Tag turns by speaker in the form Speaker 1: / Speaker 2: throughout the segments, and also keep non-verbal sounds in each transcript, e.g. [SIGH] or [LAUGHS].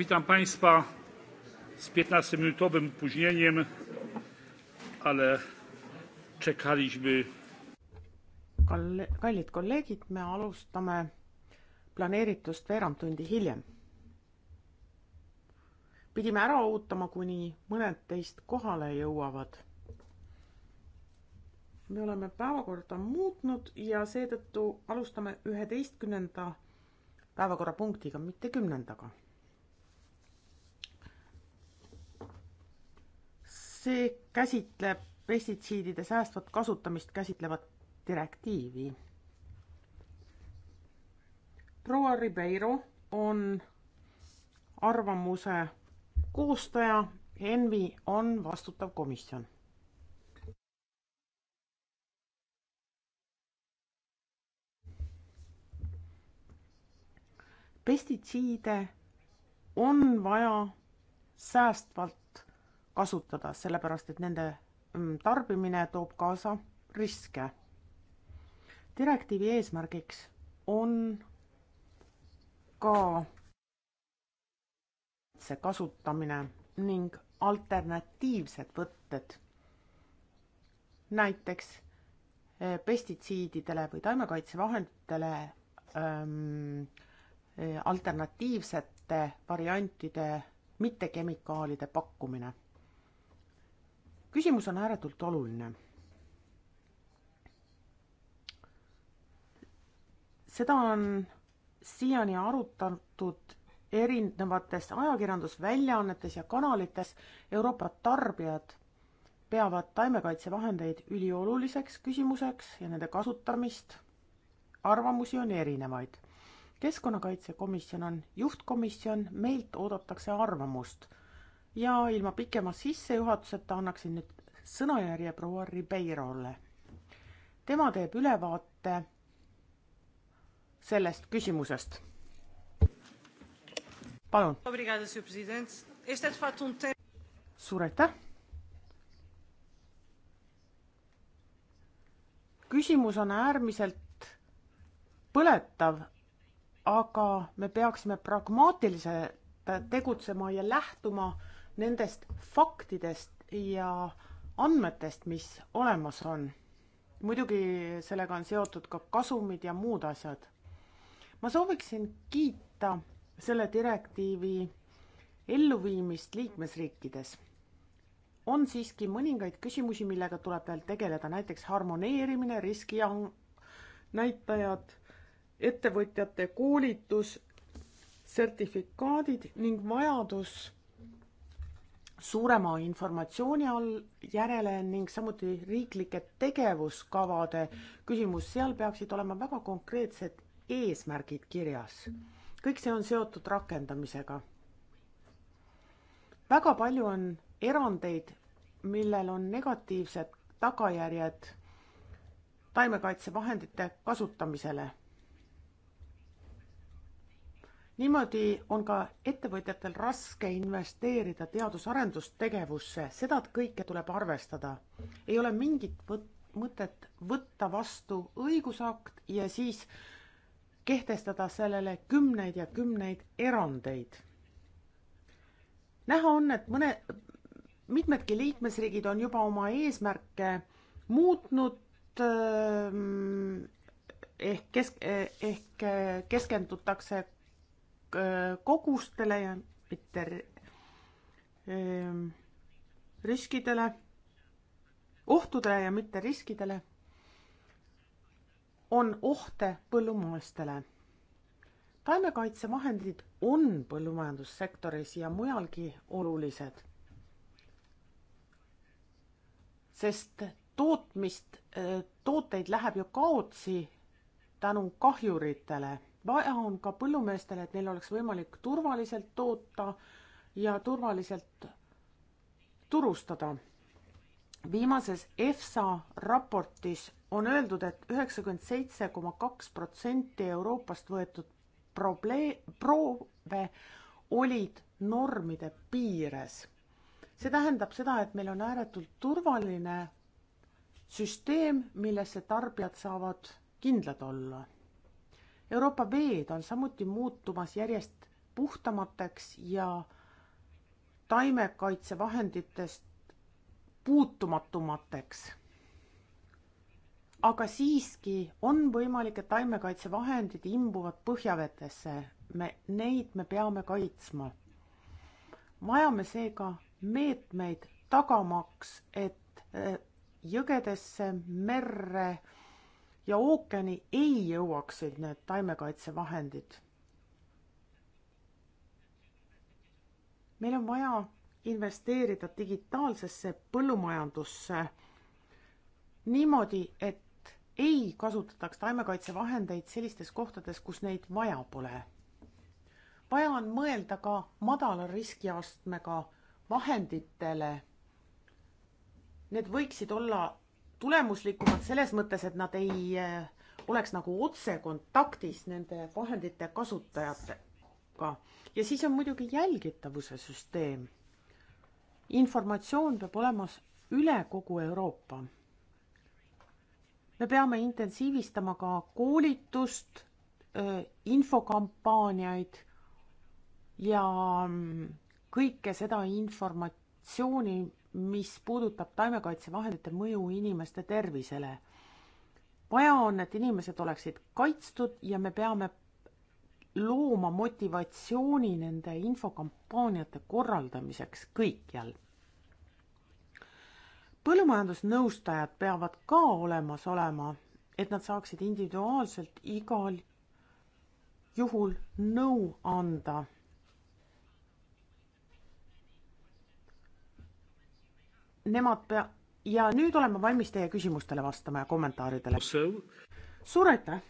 Speaker 1: witam państwa z piętnaście minutowym opóźnieniem ale czekaliśmy.
Speaker 2: kallid kolleegid me alustame planeeritust veerand tundi hiljem pidime ära ootama kuni mõned teist kohale jõuavad me oleme päevakorda muutnud ja seetõttu alustame üheteistkümnenda päevakorrapunktiga mitte kümnendaga see käsitleb pestitsiidide säästvat kasutamist käsitlevat direktiivi. proua Ribeiro on arvamuse koostaja, ENVI on vastutav komisjon. pestitsiide on vaja säästvalt kasutada, sellepärast et nende mm, tarbimine toob kaasa riske. direktiivi eesmärgiks on ka see kasutamine ning alternatiivsed võtted, näiteks eh, pestitsiididele või taimekaitsevahenditele ähm, alternatiivsete variantide mittekemikaalide pakkumine küsimus on ääretult oluline. seda on siiani arutatud erinevates ajakirjandusväljaannetes ja kanalites Euroopa tarbijad peavad taimekaitsevahendeid ülioluliseks küsimuseks ja nende kasutamist. arvamusi on erinevaid. keskkonnakaitsekomisjon on juhtkomisjon, meilt oodatakse arvamust ja ilma pikema sissejuhatuseta annaksin nüüd sõnajärje proua Ribeirole. tema teeb ülevaate sellest küsimusest. palun. Um suur aitäh. küsimus on äärmiselt põletav, aga me peaksime pragmaatiliselt tegutsema ja lähtuma nendest faktidest ja andmetest, mis olemas on. muidugi sellega on seotud ka kasumid ja muud asjad. ma sooviksin kiita selle direktiivi elluviimist liikmesriikides. on siiski mõningaid küsimusi, millega tuleb veel tegeleda, näiteks harmoneerimine, riski näitajad, ettevõtjate koolitus, sertifikaadid ning vajadus suurema informatsiooni all järele ning samuti riiklike tegevuskavade küsimus, seal peaksid olema väga konkreetsed eesmärgid kirjas. kõik see on seotud rakendamisega. väga palju on erandeid, millel on negatiivsed tagajärjed taimekaitsevahendite kasutamisele niimoodi on ka ettevõtjatel raske investeerida teadus-arendustegevusse, seda kõike tuleb arvestada. ei ole mingit võt-, mõtet võtta vastu õigusakt ja siis kehtestada sellele kümneid ja kümneid erandeid. näha on, et mõne, mitmedki liikmesriigid on juba oma eesmärke muutnud ähm, ehk kesk, ehk keskendutakse Äh, kogustele ja mitte äh, riskidele, ohtudele ja mitte riskidele, on ohte põllumeestele. taimekaitsevahendid on põllumajandussektoris ja mujalgi olulised. sest tootmist, äh, tooteid läheb ju kaotsi tänu kahjuritele vaja on ka põllumeestele, et neil oleks võimalik turvaliselt toota ja turvaliselt turustada. viimases EFSA raportis on öeldud et, et üheksakümmend seitse koma kaks protsenti Euroopast võetud probleem, proove olid normide piires. see tähendab seda, et meil on ääretult turvaline süsteem, millesse tarbijad saavad kindlad olla Euroopa veed on samuti muutumas järjest puhtamateks ja taimekaitsevahenditest puutumatumateks. aga siiski on võimalik, et taimekaitsevahendid imbuvad põhjavetesse. me, neid me peame kaitsma. vajame seega meetmeid tagamaks, et eh, jõgedesse, merre ja ookeani ei jõuaksid need taimekaitsevahendid. meil on vaja investeerida digitaalsesse põllumajandusse niimoodi, et ei kasutataks taimekaitsevahendeid sellistes kohtades, kus neid vaja pole. vaja on mõelda ka madala riskiastmega vahenditele. Need võiksid olla tulemuslikumad selles mõttes, et nad ei eh, oleks nagu otsekontaktis nende vahendite kasutajatega. ja siis on muidugi jälgitavuse süsteem. informatsioon peab olema üle kogu Euroopa. me peame intensiivistama ka koolitust, eh, infokampaaniaid ja mm, kõike seda informatsiooni, mis puudutab taimekaitsevahendite mõju inimeste tervisele. vaja on, et inimesed oleksid kaitstud ja me peame looma motivatsiooni nende infokampaaniate korraldamiseks kõikjal. põllumajandusnõustajad peavad ka olemas olema, et nad saaksid individuaalselt igal juhul nõu anda nemad pea- ja nüüd olen ma valmis teie küsimustele vastama ja kommentaaridele. suur aitäh!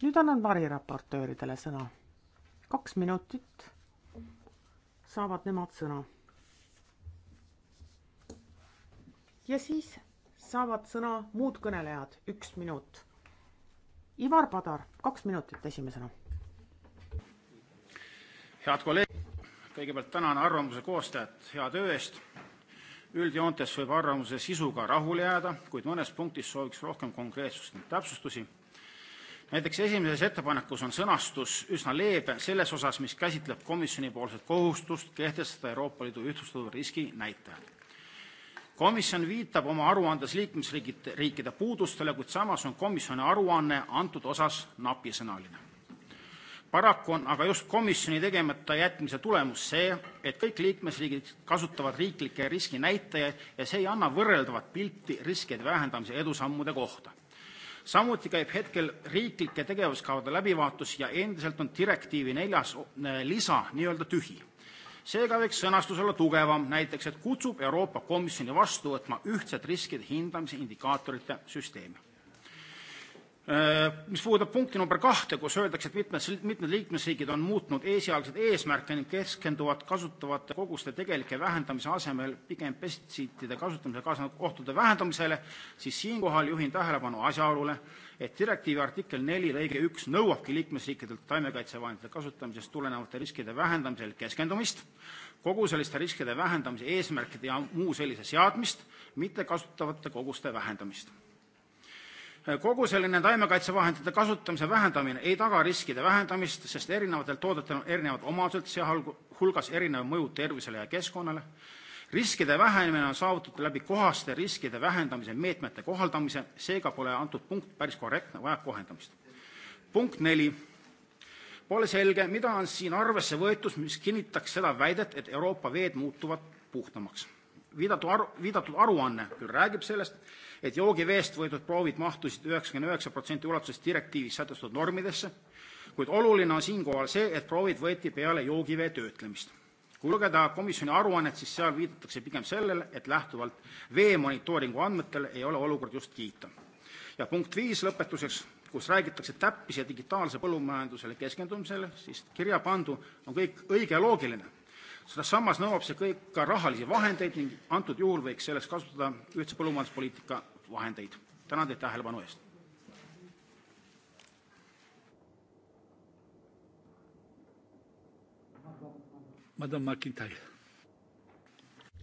Speaker 2: nüüd annan variraportööridele sõna. kaks minutit saavad nemad sõna. ja siis saavad sõna muud kõnelejad, üks minut. Ivar Padar, kaks minutit esimesena
Speaker 3: Head kolleegid! Kõigepealt tänan arvamuse koostajat hea töö eest. Üldjoontes võib arvamuse sisuga rahule jääda, kuid mõnes punktis sooviks rohkem konkreetsust ning täpsustusi. Näiteks esimeses ettepanekus on sõnastus üsna leebe selles osas, mis käsitleb komisjonipoolset kohustust kehtestada Euroopa Liidu ühtlustatud riskinäitajad. Komisjon viitab oma aruandes liikmesriikide puudustele, kuid samas on komisjoni aruanne antud osas napisõnaline. Paraku on aga just komisjoni tegematajätmise tulemus see, et kõik liikmesriigid kasutavad riiklikke riskinäitajaid ja see ei anna võrreldavat pilti riskide vähendamise edusammude kohta. Samuti käib hetkel riiklike tegevuskavade läbivaatus ja endiselt on direktiivi neljas eh, lisa n-ö tühi. Seega võiks sõnastus olla tugevam, näiteks et kutsub Euroopa Komisjoni vastu võtma ühtset riskide hindamise indikaatorite süsteemi. Äh, mis puudutab punkti nr 2, kus öeldakse, et mitmed liikmesriigid on muutnud esialgseid eesmärke ning keskenduvad kasutatavate koguste tegeliku vähendamise asemel pigem pestitsiidide kasutamisega kaasnevate ohtude vähendamisele, siis siinkohal juhin tähelepanu asjaolule, et direktiivi artikli 4 lõige 1 nõuabki liikmesriikidelt taimekaitsevahendite kasutamisest tulenevate riskide vähendamisele keskendumist, koguseliste riskide vähendamise eesmärkide ja muu sellise seadmist, mitte kasutatavate koguste vähendamist. Koguseliline taimekaitsevahendite kasutamise vähendamine ei taga riskide vähendamist, sest erinevatel toodetel on erinevad omadused, sh erinev mõju tervisele ja keskkonnale. Riskide vähenemine on saavutatud kohaste riskide vähendamise meetmete kohaldamise kaudu, seega pole antud punkt päris korrektne, vajab kohendamist. Punkt 4. Pole selge, mida on siin arvesse võetud, mis kinnitaks seda väidet, et Euroopa veed muutuvad puhtamaks. Viidatud aruanne küll räägib sellest, et joogiveest võetud proovid mahtusid 99% ulatuses direktiivis sätestatud normidesse, kuid oluline on siinkohal see, et proovid võeti peale joogivee töötlemist. Kui lugeda komisjoni aruannet, siis seal viidatakse pigem sellele, et lähtuvalt veemonitooringu andmetele ei ole olukord just kiita. Ja punkt 5 lõpetuseks, kus räägitakse täppis- ja digitaalse põllumajandusele keskendumisele, siis kirjapandu on kõik õige ja loogiline. Samas nõuab see kõik ka rahalisi vahendeid ning antud juhul võiks selleks kasutada ühise põllumajanduspoliitika vahendeid. tänan teid tähelepanu eest! Madam McIntyre.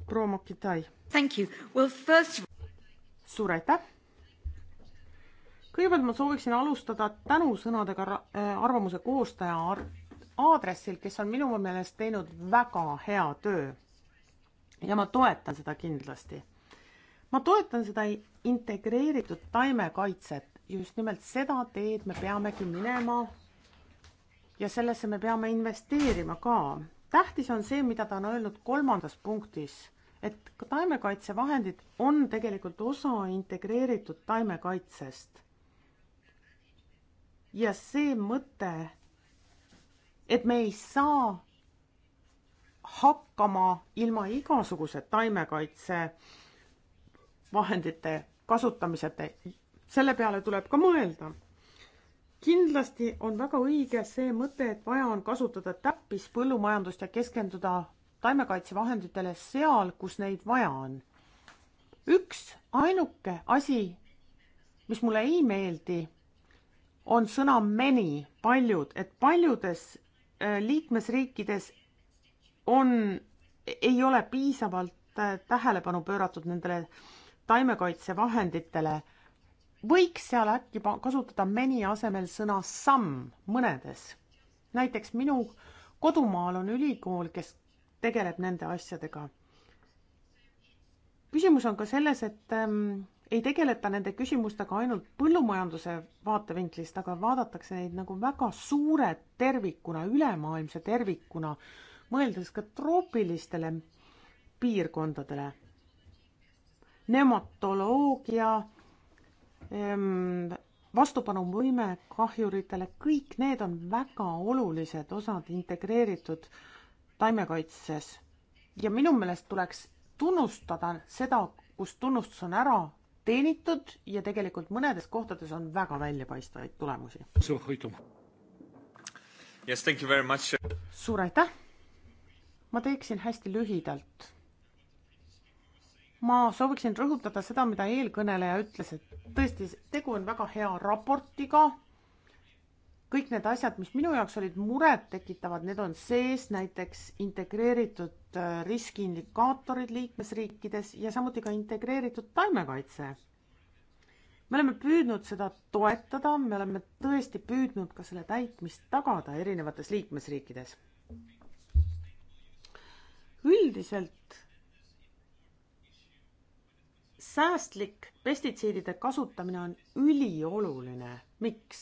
Speaker 2: proua McIntyre. Thank you. Well first. suur aitäh. kõigepealt ma sooviksin alustada tänusõnadega äh, arvamuse koostaja Ar-, aadressil, kes on minu meelest teinud väga hea töö. ja ma toetan seda kindlasti. ma toetan seda integreeritud taimekaitset, just nimelt seda teed me peamegi minema. ja sellesse me peame investeerima ka. tähtis on see, mida ta on öelnud kolmandas punktis, et ka taimekaitsevahendid on tegelikult osa integreeritud taimekaitsest. ja see mõte et me ei saa hakkama ilma igasuguse taimekaitse vahendite kasutamiseta. selle peale tuleb ka mõelda. kindlasti on väga õige see mõte, et vaja on kasutada täppispõllumajandust ja keskenduda taimekaitsevahenditele seal, kus neid vaja on. üks ainuke asi, mis mulle ei meeldi, on sõna many, paljud, et paljudes Äh, liikmesriikides on, ei ole piisavalt äh, tähelepanu pööratud nendele taimekaitsevahenditele, võiks seal äkki kasutada many asemel sõna samm mõnedes. näiteks minu kodumaal on ülikool, kes tegeleb nende asjadega. küsimus on ka selles, et ähm, ei tegeleta nende küsimustega ainult põllumajanduse vaatevinklist, aga vaadatakse neid nagu väga suure tervikuna, ülemaailmse tervikuna, mõeldes ka troopilistele piirkondadele. nematoloogia, ehm, vastupanuvõime kahjuritele, kõik need on väga olulised osad integreeritud taimekaitses. ja minu meelest tuleks tunnustada seda, kus tunnustus on ära teenitud ja tegelikult mõnedes kohtades on väga väljapaistvaid tulemusi. Yes, thank you very much. suur aitäh! ma teeksin hästi lühidalt. ma sooviksin rõhutada seda, mida eelkõneleja ütles, et tõesti, tegu on väga hea raportiga. kõik need asjad, mis minu jaoks olid murettekitavad, need on sees näiteks integreeritud Äh, riskiindikaatorid liikmesriikides ja samuti ka integreeritud taimekaitse. me oleme püüdnud seda toetada, me oleme tõesti püüdnud ka selle täitmist tagada erinevates liikmesriikides. üldiselt säästlik pestitsiidide kasutamine on ülioluline. miks?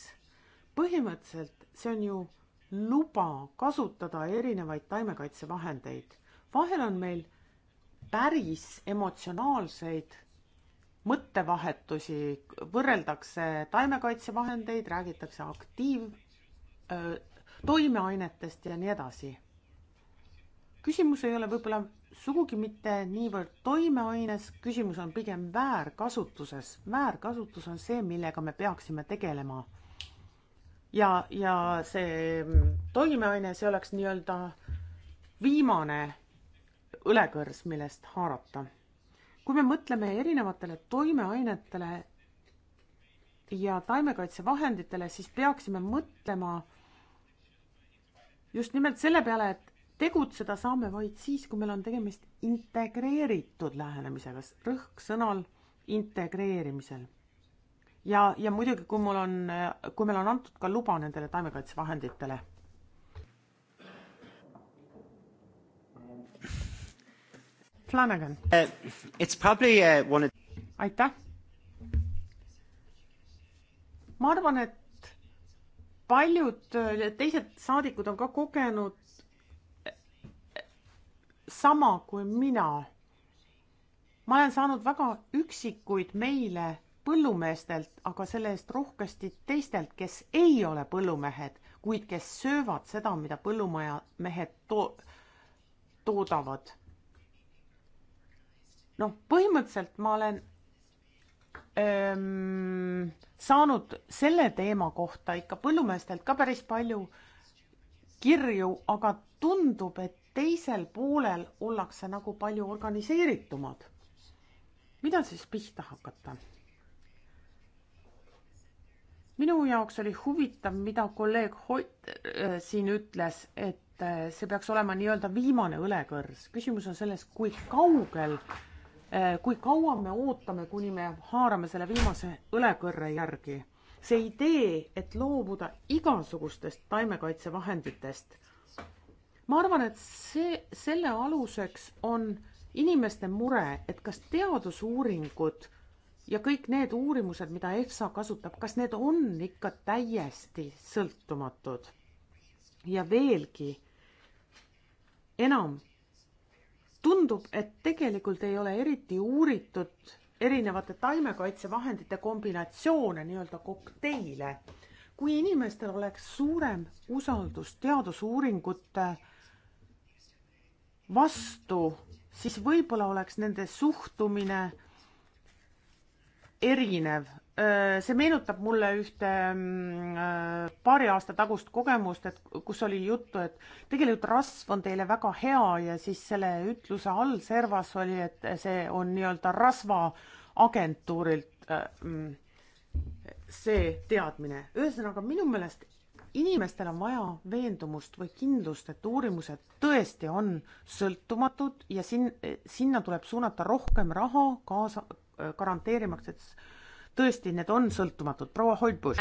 Speaker 2: põhimõtteliselt see on ju luba kasutada erinevaid taimekaitsevahendeid vahel on meil päris emotsionaalseid mõttevahetusi, võrreldakse taimekaitsevahendeid, räägitakse aktiiv, toimeainetest ja nii edasi. küsimus ei ole võib-olla sugugi mitte niivõrd toimeaines, küsimus on pigem väärkasutuses. väärkasutus on see, millega me peaksime tegelema. ja, ja see toimeaine, see oleks nii-öelda viimane õlekõrs, millest haarata. kui me mõtleme erinevatele toimeainetele ja taimekaitsevahenditele, siis peaksime mõtlema just nimelt selle peale, et tegutseda saame vaid siis, kui meil on tegemist integreeritud lähenemisega, rõhk sõnal integreerimisel. ja, ja muidugi, kui mul on, kui meil on antud ka luba nendele taimekaitsevahenditele Flanagan uh,. uh one... aitäh. ma arvan, et paljud äh, teised saadikud on ka kogenud äh, sama kui mina. ma olen saanud väga üksikuid meile põllumeestelt, aga selle eest rohkesti teistelt, kes ei ole põllumehed, kuid kes söövad seda, mida põllumajamehed to-, toodavad noh, põhimõtteliselt ma olen öö, ähm, saanud selle teema kohta ikka põllumeestelt ka päris palju kirju, aga tundub, et teisel poolel ollakse nagu palju organiseeritumad. mida siis pihta hakata? minu jaoks oli huvitav, mida kolleeg Hoit äh, siin ütles, et äh, see peaks olema nii-öelda viimane õlekõrs. küsimus on selles, kui kaugel äh, Äh, kui kaua me ootame, kuni me haarame selle viimase õlekõrre järgi. see idee, et loobuda igasugustest taimekaitsevahenditest, ma arvan, et see, selle aluseks on inimeste mure, et kas teadusuuringud ja kõik need uurimused, mida EFSA kasutab, kas need on ikka täiesti sõltumatud? ja veelgi enam tundub, et tegelikult ei ole eriti uuritud erinevate taimekaitsevahendite kombinatsioone, nii-öelda kokteile. kui inimestel oleks suurem usaldus teadusuuringute vastu, siis võib-olla oleks nende suhtumine erinev, Äh, see meenutab mulle ühte mm, äh, paari aasta tagust kogemust, et kus oli juttu, et tegelikult rasv on teile väga hea ja siis selle ütluse all servas oli, et see on nii-öelda rasvaagentuurilt äh, mm, see teadmine. ühesõnaga, minu meelest inimestel on vaja veendumust või kindlust, et uurimused tõesti on sõltumatud ja sin-, sinna tuleb suunata rohkem raha kaasa, garanteerimaks, et tõesti, need on sõltumatud. proua Holbus.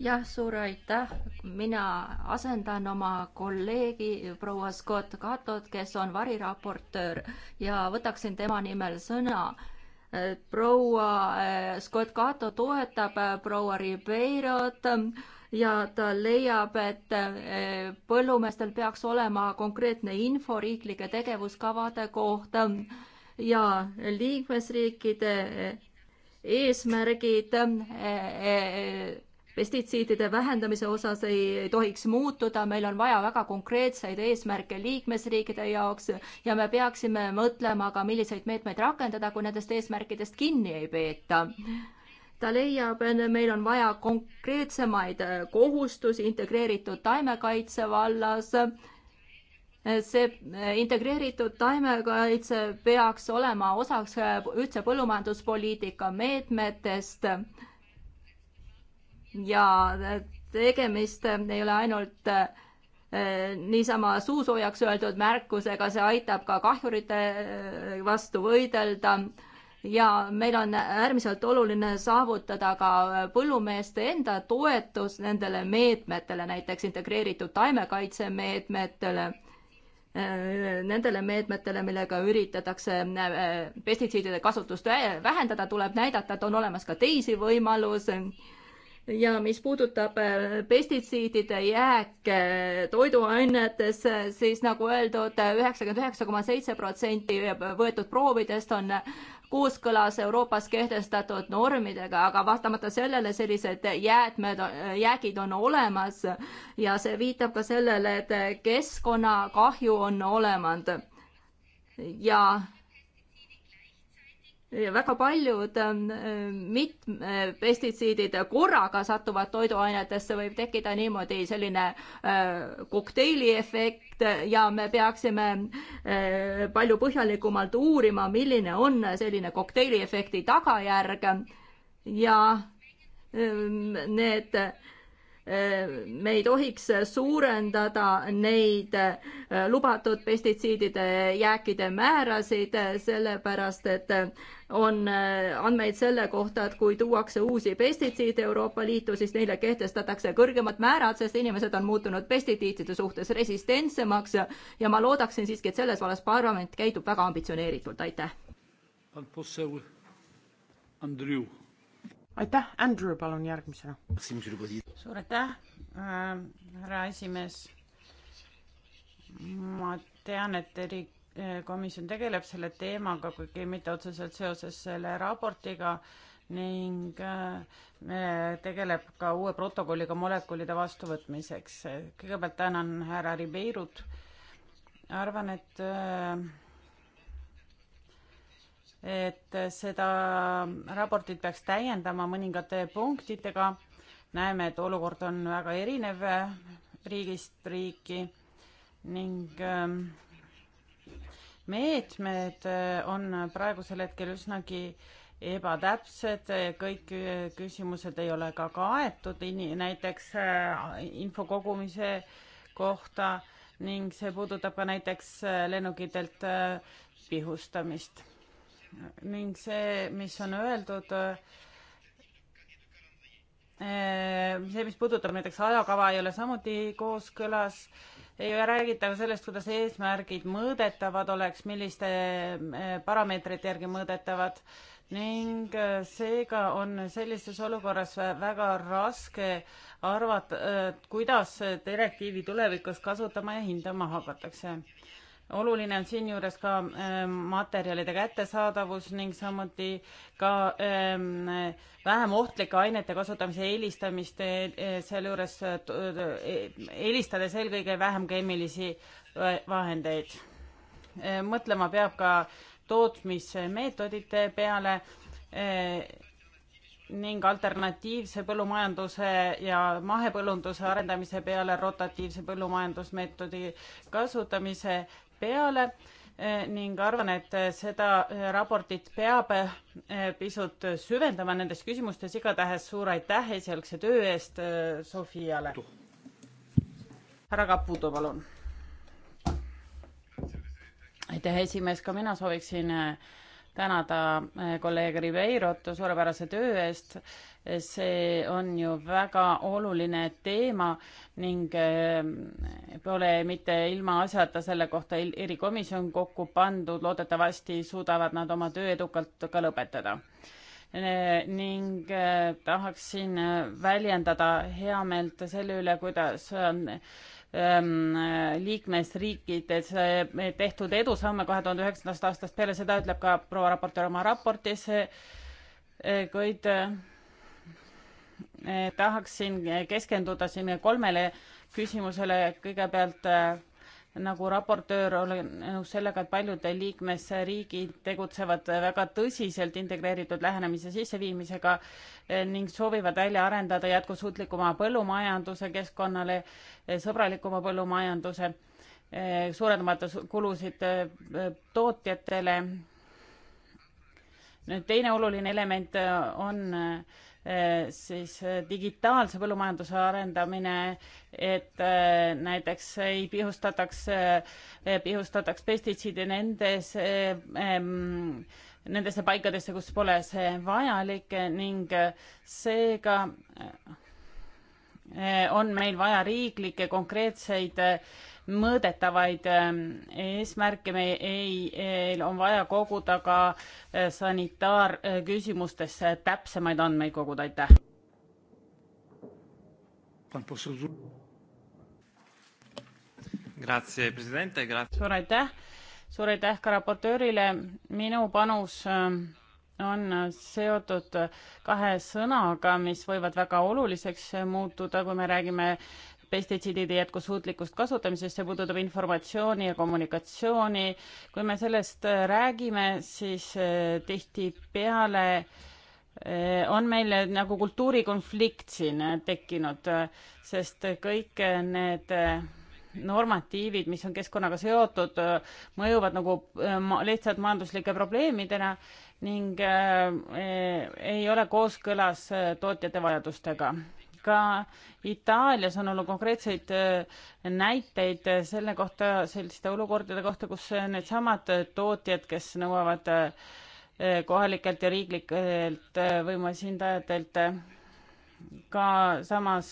Speaker 4: jah, suur aitäh. mina asendan oma kolleegi proua Scott Catot, kes on variraportöör ja võtaksin tema nimel sõna proua äh, Scott Cato toetab äh, proua Ribeirot ähm, ja ta leiab, et äh, põllumeestel peaks olema konkreetne info riiklike tegevuskavade kohta ja liikmesriikide eesmärgid eh, eh, pestitsiidide vähendamise osas ei tohiks muutuda, meil on vaja väga konkreetseid eesmärke liikmesriikide jaoks ja me peaksime mõtlema ka, milliseid meetmeid rakendada, kui nendest eesmärkidest kinni ei peeta. ta leiab, meil on vaja konkreetsemaid kohustusi integreeritud taimekaitse vallas see eh, integreeritud taimekaitse peaks olema osaks eh, ühtse põllumajanduspoliitika meetmetest ja eh, tegemist ei ole ainult niisama suusoojaks öeldud märkusega, see aitab ka kahjurite vastu võidelda ja meil on äärmiselt oluline saavutada ka põllumeeste enda toetus nendele meetmetele, näiteks integreeritud taimekaitsemeetmetele Äh, nendele meetmetele, millega üritatakse äh, pestitsiidide kasutust vähendada, tuleb näidata, et on olemas ka teisi võimalusi ja mis puudutab äh, pestitsiidide jääke toiduainetes, siis nagu öeldud, üheksakümmend üheksa koma seitse protsenti võetud proovidest on kooskõlas Euroopas kehtestatud normidega, aga vaatamata sellele sellised jäätmed, jäägid on olemas ja see viitab ka sellele, et keskkonnakahju on olemas. ja väga paljud äh, mit-, pestitsiidid korraga satuvad toiduainetesse, võib tekkida niimoodi selline äh, kokteili efekt, ja me peaksime eh, palju põhjalikumalt uurima, milline on selline kokteiliefekti tagajärg ja ehm, need ehm, me ei tohiks suurendada neid eh, lubatud pestitsiidide jääkide määrasid, sellepärast et on äh, andmeid selle kohta, et kui tuuakse uusi pestitsiide Euroopa Liitu, siis neile kehtestatakse kõrgemad määrad, sest inimesed on muutunud pestitsiidide suhtes resistentsemaks ja ma loodaksin siiski, et selles vallas parlament käitub väga
Speaker 2: ambitsioneeritult, aitäh. aitäh, Andrew, palun järgmisena. suur
Speaker 5: aitäh, äh, härra esimees. ma tean, et Erik komisjon tegeleb selle teemaga, kuigi mitte otseselt seoses selle raportiga ning äh, tegeleb ka uue protokolliga molekulide vastuvõtmiseks. kõigepealt tänan härra Ribeirut. arvan, et äh, et seda raportit peaks täiendama mõningate punktidega. näeme, et olukord on väga erinev riigist riiki ning äh, meetmed äh, on praegusel hetkel üsnagi ebatäpsed, äh, kõik äh, küsimused ei ole ka kaetud, näiteks info kogumise kohta ning see puudutab ka näiteks lennukitelt pihustamist. ning see, mis on öeldud, see, mis puudutab näiteks ajakava, ei ole samuti kooskõlas ei räägita sellest, kuidas eesmärgid mõõdetavad oleks, milliste eh, parameetrite järgi mõõdetavad ning eh, seega on sellises olukorras väga raske arvata, eh, kuidas direktiivi tulevikus kasutama ja hindama hakatakse oluline on siinjuures ka ähm, materjalide kättesaadavus ning samuti ka ähm, vähem ohtlike ainete kasutamise eelistamist, äh, äh, sealjuures äh, eelistades eelkõige vähem keemilisi vahendeid. mõtlema peab ka tootmismeetodite peale ning alternatiivse põllumajanduse ja mahepõllunduse arendamise peale rotatiivse põllumajandusmeetodi kasutamise peale eh, ning arvan, et eh, seda eh, raportit peab pisut süvendama nendes küsimustes, igatahes suur aitäh esialgse töö eest Sofiale. härra Caputo, palun. aitäh, esimees, ka mina sooviksin tänada äh, kolleeg Ribeirot suurepärase töö eest. see on ju väga oluline teema ning äh, pole mitte ilmaasjata selle kohta erikomisjon kokku pandud, loodetavasti suudavad nad oma töö edukalt ka lõpetada äh, ning tahaksin väljendada heameelt selle üle, kuidas Ähm, liikmesriikides äh, tehtud edusamme kahe tuhande üheksandast aastast peale, seda ütleb ka proua raportöör oma raportis, äh, kuid äh, tahaksin keskenduda siin kolmele küsimusele, kõigepealt nagu raportöör olen nõus sellega, et paljud liikmesriigid tegutsevad väga tõsiselt integreeritud lähenemise sisseviimisega eh, ning soovivad välja arendada jätkusuutlikuma põllumajanduse keskkonnale, eh, sõbralikuma põllumajanduse, eh, suurendamata kulusid tootjatele. nüüd teine oluline element on Eh, siis eh, digitaalse põllumajanduse arendamine, et eh, näiteks ei pihustataks, pihustataks pestitsiide nendes, nendesse paikadesse, kus pole see vajalik ning seega on meil vaja riiklikke konkreetseid mõõdetavaid ähm, eesmärke, me ei, ei, on vaja koguda ka äh, sanitaarküsimustes äh, äh, täpsemaid andmeid koguda, aitäh. suur aitäh, suur aitäh ka raportöörile, minu panus ähm, on seotud kahe sõnaga, mis võivad väga oluliseks muutuda, kui me räägime pestitsiidide jätkusuutlikust kasutamisest, see puudutab informatsiooni ja kommunikatsiooni. kui me sellest äh, räägime, siis äh, tihtipeale äh, on meil nagu kultuurikonflikt siin tekkinud, sest kõik need normatiivid, mis on keskkonnaga seotud, mõjuvad nagu lihtsalt majanduslike probleemidena ning ei ole kooskõlas tootjate vajadustega ka Itaalias on olnud konkreetseid äh, näiteid äh, selle kohta, selliste olukordade kohta, kus äh, needsamad tootjad, kes nõuavad kohalikelt ja riiklikelt võimuesindajatelt ka samas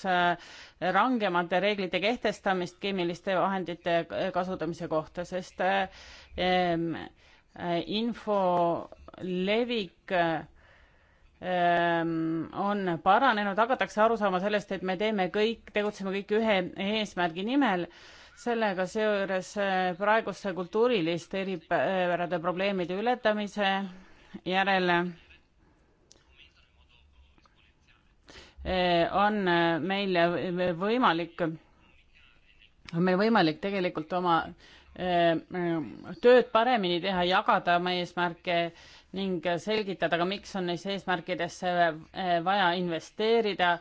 Speaker 5: rangemate reeglite kehtestamist keemiliste vahendite kasutamise kohta, sest info levik Ehm, on paranenud, hakatakse aru saama sellest, et me teeme kõik, tegutseme kõik ühe eesmärgi nimel. sellega seejuures eh, praeguste kultuuriliste eripärade probleemide ületamise järele eh, on eh, meil võimalik, on meil võimalik tegelikult oma tööd paremini teha, jagada oma eesmärke ning selgitada ka, miks on neisse eesmärkidesse eh, vaja investeerida,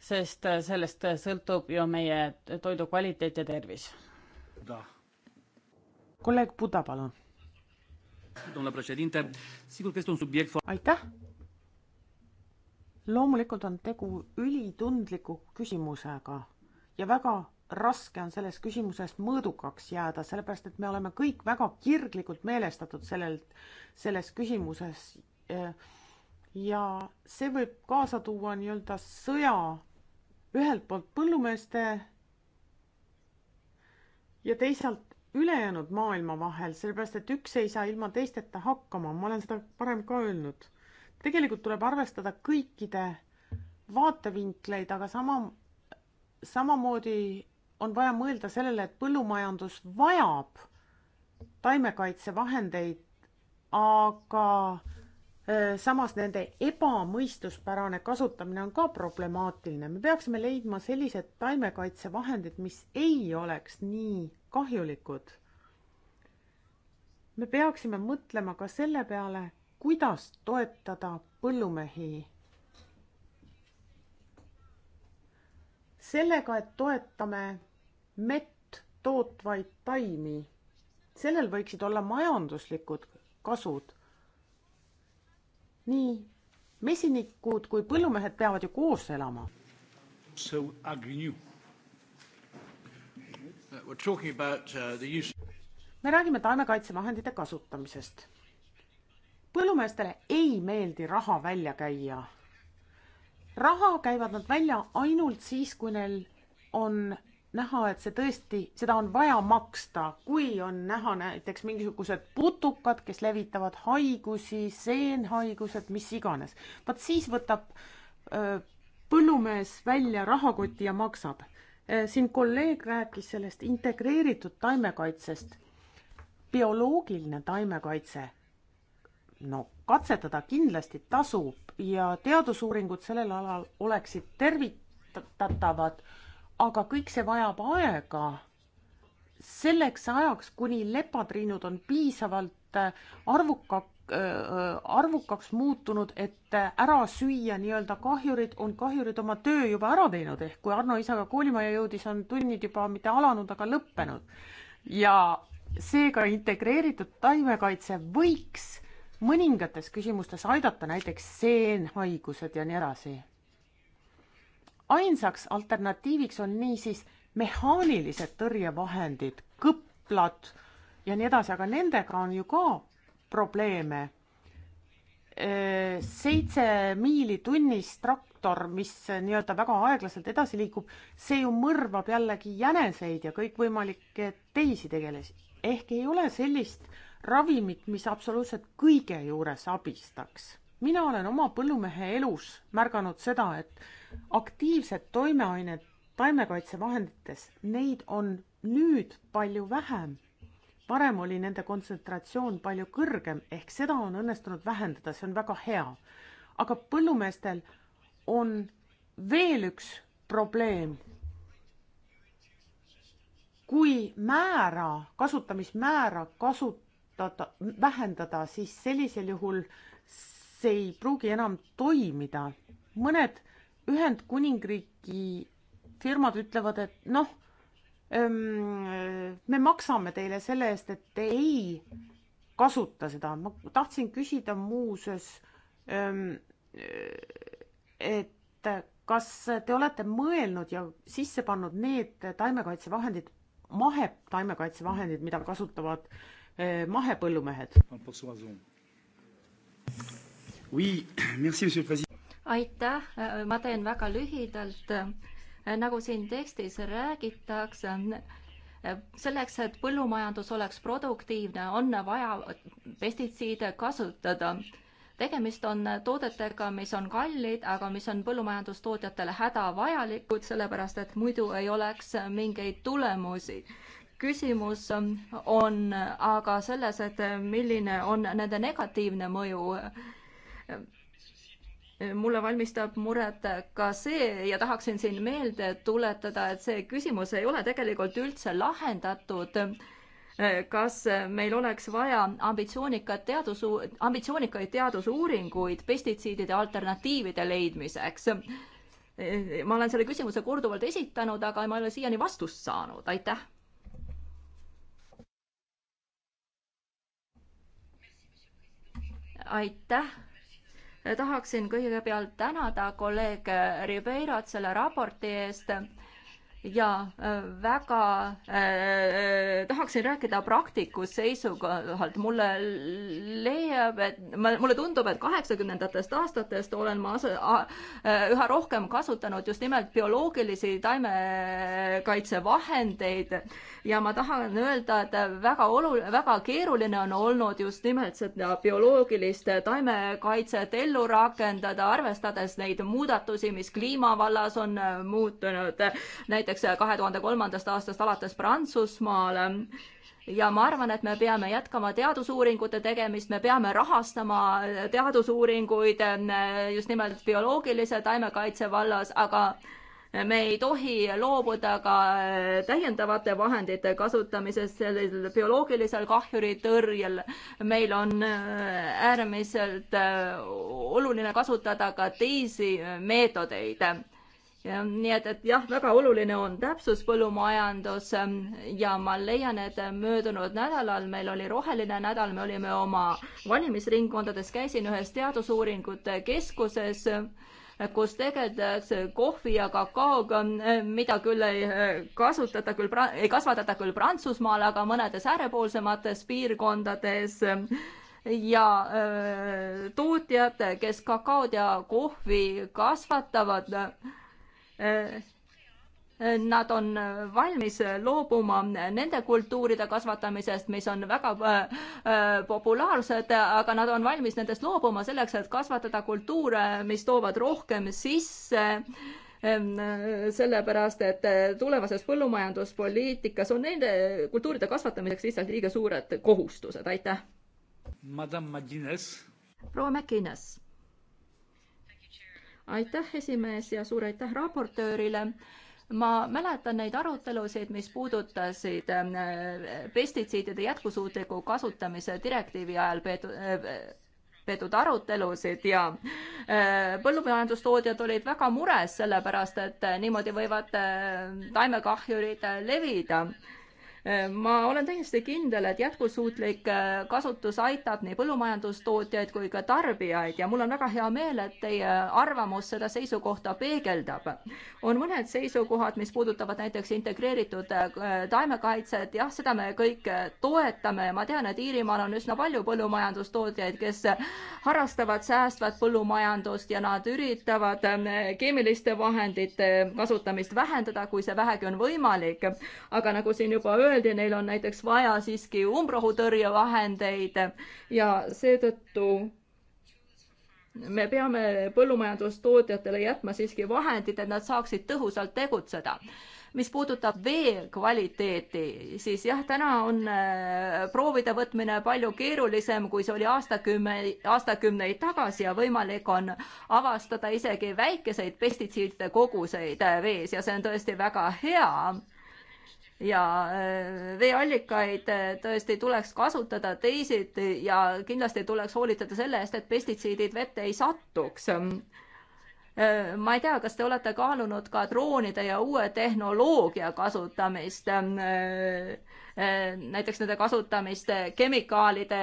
Speaker 5: sest sellest sõltub ju meie toidu kvaliteet
Speaker 2: ja tervis. kolleeg Buda, palun. aitäh. loomulikult on tegu ülitundliku küsimusega ja väga raske on selles küsimuses mõõdukaks jääda, sellepärast et me oleme kõik väga kirglikult meelestatud sellel, selles küsimuses. ja see võib kaasa tuua nii-öelda sõja ühelt poolt põllumeeste ja teisalt ülejäänud maailma vahel, sellepärast et üks ei saa ilma teisteta hakkama, ma olen seda varem ka öelnud. tegelikult tuleb arvestada kõikide vaatevinkleid, aga sama, samamoodi on vaja mõelda sellele, et põllumajandus vajab taimekaitsevahendeid, aga äh, samas nende ebamõistuspärane kasutamine on ka problemaatiline. me peaksime leidma sellised taimekaitsevahendid, mis ei oleks nii kahjulikud. me peaksime mõtlema ka selle peale, kuidas toetada põllumehi. sellega, et toetame mett tootvaid taimi. sellel võiksid olla majanduslikud kasud. nii mesinikud kui põllumehed peavad ju koos elama.
Speaker 1: So Agnew We're talking about uh, the use
Speaker 2: me räägime taimekaitsevahendite kasutamisest. põllumeestele ei meeldi raha välja käia. raha käivad nad välja ainult siis, kui neil on näha, et see tõesti, seda on vaja maksta, kui on näha näiteks mingisugused putukad, kes levitavad haigusi, seenhaigused, mis iganes. vaat siis võtab öö, põllumees välja rahakoti ja maksab. siin kolleeg rääkis sellest integreeritud taimekaitsest. bioloogiline taimekaitse, no katsetada kindlasti tasub ja teadusuuringud sellel alal oleksid tervitatavad aga kõik see vajab aega. selleks ajaks, kuni lepatriinud on piisavalt äh, arvuka, äh, äh, arvukaks muutunud, et ära süüa nii-öelda kahjurid, on kahjurid oma töö juba ära teinud, ehk kui Arno isaga koolimaja jõudis, on tunnid juba mitte alanud, aga lõppenud. ja seega integreeritud taimekaitse võiks mõningates küsimustes aidata, näiteks seenhaigused ja nii edasi ainsaks alternatiiviks on niisiis mehaanilised tõrjevahendid, kõplad ja nii edasi, aga nendega on ju ka probleeme. seitse miili tunnis traktor, mis nii-öelda väga aeglaselt edasi liigub, see ju mõrvab jällegi jäneseid ja kõikvõimalikke teisi tegelasi. ehk ei ole sellist ravimit, mis absoluutselt kõige juures abistaks. mina olen oma põllumehe elus märganud seda, et aktiivsed toimeained taimekaitsevahendites, neid on nüüd palju vähem. varem oli nende kontsentratsioon palju kõrgem, ehk seda on õnnestunud vähendada, see on väga hea. aga põllumeestel on veel üks probleem. kui määra, kasutamismäära kasutada, vähendada, siis sellisel juhul see ei pruugi enam toimida. mõned Ühendkuningriigi firmad ütlevad, et noh, ehm, me maksame teile selle eest, et te ei kasuta seda. ma tahtsin küsida muuseas, ehm, et kas te olete mõelnud ja sisse pannud need taimekaitsevahendid, mahetaimekaitsevahendid, mida kasutavad eh, mahepõllumehed? aitäh,
Speaker 4: ma teen väga lühidalt. nagu siin tekstis räägitakse, selleks, et põllumajandus oleks produktiivne, on vaja pestitsiide kasutada. tegemist on toodetega, mis on kallid, aga mis on põllumajandustootjatele hädavajalikud, sellepärast et muidu ei oleks mingeid tulemusi küsimus on aga selles, et milline on nende negatiivne mõju mulle valmistab muret ka see ja tahaksin siin meelde tuletada, et see küsimus ei ole tegelikult üldse lahendatud. kas meil oleks vaja ambitsioonikat teadus, ambitsioonikaid teadusuuringuid pestitsiidide alternatiivide leidmiseks? ma olen selle küsimuse korduvalt esitanud, aga ma ei ole siiani vastust saanud, aitäh. aitäh tahaksin kõigepealt tänada kolleeg Ribeirot selle raporti eest ja äh, väga äh, tahaksin rääkida praktiku seisukohalt. mulle leiab, et ma, mulle tundub, et kaheksakümnendatest aastatest olen ma ase, äh, üha rohkem kasutanud just nimelt bioloogilisi taimekaitsevahendeid ja ma tahan öelda, et väga olu-, väga keeruline on olnud just nimelt seda bioloogilist taimekaitset ellu rakendada, arvestades neid muudatusi, mis kliima vallas on äh, muutunud. näiteks näiteks äh, kahe tuhande kolmandast aastast alates Prantsusmaal ja ma arvan, et me peame jätkama teadusuuringute tegemist, me peame rahastama äh, teadusuuringuid äh, just nimelt bioloogilise taimekaitse vallas, aga me ei tohi loobuda ka täiendavate vahendite kasutamisest sellisel bioloogilisel kahjuritõrjel. meil on äärmiselt oluline kasutada ka teisi meetodeid nii et, et jah, väga oluline on täpsus põllumajandus ähm, ja ma leian, et äh, möödunud nädalal meil oli roheline nädal, me olime oma valimisringkondades, käisin ühes teadusuuringute keskuses, äh, kus tegeldakse kohvi ja kakaoga, äh, mida küll ei kasutata küll, ei kasvatata küll Prantsusmaal, aga mõnedes äärepoolsemates piirkondades ähm, ja tootjad, kes kakaod ja kohvi kasvatavad, Nad on valmis loobuma nende kultuuride kasvatamisest, mis on väga äh, äh, populaarsed, aga nad on valmis nendest loobuma selleks, et kasvatada kultuure, mis toovad rohkem sisse ähm, sellepärast, et äh, tulevases põllumajanduspoliitikas on nende kultuuride kasvatamiseks lihtsalt liiga suured kohustused, aitäh. proua McInnes aitäh, esimees, ja suur aitäh raportöörile ma mäletan neid arutelusid, mis puudutasid äh, pestitsiidide jätkusuutliku kasutamise direktiivi ajal peetud, äh, peetud arutelusid ja äh, põllumajandustootjad olid väga mures, sellepärast et niimoodi võivad taimekahjurid levida ma olen täiesti kindel, et jätkusuutlik äh, kasutus aitab nii põllumajandustootjaid kui ka tarbijaid ja mul on väga hea meel, et teie äh, arvamus seda seisukohta peegeldab. on mõned seisukohad, mis puudutavad näiteks integreeritud äh, taimekaitset, jah, seda me kõik toetame, ma tean, et Iirimaal on üsna palju põllumajandustootjaid, kes harrastavad säästvat põllumajandust ja nad üritavad keemiliste vahendite kasutamist vähendada, kui see vähegi on võimalik. aga nagu siin juba öeldi, öeldi, neil on näiteks vaja siiski umbrohutõrjevahendeid ja seetõttu me peame põllumajandustootjatele jätma siiski vahendid, et nad saaksid tõhusalt tegutseda. mis puudutab vee kvaliteeti, siis jah, täna on äh, proovide võtmine palju keerulisem, kui see oli aastakümme, aastakümneid tagasi ja võimalik on avastada isegi väikeseid pestitsiidide koguseid äh, vees ja see on tõesti väga hea ja äh, veeallikaid äh, tõesti tuleks kasutada teisiti ja kindlasti tuleks hoolitada selle eest, et pestitsiidid vette ei satuks. Äh, ma ei tea, kas te olete kaalunud ka droonide ja uue tehnoloogia kasutamist, näiteks nende kasutamist kemikaalide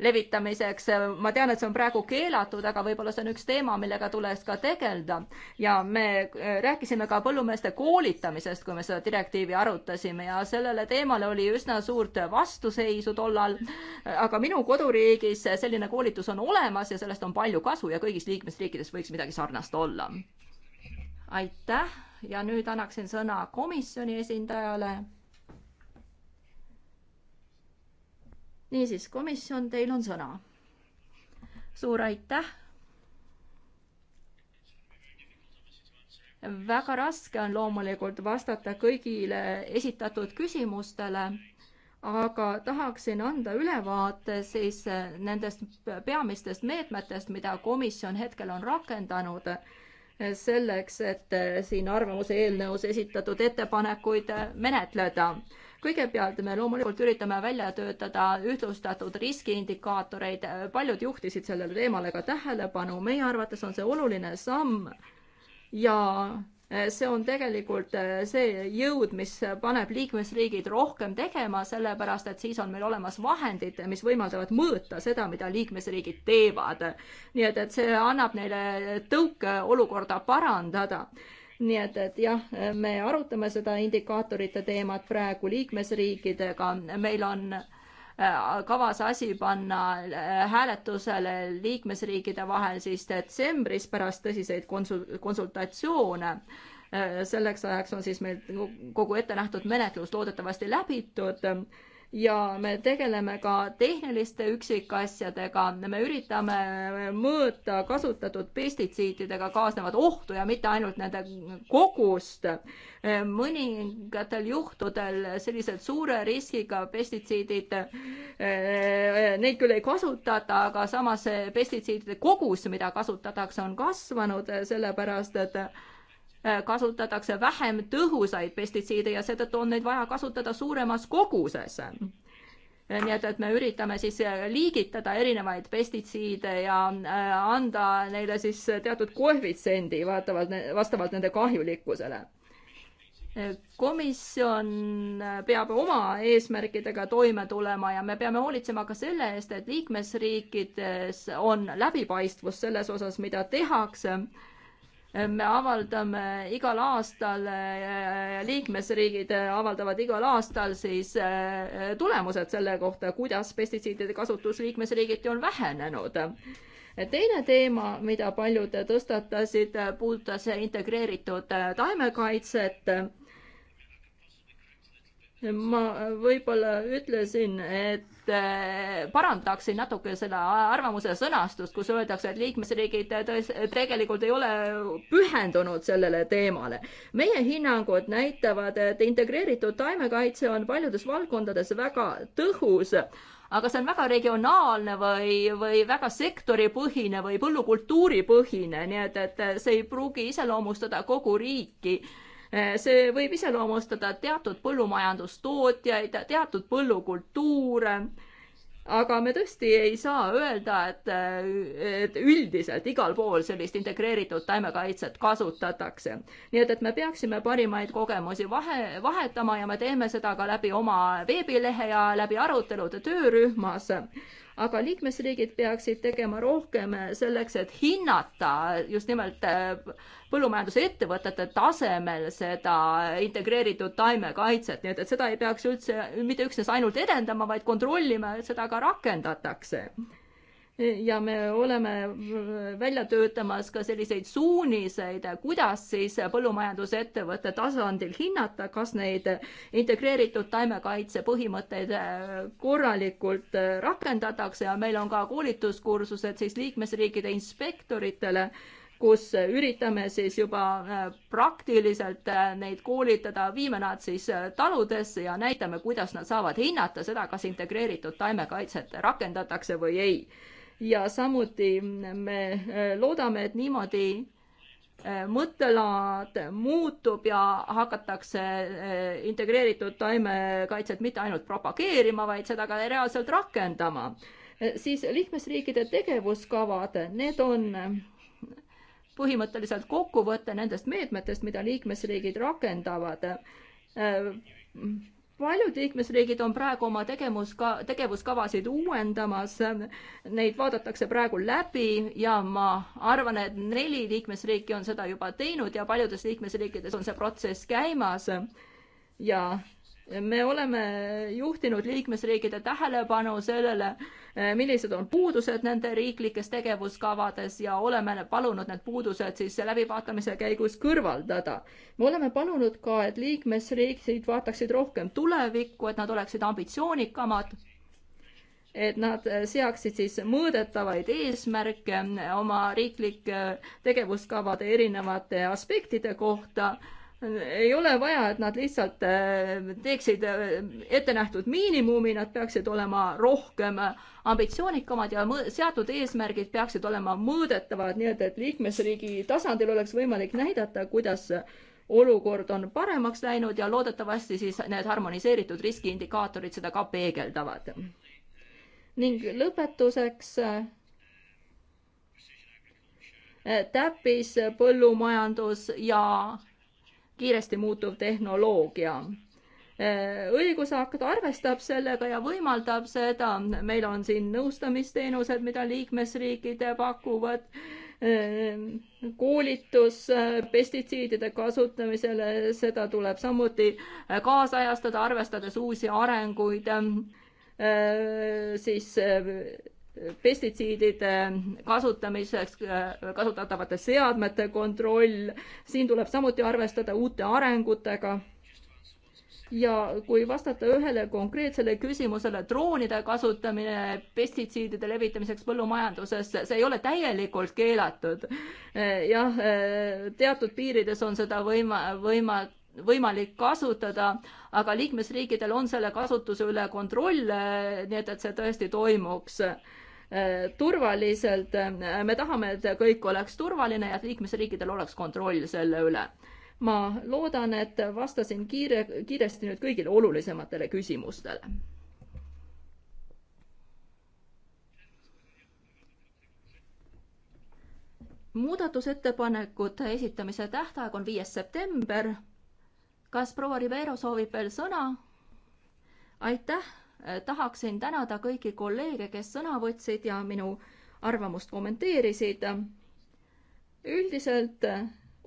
Speaker 4: levitamiseks. ma tean, et see on praegu keelatud, aga võib-olla see on üks teema, millega tuleks ka tegeleda. ja me äh, rääkisime ka põllumeeste koolitamisest, kui me seda direktiivi arutasime ja sellele teemale oli üsna suurt vastuseisu tollal. aga minu koduriigis selline koolitus on olemas ja sellest on palju kasu ja kõigis liikmesriikides võiks midagi sarnast olla. aitäh ja nüüd annaksin sõna komisjoni esindajale niisiis, komisjon, teil on sõna. suur aitäh. väga raske on loomulikult vastata kõigile esitatud küsimustele, aga tahaksin anda ülevaate siis nendest peamistest meetmetest, mida komisjon hetkel on rakendanud selleks, et siin arvamuse eelnõus esitatud ettepanekuid menetleda kõigepealt me loomulikult üritame välja töötada ühtlustatud riskiindikaatoreid, paljud juhtisid sellele teemale ka tähelepanu, meie arvates on see oluline samm ja see on tegelikult see jõud, mis paneb liikmesriigid rohkem tegema, sellepärast et siis on meil olemas vahendid, mis võimaldavad mõõta seda, mida liikmesriigid teevad. nii et, et see annab neile tõuke olukorda parandada nii et, et jah, me arutame seda indikaatorite teemat praegu liikmesriikidega, meil on äh, kavas asi panna äh, hääletusele liikmesriikide vahel siis detsembris pärast tõsiseid konsul-, konsultatsioone. Äh, selleks ajaks on siis meil kogu ettenähtud menetlus loodetavasti läbitud ja me tegeleme ka tehniliste üksikasjadega, me üritame mõõta kasutatud pestitsiididega kaasnevat ohtu ja mitte ainult nende kogust. mõningatel juhtudel sellised suure riskiga pestitsiidid, neid küll ei kasutata, aga samas pestitsiidide kogus, mida kasutatakse, on kasvanud, sellepärast et Äh, kasutatakse vähem tõhusaid pestitsiide ja seetõttu on neid vaja kasutada suuremas koguses. Äh, nii et, et me üritame siis äh, liigitada erinevaid pestitsiide ja anda neile siis teatud koefitsiendi vaatavalt, vastavalt nende kahjulikkusele komisjon peab oma eesmärkidega toime tulema ja me peame hoolitsema ka selle eest, et liikmesriikides on läbipaistvus selles osas, mida tehakse me avaldame igal aastal, äh, äh, liikmesriigid äh, avaldavad igal aastal siis tulemused selle kohta, kuidas pestitsiidide kasutus liikmesriigiti on vähenenud. teine teema, mida paljud tõstatasid, puudutas integreeritud taimekaitset ma võib-olla ütlesin, et äh, parandaksin natuke seda arvamuse sõnastust, kus öeldakse, et liikmesriigid tões-, tegelikult ei ole pühendunud sellele teemale. meie hinnangud näitavad, et integreeritud taimekaitse on paljudes valdkondades väga tõhus, aga see on väga regionaalne või, või väga sektoripõhine või põllukultuuripõhine, nii et, et see ei pruugi iseloomustada kogu riiki Eh, see võib iseloomustada teatud põllumajandustootjaid, teatud põllukultuure, aga me tõesti ei saa öelda, et, et üldiselt igal pool sellist integreeritud taimekaitset kasutatakse. nii et, et me peaksime parimaid kogemusi vahe, vahetama ja me teeme seda ka läbi oma veebilehe ja läbi arutelude töörühmas aga liikmesriigid peaksid tegema rohkem selleks, et hinnata just nimelt äh, põllumajandusettevõtete tasemel seda integreeritud taimekaitset, nii et, et seda ei peaks üldse mitte üksnes ainult edendama, vaid kontrollima, et seda ka rakendatakse ja me oleme välja töötamas ka selliseid suuniseid, kuidas siis põllumajandusettevõtte tasandil hinnata, kas neid integreeritud taimekaitse põhimõtteid korralikult rakendatakse ja meil on ka koolituskursused siis liikmesriikide inspektoritele, kus üritame siis juba äh, praktiliselt äh, neid koolitada, viime nad siis äh, taludesse ja näitame, kuidas nad saavad hinnata seda, kas integreeritud taimekaitset rakendatakse või ei ja samuti me äh, loodame, et niimoodi äh, mõttelaad muutub ja hakatakse äh, integreeritud taimekaitset mitte ainult propageerima, vaid seda ka reaalselt rakendama. siis liikmesriikide tegevuskavad, need on põhimõtteliselt kokkuvõte nendest meetmetest, mida liikmesriigid rakendavad paljud liikmesriigid on praegu oma tegevuska, tegevuskavasid uuendamas, neid vaadatakse praegu läbi ja ma arvan, et neli liikmesriiki on seda juba teinud ja paljudes liikmesriikides on see protsess käimas. ja me oleme juhtinud liikmesriikide tähelepanu sellele, eh, millised on puudused nende riiklikes tegevuskavades ja oleme palunud need puudused siis läbivaatamise käigus kõrvaldada. me oleme palunud ka, et liikmesriigid vaataksid rohkem tulevikku, et nad oleksid ambitsioonikamad, et nad eh, seaksid siis mõõdetavaid eesmärke eh, oma riiklike tegevuskavade erinevate aspektide kohta ei ole vaja, et nad lihtsalt äh, teeksid äh, ettenähtud miinimumi, nad peaksid olema rohkem ambitsioonikamad ja seatud eesmärgid peaksid olema mõõdetavad, nii et, et liikmesriigi tasandil oleks võimalik näidata, kuidas olukord on paremaks läinud ja loodetavasti siis need harmoniseeritud riskiindikaatorid seda ka peegeldavad. ning lõpetuseks äh, täppispõllumajandus ja kiiresti muutuv tehnoloogia äh, õigusakt arvestab sellega ja võimaldab seda. meil on siin nõustamisteenused, mida liikmesriigid pakuvad, äh, koolitus äh, pestitsiidide kasutamisele, seda tuleb samuti kaasajastada, arvestades uusi arenguid, siis pestitsiidide kasutamiseks äh, kasutatavate seadmete kontroll, siin tuleb samuti arvestada uute arengutega. ja kui vastata ühele konkreetsele küsimusele, droonide kasutamine pestitsiidide levitamiseks põllumajanduses, see ei ole täielikult keelatud. Äh, jah, äh, teatud piirides on seda võima-, võima-, võimalik kasutada, aga liikmesriikidel on selle kasutuse üle kontroll, nii et, et see tõesti toimuks Äh, turvaliselt. Äh, me tahame, et kõik oleks turvaline ja et liikmesriikidel oleks kontroll selle üle. ma loodan, et vastasin kiire, kiiresti nüüd kõigile olulisematele küsimustele. muudatusettepanekute esitamise tähtaeg on viies september. kas proua Rivero soovib veel sõna? aitäh Äh, tahaksin tänada kõiki kolleege, kes sõna võtsid ja minu arvamust kommenteerisid. üldiselt äh,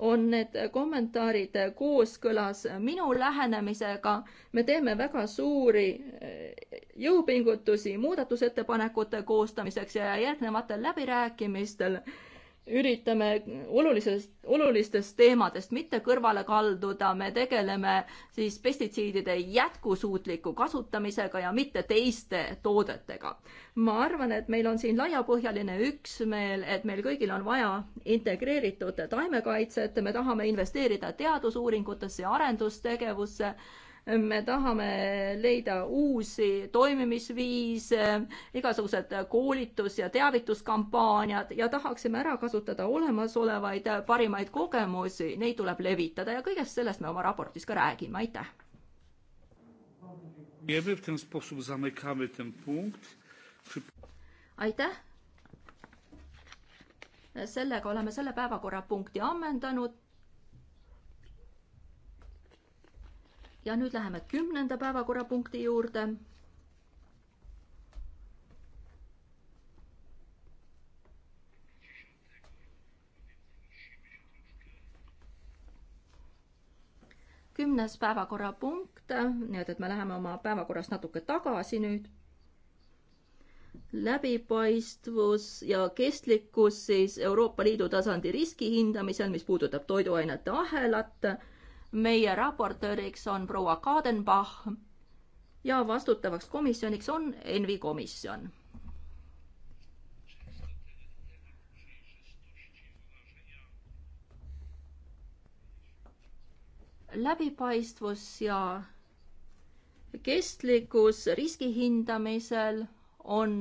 Speaker 4: on need kommentaarid äh, kooskõlas minu lähenemisega. me teeme väga suuri jõupingutusi muudatusettepanekute koostamiseks ja järgnevatel läbirääkimistel üritame olulisest, olulistest teemadest mitte kõrvale kalduda, me tegeleme siis pestitsiidide jätkusuutliku kasutamisega ja mitte teiste toodetega. ma arvan, et meil on siin laiapõhjaline üksmeel, et meil kõigil on vaja integreeritud taimekaitset, me tahame investeerida teadusuuringutesse ja arendustegevusse me tahame leida uusi toimimisviise, igasugused koolitus- ja teavituskampaaniad ja tahaksime ära kasutada olemasolevaid parimaid kogemusi, neid tuleb levitada ja kõigest sellest me oma raportis ka räägime, aitäh. aitäh. sellega oleme selle päevakorrapunkti ammendanud ja nüüd läheme kümnenda päevakorrapunkti juurde. kümnes päevakorrapunkt, nii et, et me läheme oma päevakorrast natuke tagasi nüüd läbipaistvus ja kestlikkus siis Euroopa Liidu tasandi riski hindamisel, mis puudutab toiduainete ahelat meie raportööriks on proua Kadenbach ja vastutavaks komisjoniks on Envi komisjon. läbipaistvus ja kestlikkus riski hindamisel on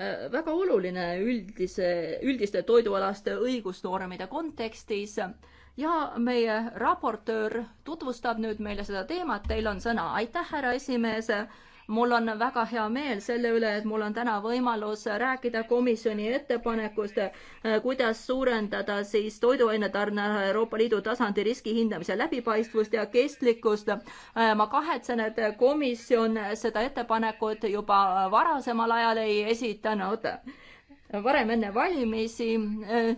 Speaker 4: Äh, väga oluline üldise, üldiste toidualaste õigusnormide kontekstis ja meie raportöör tutvustab nüüd meile seda teemat, teil on sõna. aitäh, härra esimees mul on väga hea meel selle üle, et mul on täna võimalus rääkida komisjoni ettepanekust, äh, kuidas suurendada siis toiduainetarne Euroopa Liidu tasandi riski hindamise läbipaistvust ja kestlikkust. Äh, ma kahetsen, et komisjon seda ettepanekut juba varasemal ajal ei esitanud varem enne valimisi äh,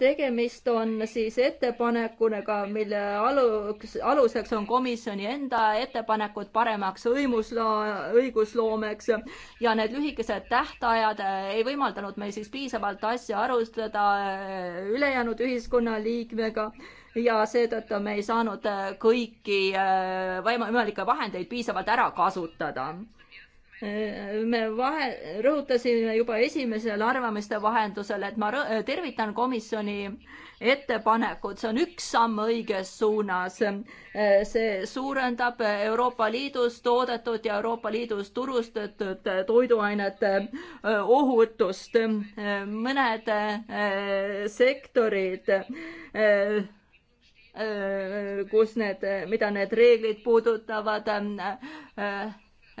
Speaker 4: tegemist on siis ettepanekunega, mille aluks, aluseks on komisjoni enda ettepanekud paremaks õimusla-, õigusloomeks ja need lühikesed tähtajad ei võimaldanud meil siis piisavalt asja arutada eh, ülejäänud ühiskonnaliikmega ja seetõttu me ei saanud eh, kõiki eh, võimalikke vahendeid piisavalt ära kasutada me vahe, rõhutasime juba esimesel arvamuste vahendusel, et ma tervitan komisjoni ettepanekut, see on üks samm õiges suunas. see suurendab Euroopa Liidus toodetud ja Euroopa Liidus turustatud toiduainete ohutust. mõned eh, sektorid eh, eh, kus need, mida need reeglid puudutavad,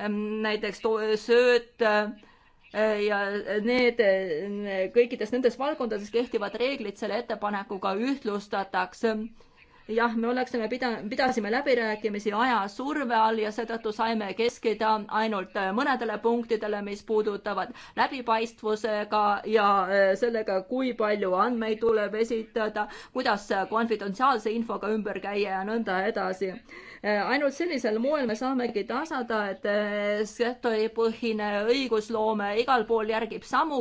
Speaker 4: Ehm, näiteks sööt eh, ja need, eh, kõikides nendes valdkondades kehtivad reeglid selle ettepanekuga ühtlustatakse jah, me oleksime pida-, pidasime läbirääkimisi ajasurve all ja seetõttu saime keskida ainult äh, mõnedele punktidele, mis puudutavad läbipaistvusega ja äh, sellega, kui palju andmeid tuleb esitada, kuidas äh, konfidentsiaalse infoga ümber käia ja nõnda edasi. ainult sellisel moel me saamegi tasada, et sektoripõhine õigusloome igal pool järgib samu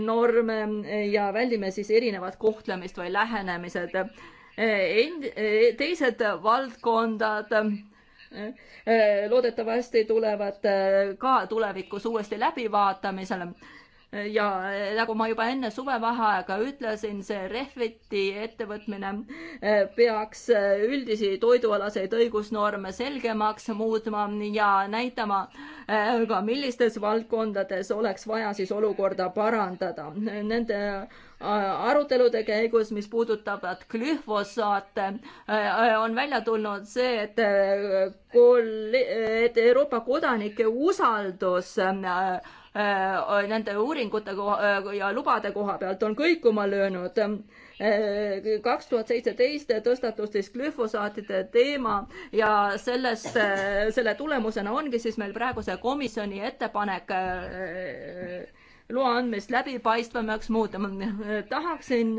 Speaker 4: norme ja väldime siis erinevat kohtlemist või lähenemised Eh, eh, teised valdkondad eh, loodetavasti tulevad ka tulevikus uuesti läbivaatamisele. ja nagu ma juba enne suvevaheaega ütlesin, see rehviti ettevõtmine peaks üldisi toidualaseid õigusnorme selgemaks muutma ja näitama ka, millistes valdkondades oleks vaja siis olukorda parandada. Nende Äh, arutelude käigus, mis puudutavad glühfosaate, äh, on välja tulnud see, et äh, et Euroopa kodanike usaldus nende uuringute ja lubade koha pealt on kõikuma löönud. kaks tuhat seitseteist tõstatus siis glüfosaatide teema ja sellest, selle tulemusena ongi siis meil praegu see komisjoni ettepanek loa andmist läbipaistvamaks muuta. tahaksin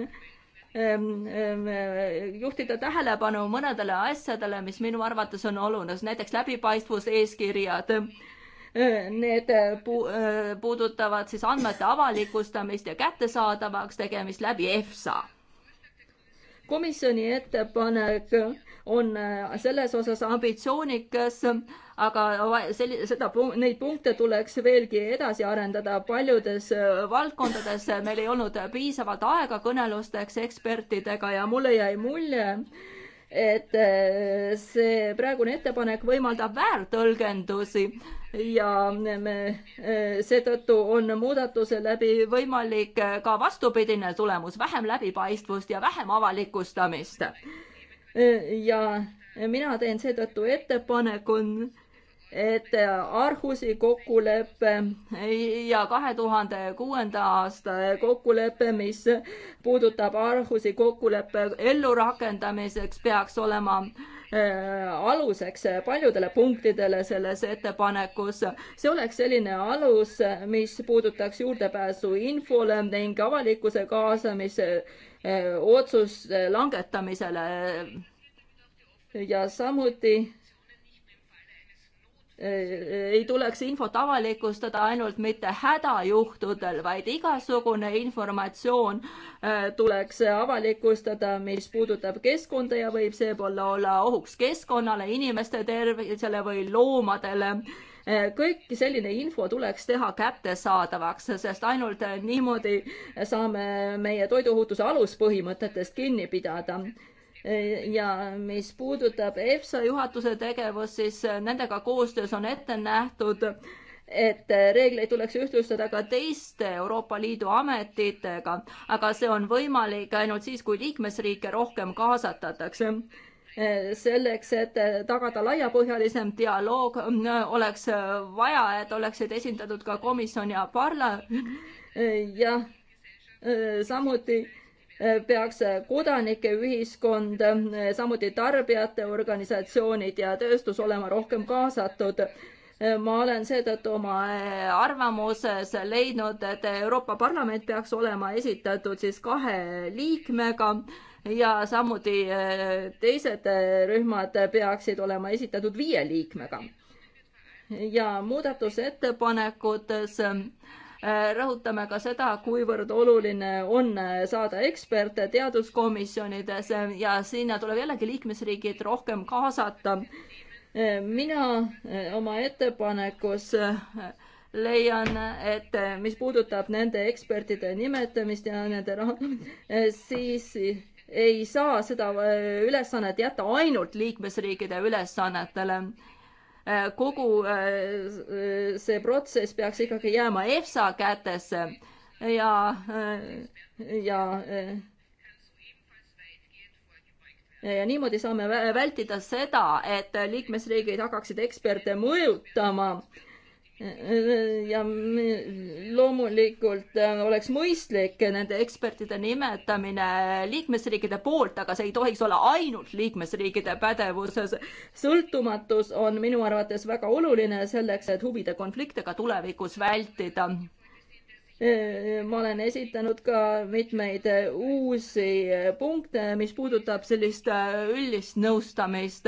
Speaker 4: ähm, ähm, äh, juhtida tähelepanu mõnedele asjadele, mis minu arvates on oluline, näiteks läbipaistvuseeskirjad. Äh, need äh, puudutavad siis andmete avalikustamist ja kättesaadavaks tegemist läbi EFSA. komisjoni ettepanek on selles osas ambitsioonikas aga selli-, seda, neid punkte tuleks veelgi edasi arendada paljudes äh, valdkondades, meil ei olnud piisavalt aega kõnelusteks ekspertidega ja mulle jäi mulje, et äh, see praegune ettepanek võimaldab väärtõlgendusi ja me äh, seetõttu on muudatuse läbi võimalik ka vastupidine tulemus, vähem läbipaistvust ja vähem avalikustamist. ja mina teen seetõttu ettepaneku et Arhusi kokkulepe ja kahe tuhande kuuenda aasta kokkulepe, mis puudutab Arhusi kokkuleppe ellurakendamiseks, peaks olema äh, aluseks paljudele punktidele selles ettepanekus. see oleks selline alus, mis puudutaks juurdepääsu infole ning avalikkuse kaasamise äh, otsuste äh, langetamisele. ja samuti ei tuleks infot avalikustada ainult mitte hädajuhtudel, vaid igasugune informatsioon äh, tuleks avalikustada, mis puudutab keskkonda ja võib seepoole olla ohuks keskkonnale, inimeste tervisele või loomadele. Äh, kõik selline info tuleks teha kättesaadavaks, sest ainult niimoodi saame meie toiduohutuse aluspõhimõtetest kinni pidada Äh, ja mis puudutab EFSA juhatuse tegevust, siis äh, nendega koostöös on ette nähtud et äh, reegleid tuleks ühtlustada ka teiste Euroopa Liidu ametitega, aga see on võimalik ainult siis, kui liikmesriike rohkem kaasatatakse selleks, et tagada laiapõhjalisem dialoog, oleks vaja, et oleksid esindatud ka komisjon ja parla- ja samuti Äh, peaks kodanike ühiskond, äh, samuti tarbijate organisatsioonid ja tööstus olema rohkem kaasatud. Äh, ma olen seetõttu oma arvamuses leidnud, et Euroopa Parlament peaks olema esitatud siis kahe liikmega ja samuti teised rühmad peaksid olema esitatud viie liikmega. ja muudatusettepanekutes äh, Äh, rõhutame ka seda, kuivõrd oluline on äh, saada eksperte teaduskomisjonides äh, ja sinna tuleb jällegi liikmesriigid rohkem kaasata. mina oma ettepanekus leian, et mis puudutab nende ekspertide nimetamist ja nende raha, siis ei saa seda ülesannet jätta ainult liikmesriikide ülesannetele Äh, kogu äh, see protsess peaks ikkagi jääma EFSA kätesse ja, äh, ja ja niimoodi saame vältida seda, et liikmesriigid hakkaksid eksperte mõjutama äh, ja loomulikult äh, oleks mõistlik nende ekspertide nimetamine liikmesriikide poolt, aga see ei tohiks olla ainult liikmesriikide pädevuses. sõltumatus on minu arvates väga oluline selleks, et huvide konflikte ka tulevikus vältida. Äh, ma olen esitanud ka mitmeid uusi punkte, mis puudutab sellist äh, üldist nõustamist.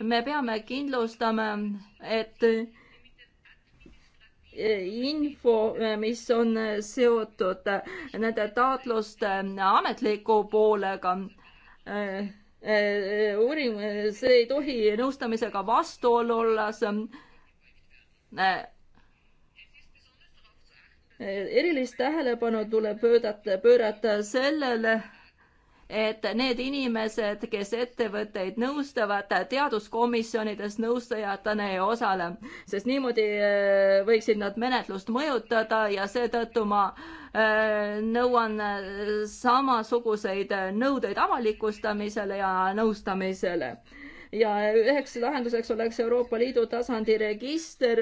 Speaker 4: me peame kindlustama, et info, eh, mis on eh, seotud eh, nende taotluste ametliku poolega uuring, see ei tohi nõustamisega vastuollu olla, see on erilist tähelepanu tuleb pöörata, pöörata sellele, et need inimesed, kes ettevõtteid nõustavad, teaduskomisjonides nõustajatena ei osale, sest niimoodi äh, võiksid nad menetlust mõjutada ja seetõttu ma äh, nõuan äh, samasuguseid nõudeid avalikustamisele ja nõustamisele. ja üheks lahenduseks oleks Euroopa Liidu tasandi register,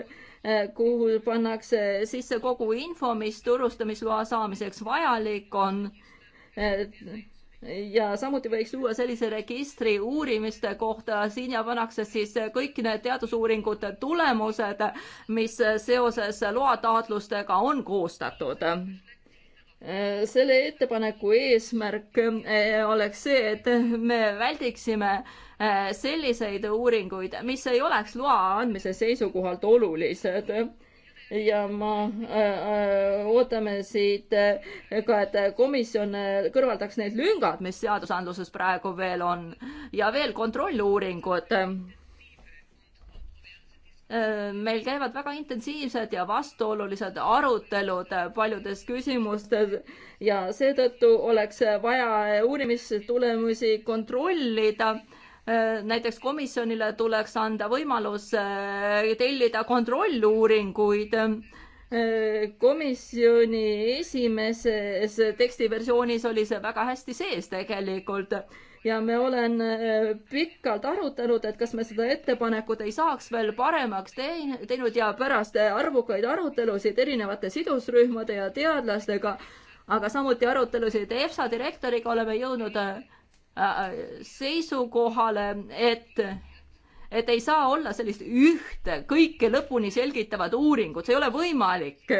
Speaker 4: kuhu pannakse sisse kogu info, mis turustamisloa saamiseks vajalik on ja samuti võiks luua sellise registri uurimiste kohta, siin ja pannakse siis kõik need teadusuuringute tulemused, mis seoses loataotlustega on koostatud selle ettepaneku eesmärk eh, oleks see, et me väldiksime eh, selliseid uuringuid, mis ei oleks loa andmise seisukohalt olulised ja ma äh, äh ootame siit äh, ka, et komisjon äh, kõrvaldaks need lüngad, mis seadusandluses praegu veel on ja veel kontrolluuringud meil käivad väga intensiivsed ja vastuolulised arutelud paljudes küsimustes ja seetõttu oleks vaja uurimistulemusi kontrollida Äh, näiteks komisjonile tuleks anda võimalus äh, tellida kontrolluuringuid. Äh, komisjoni esimeses tekstiversioonis oli see väga hästi sees tegelikult ja me olen pikalt arutanud, et kas me seda ettepanekut ei saaks veel paremaks teinud ja pärast arvukaid arutelusid erinevate sidusrühmade ja teadlastega, aga samuti arutelusid EFSA direktoriga oleme jõudnud Äh, seisukohale, et et ei saa olla sellist ühte kõike lõpuni selgitavat uuringut, see ei ole võimalik.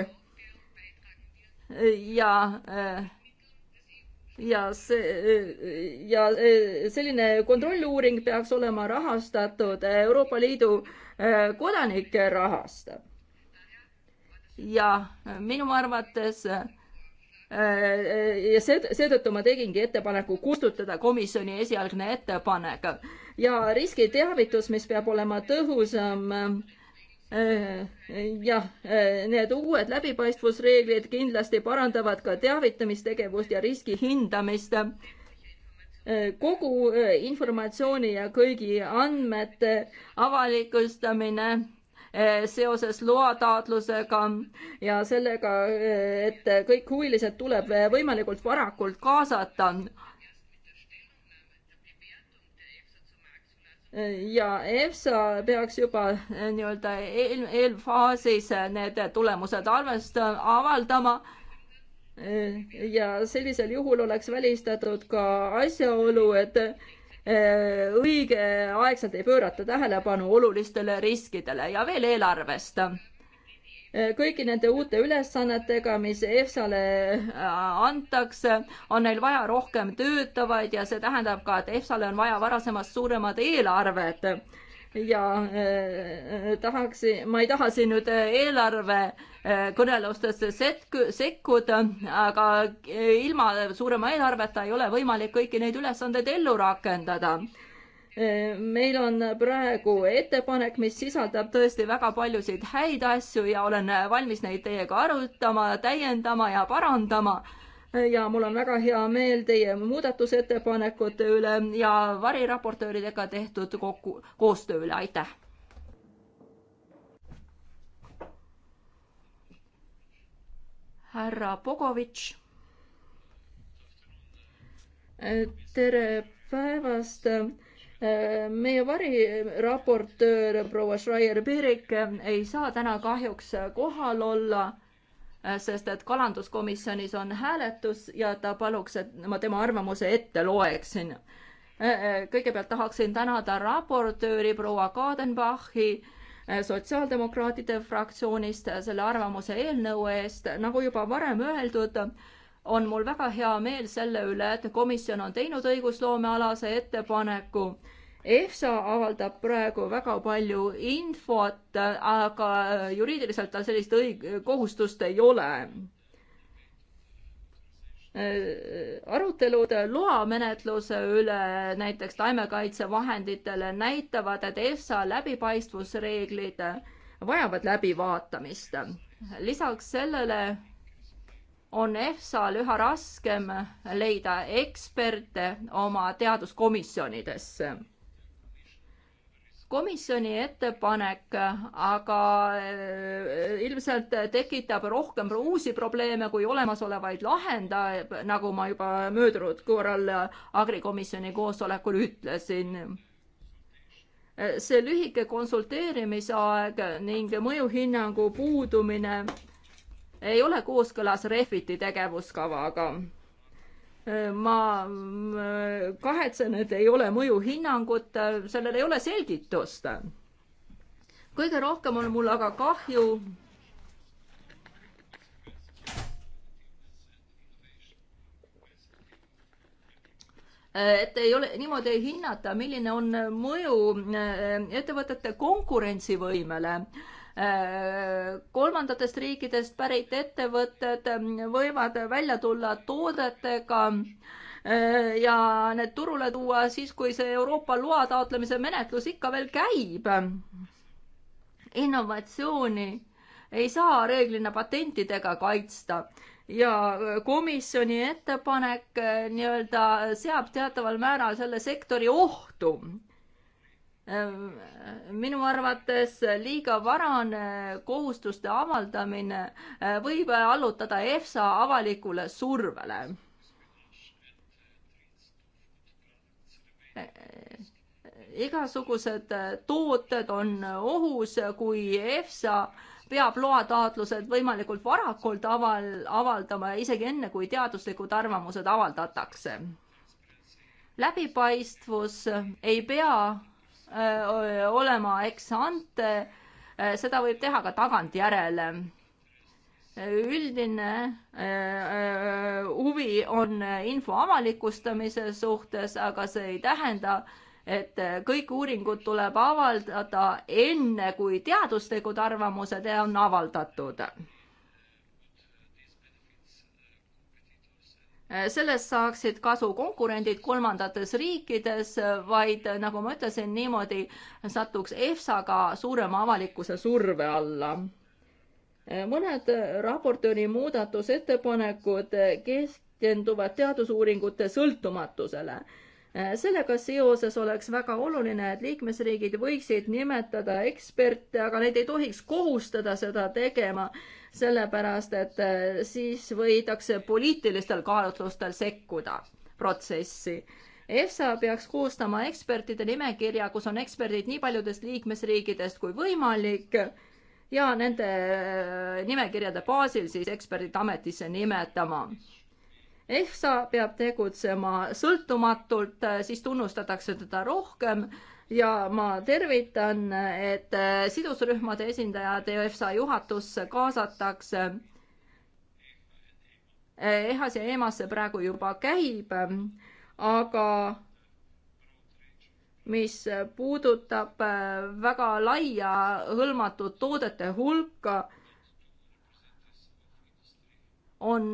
Speaker 4: ja äh, ja see äh, ja äh, selline kontrolluuring peaks olema rahastatud Euroopa Liidu kodanike rahast. ja minu arvates Äh, ja seetõttu ma tegingi ettepaneku kustutada komisjoni esialgne ettepanek ja riskiteavitus, mis peab olema tõhusam äh, jah, äh, need uued läbipaistvusreeglid kindlasti parandavad ka teavitamistegevust ja riski hindamist. kogu informatsiooni ja kõigi andmete avalikustamine Eh, seoses loataotlusega ja sellega, eh, et kõik huvilised tuleb eh, võimalikult varakult kaasata. ja EFSA peaks juba nii-öelda eel, eelfaasis need tulemused arvest-, avaldama ja sellisel juhul oleks välistatud ka asjaolu, et Äh, õigeaegselt ei pöörata tähelepanu olulistele riskidele ja veel eelarvest. Äh, kõigi nende uute ülesannetega, mis EFSA-le äh, antakse, on neil vaja rohkem töötavaid ja see tähendab ka, et EFSA-le on vaja varasemast suuremat eelarvet ja äh, tahaks, ma ei taha siin nüüd äh, eelarve äh, kõnelustesse sekkuda, aga ilma suurema eelarveta ei ole võimalik kõiki neid ülesandeid ellu rakendada meil on praegu ettepanek, mis sisaldab tõesti väga paljusid häid asju ja olen valmis neid teiega arutama, täiendama ja parandama ja mul on väga hea meel teie muudatusettepanekute üle ja variraportööridega tehtud kokku, koostöö üle, aitäh! härra Bogovitš. tere päevast meie variraportöör proua Schreier-Pirik ei saa täna kahjuks kohal olla Äh, sest et kalanduskomisjonis on hääletus ja ta paluks, et ma tema arvamuse ette loeksin. Äh, äh, kõigepealt tahaksin tänada raportööri proua Kadenbachi sotsiaaldemokraatide fraktsioonist selle arvamuse eelnõu eest, nagu juba varem öeldud, on mul väga hea meel selle üle, et komisjon on teinud õigusloomealase ettepaneku EFSA avaldab praegu väga palju infot, aga juriidiliselt tal sellist õig-, kohustust ei ole. arutelud loamenetluse üle näiteks taimekaitsevahenditele näitavad, et EFSA läbipaistvusreeglid vajavad läbivaatamist. lisaks sellele on EFSA-l üha raskem leida eksperte oma teaduskomisjonidesse komisjoni ettepanek aga äh, ilmselt tekitab rohkem uusi probleeme kui olemasolevaid lahendab, nagu ma juba möödunud korral agrikomisjoni koosolekul ütlesin. see lühike konsulteerimisaeg ning mõjuhinnangu puudumine ei ole kooskõlas Refiti tegevuskavaga ma mm, kahetsen, et ei ole mõjuhinnangut, sellel ei ole selgitust. kõige rohkem on mul aga kahju et ei ole, niimoodi ei hinnata, milline on mõju mm, ettevõtete konkurentsivõimele Äh, kolmandatest riikidest pärit ettevõtted ähm, võivad välja tulla toodetega äh, ja need turule tuua siis, kui see Euroopa loa taotlemise menetlus ikka veel käib. innovatsiooni ei saa reeglina patentidega kaitsta ja komisjoni ettepanek äh, nii-öelda seab teataval määral selle sektori ohtu Ehm, minu arvates liiga varane kohustuste avaldamine eh, võib allutada EFSA avalikule survele. Eh, eh, igasugused tooted on ohus, kui EFSA peab loataotlused võimalikult varakult aval, avaldama ja isegi enne, kui teaduslikud arvamused avaldatakse. läbipaistvus ei pea Äh, olema ex-ante, äh, seda võib teha ka tagantjärele. üldine äh, huvi on info avalikustamise suhtes, aga see ei tähenda, et kõik uuringud tuleb avaldada enne, kui teaduslikud arvamused on avaldatud Äh, sellest saaksid kasu konkurendid kolmandates riikides, vaid äh, nagu ma ütlesin, niimoodi satuks EFSA ka suurema avalikkuse surve alla äh, mõned raportööri muudatusettepanekud keskenduvad teadusuuringute sõltumatusele. sellega seoses oleks väga oluline, et liikmesriigid võiksid nimetada eksperte, aga neid ei tohiks kohustada seda tegema sellepärast et äh, siis võidakse poliitilistel kaalutlustel sekkuda protsessi. EFSA peaks koostama ekspertide nimekirja, kus on eksperdid nii paljudest liikmesriikidest kui võimalik ja nende äh, nimekirjade baasil siis eksperdid ametisse nimetama. EFSA peab tegutsema sõltumatult, äh, siis tunnustatakse teda rohkem ja ma tervitan, et äh, sidusrühmade esindajad EFSA juhatusse kaasatakse. Äh, EHAS ja EMAS see praegu juba käib, aga mis puudutab äh, väga laia hõlmatud toodete hulka, on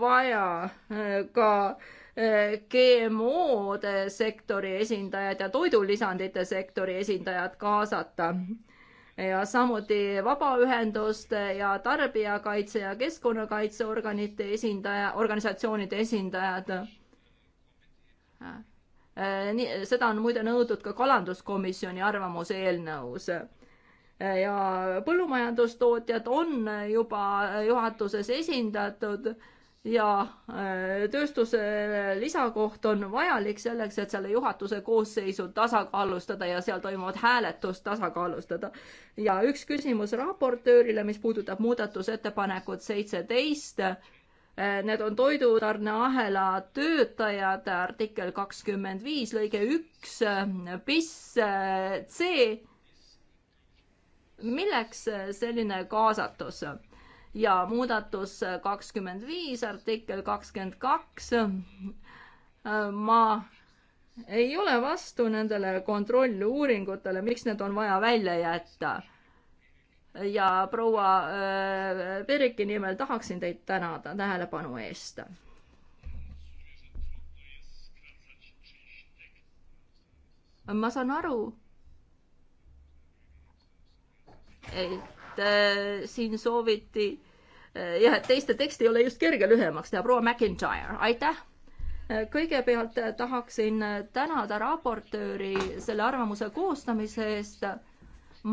Speaker 4: vaja ka äh, GMO-de sektori esindajad ja toidulisandite sektori esindajad kaasata. ja samuti vabaühenduste ja tarbijakaitse ja keskkonnakaitseorganite esindaja, organisatsioonide esindajad. nii, seda on muide nõudnud ka kalanduskomisjoni arvamuse eelnõus ja põllumajandustootjad on juba juhatuses esindatud ja äh, tööstuse lisakoht on vajalik selleks, et selle juhatuse koosseisu tasakaalustada ja seal toimuvat hääletust tasakaalustada. ja üks küsimus raportöörile, mis puudutab muudatusettepanekut seitseteist. Äh, need on toidutarneahela töötajad, artikkel kakskümmend viis, lõige üks, bis äh, C. milleks selline kaasatus? ja muudatus kakskümmend viis, artikkel kakskümmend kaks. ma ei ole vastu nendele kontrolluuringutele, miks need on vaja välja jätta. ja proua äh, Pereki nimel tahaksin teid tänada tähelepanu eest ma saan aru, et äh, siin sooviti Eh, jah, et teiste teksti ei ole just kerge lühemaks teha, proua McIntyre, aitäh! Eh, kõigepealt eh, tahaksin tänada raportööri selle arvamuse koostamise eest.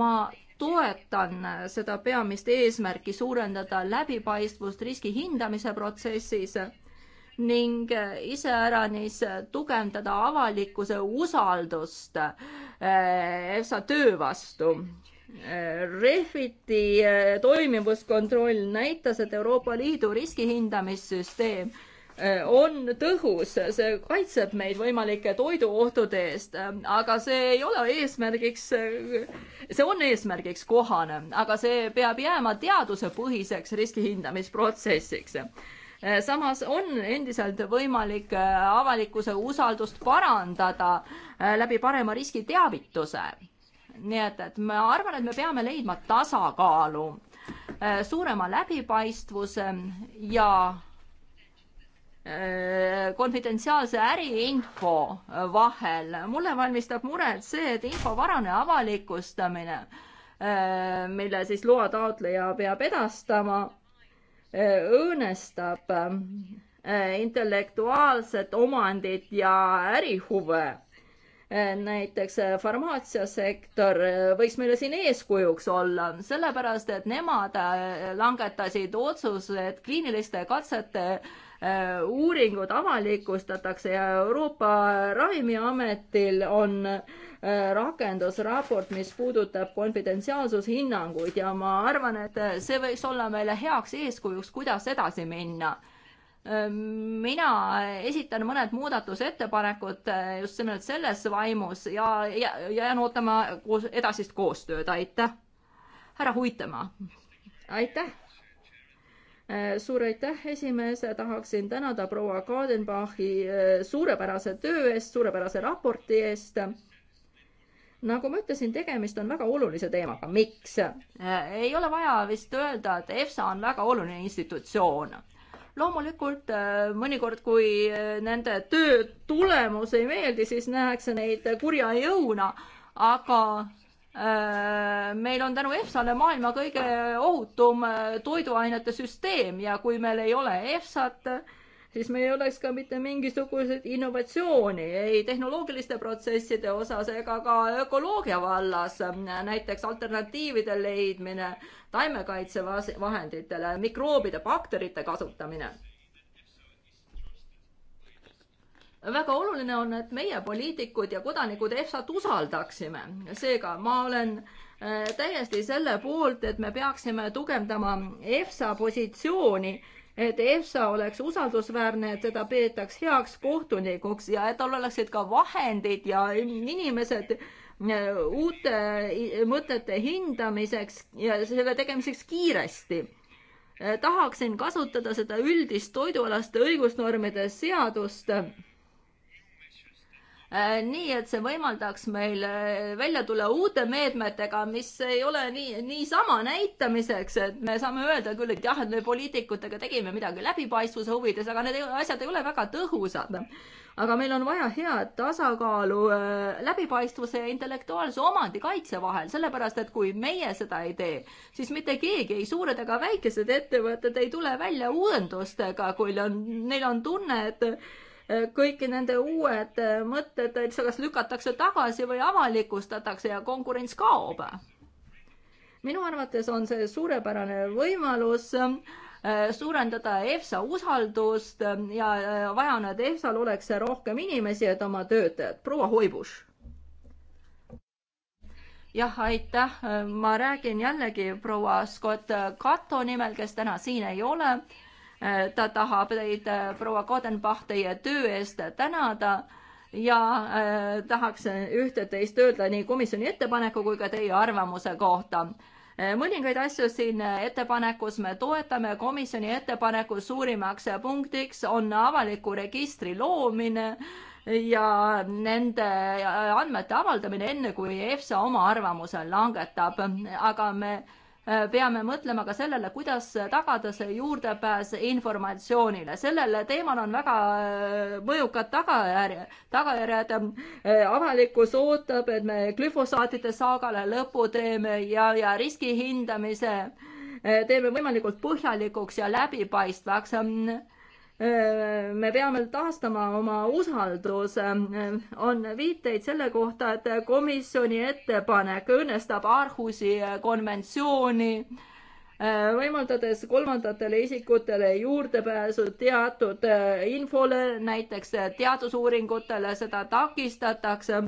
Speaker 4: ma toetan seda peamist eesmärki suurendada läbipaistvust riski hindamise protsessis ning iseäranis tugevdada avalikkuse usaldust EFSA töö vastu Refiti eh, toimivuskontroll näitas, et Euroopa Liidu riskihindamissüsteem eh, on tõhus, see kaitseb meid võimalike toiduohtude eest, eh, aga see ei ole eesmärgiks, see on eesmärgiks kohane, aga see peab jääma teadusepõhiseks riskihindamisprotsessiks. samas on endiselt võimalik avalikkuse usaldust parandada läbi parema riskiteavituse nii et, et ma arvan, et me peame leidma tasakaalu, äh, suurema läbipaistvuse ja äh, konfidentsiaalse äriinfo vahel. mulle valmistab muret see, et info varane avalikustamine, äh, mille siis loa taotleja peab edastama, õõnestab intellektuaalset omandit ja ärihuve näiteks äh, farmaatsiasektor äh, võiks meile siin eeskujuks olla, sellepärast et nemad äh, langetasid otsuse, et kliiniliste katsete uuringud avalikustatakse ja Euroopa Ravimiametil on rakendusraport, mis puudutab konfidentsiaalsushinnanguid ja ma arvan, et see võiks olla meile heaks eeskujuks, kuidas edasi minna mina esitan mõned muudatusettepanekud äh, just nimelt selles vaimus ja, ja jään ootama koos, edasist koostööd, aitäh. härra Huitemaa, aitäh. Äh, suur aitäh, esimees, tahaksin tänada proua Kadenbachi äh, suurepärase töö eest, suurepärase raporti eest nagu ma ütlesin, tegemist on väga olulise teemaga, miks? ei ole vaja vist öelda, et EFSA on väga oluline institutsioon loomulikult äh, mõnikord, kui äh, nende töö tulemus ei meeldi, siis nähakse neid kurja jõuna, aga äh, meil on tänu EFSA-le maailma kõige ohutum toiduainete süsteem ja kui meil ei ole EFSA-t, siis meil ei oleks ka mitte mingisuguseid innovatsiooni ei tehnoloogiliste protsesside osas ega ka ökoloogia vallas, näiteks alternatiivide leidmine, taimekaitsevahenditele, mikroobide, bakterite kasutamine väga oluline on, et meie poliitikud ja kodanikud EFSA-t usaldaksime. seega ma olen eh, täiesti selle poolt, et me peaksime tugevdama EFSA positsiooni et EFSA oleks usaldusväärne, et teda peetaks heaks kohtunikuks ja et tal oleksid ka vahendid ja inimesed e, uute mõtete hindamiseks ja selle tegemiseks kiiresti. E, tahaksin kasutada seda üldist toidualaste õigusnormide seadust Äh, nii et see võimaldaks meil äh, välja tulla uute meetmetega, mis ei ole nii, niisama näitamiseks, et me saame öelda küll, et jah, et me poliitikutega tegime midagi läbipaistvuse huvides, aga need ei, asjad ei ole väga tõhusad. aga meil on vaja head tasakaalu äh, läbipaistvuse ja intellektuaalse omandi kaitse vahel, sellepärast et kui meie seda ei tee, siis mitte keegi, ei suured ega väikesed ettevõtted ei tule välja uuendustega, kui on, neil on tunne, et kõiki nende uued äh, mõtted täitsa kas lükatakse tagasi või avalikustatakse ja konkurents kaob. minu arvates on see suurepärane võimalus äh, suurendada EFSA usaldust ja äh, vaja on, et EFSA-l oleks rohkem inimesi, et oma töötajad. proua Hoibus jah, aitäh, ma räägin jällegi proua Scott Cato nimel, kes täna siin ei ole ta tahab teid, äh, proua Kodenbach, teie töö eest tänada ja äh, tahaks üht-teist öelda nii komisjoni ettepaneku kui ka teie arvamuse kohta äh, mõningaid asju siin ettepanekus me toetame, komisjoni ettepaneku suurimaks punktiks on avaliku registri loomine ja nende äh, andmete avaldamine, enne kui EFSA oma arvamuse langetab, aga me Äh, peame mõtlema ka sellele, kuidas tagada see juurdepääs informatsioonile. sellel teemal on väga äh, mõjukad tagajärjed, tagajärjed. Äh, avalikkus ootab, et me glüfosaatide saagale lõpu teeme ja, ja riski hindamise teeme võimalikult põhjalikuks ja läbipaistvaks me peame taastama oma usalduse. on viiteid selle kohta, et komisjoni ettepanek õõnestab Aarhusi konventsiooni võimaldades kolmandatele isikutele juurdepääsu teatud infole, näiteks teadusuuringutele, seda takistatakse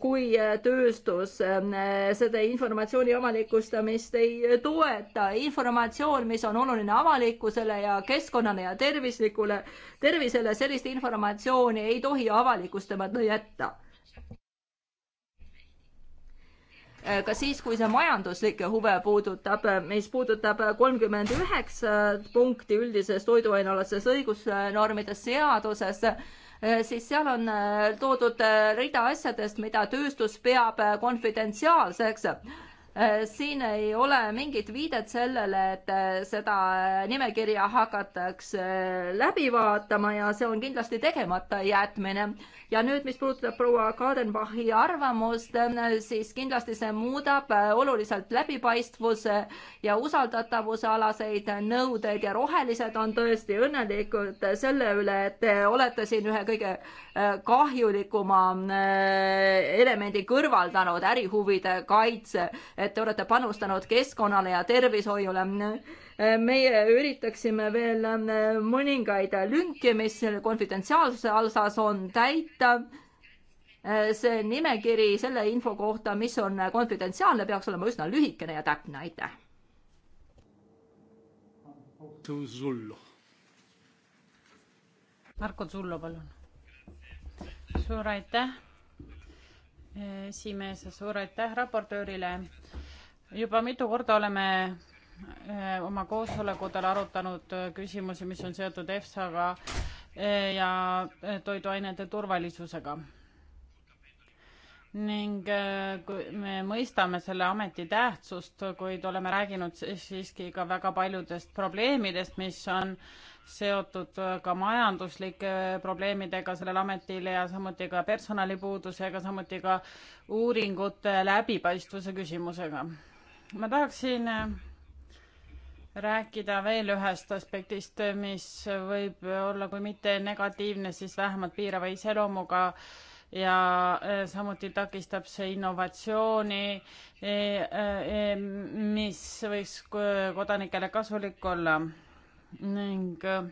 Speaker 4: kui tööstus seda informatsiooni avalikustamist ei toeta. informatsioon, mis on oluline avalikkusele ja keskkonnale ja tervislikule, tervisele, sellist informatsiooni ei tohi avalikustamata jätta. ka siis, kui see majanduslikke huve puudutab, mis puudutab kolmkümmend üheksa punkti üldises toiduainealases õigusnormides seaduses Äh, siis seal on äh, toodud äh, rida asjadest, mida tööstus peab konfidentsiaalseks Äh, siin ei ole mingit viidet sellele, et äh, seda äh, nimekirja hakatakse läbi vaatama ja see on kindlasti tegemata jätmine. ja nüüd, mis puudutab proua Kadenbachi arvamust, siis kindlasti see muudab oluliselt läbipaistvuse ja usaldatavuse alaseid nõudeid ja rohelised on tõesti õnnelikud selle üle, et te olete siin ühe kõige kahjulikuma elemendi kõrvaldanud, ärihuvide kaitse et te olete panustanud keskkonnale ja tervishoiule. meie üritaksime veel mõningaid lünki, mis konfidentsiaalsuse osas on, täita. see nimekiri selle info kohta, mis on konfidentsiaalne, peaks olema üsna lühikene ja täpne, aitäh.
Speaker 5: Marko Zullo, palun. suur aitäh esimees, suur aitäh raportöörile. juba mitu korda oleme eh, oma koosolekutel arutanud eh, küsimusi, mis on seotud EFSA-ga eh, ja toiduainete turvalisusega. ning me mõistame selle ameti tähtsust, kuid oleme rääginud siiski ka väga paljudest probleemidest, mis on äh, seotud äh, ka majanduslike äh, probleemidega sellel ametil ja samuti ka personalipuudusega, samuti ka uuringute läbipaistvuse küsimusega. ma tahaksin äh, rääkida veel ühest aspektist, mis võib olla, kui mitte negatiivne, siis vähemalt piirava iseloomuga ja samuti takistab see innovatsiooni, mis võiks kodanikele kasulik olla ning äh,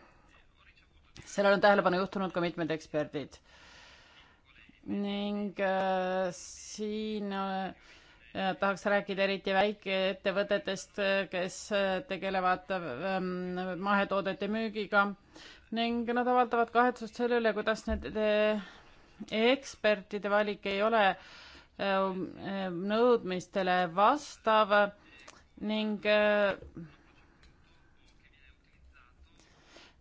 Speaker 5: sellele on tähelepanu juhtunud ka mitmed eksperdid. ning äh, siin äh, tahaks rääkida eriti väikeettevõtetest, kes tegelevad ähm, mahetoodete müügiga ning nad avaldavad kahetsust selle üle, kuidas nende ekspertide valik ei ole nõudmistele vastav ning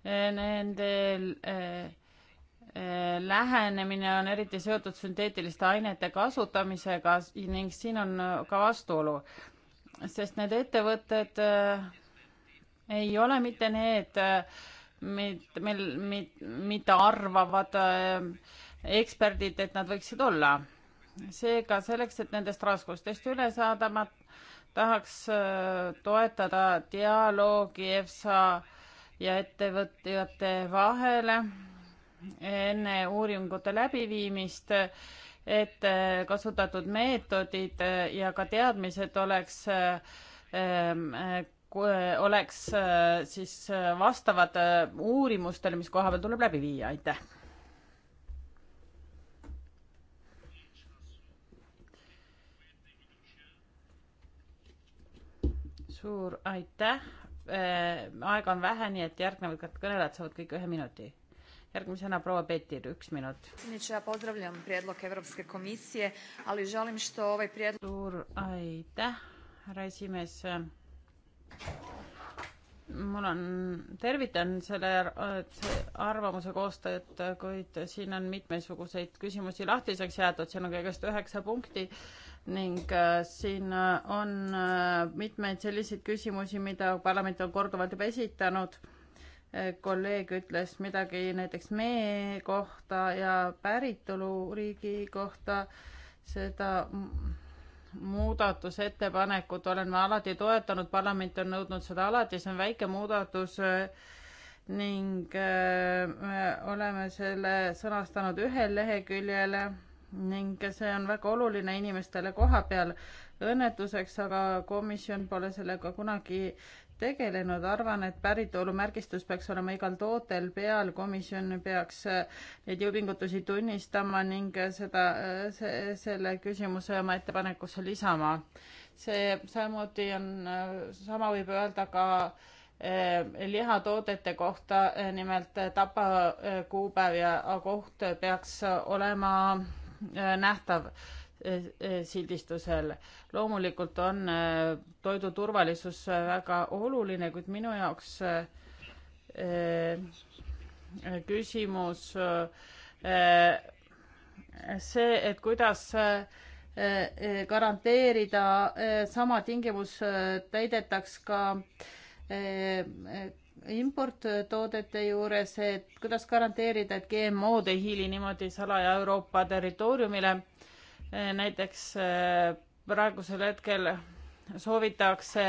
Speaker 5: Eh, nende eh, eh, lähenemine on eriti seotud sünteetiliste ainete kasutamisega ning siin on ka vastuolu, sest need ettevõtted ei ole mitte need, mid-, mil, mid-, mida arvavad eksperdid, et nad võiksid olla. seega selleks, et nendest raskustest üle saada, ma tahaks toetada dialoogi EFSA ja ettevõtjate vahele enne uuringute läbiviimist, et äh, kasutatud meetodid äh, ja ka teadmised oleks, ähm, äh, oleks siis vastavad uurimustele, mis koha peal tuleb läbi viia, aitäh. suur aitäh äh, aega on vähe, nii et järgnevad kõnelejad saavad kõik ühe minuti. järgmisena proua Petir, üks minut.
Speaker 2: suur aitäh,
Speaker 5: härra esimees mul on, tervitan selle äh, arvamuse koostajat, kuid siin on mitmesuguseid küsimusi lahtiseks jäetud, siin on kõigest üheksa punkti ning äh, siin äh, on mitmeid selliseid küsimusi, mida parlament on korduvalt juba esitanud. kolleeg ütles midagi näiteks mee kohta ja päritoluriigi kohta, seda muudatusettepanekut olen ma alati toetanud, parlament on nõudnud seda alati, see on väike muudatus äh, ning me äh, oleme selle sõnastanud ühele leheküljele ning see on väga oluline inimestele koha peal. õnnetuseks aga komisjon pole sellega kunagi tegelenud, arvan, et päritolumärgistus peaks olema igal tootel peal, komisjon peaks äh, neid jõupingutusi tunnistama ning äh, seda, äh, see, selle küsimuse oma ettepanekusse lisama. see samuti on, sama võib öelda ka eh, lihatoodete kohta eh,, nimelt tapakuupäev eh, ja koht peaks olema nähtav sildistusel. loomulikult on äh, toidu turvalisus äh, väga oluline, kuid minu jaoks äh, küsimus see, et kuidas garanteerida sama tingimus täidetaks ka importtoodete juures, et kuidas garanteerida, et GMO-d ei hiili niimoodi salaja Euroopa territooriumile Eh, näiteks eh, praegusel hetkel soovitakse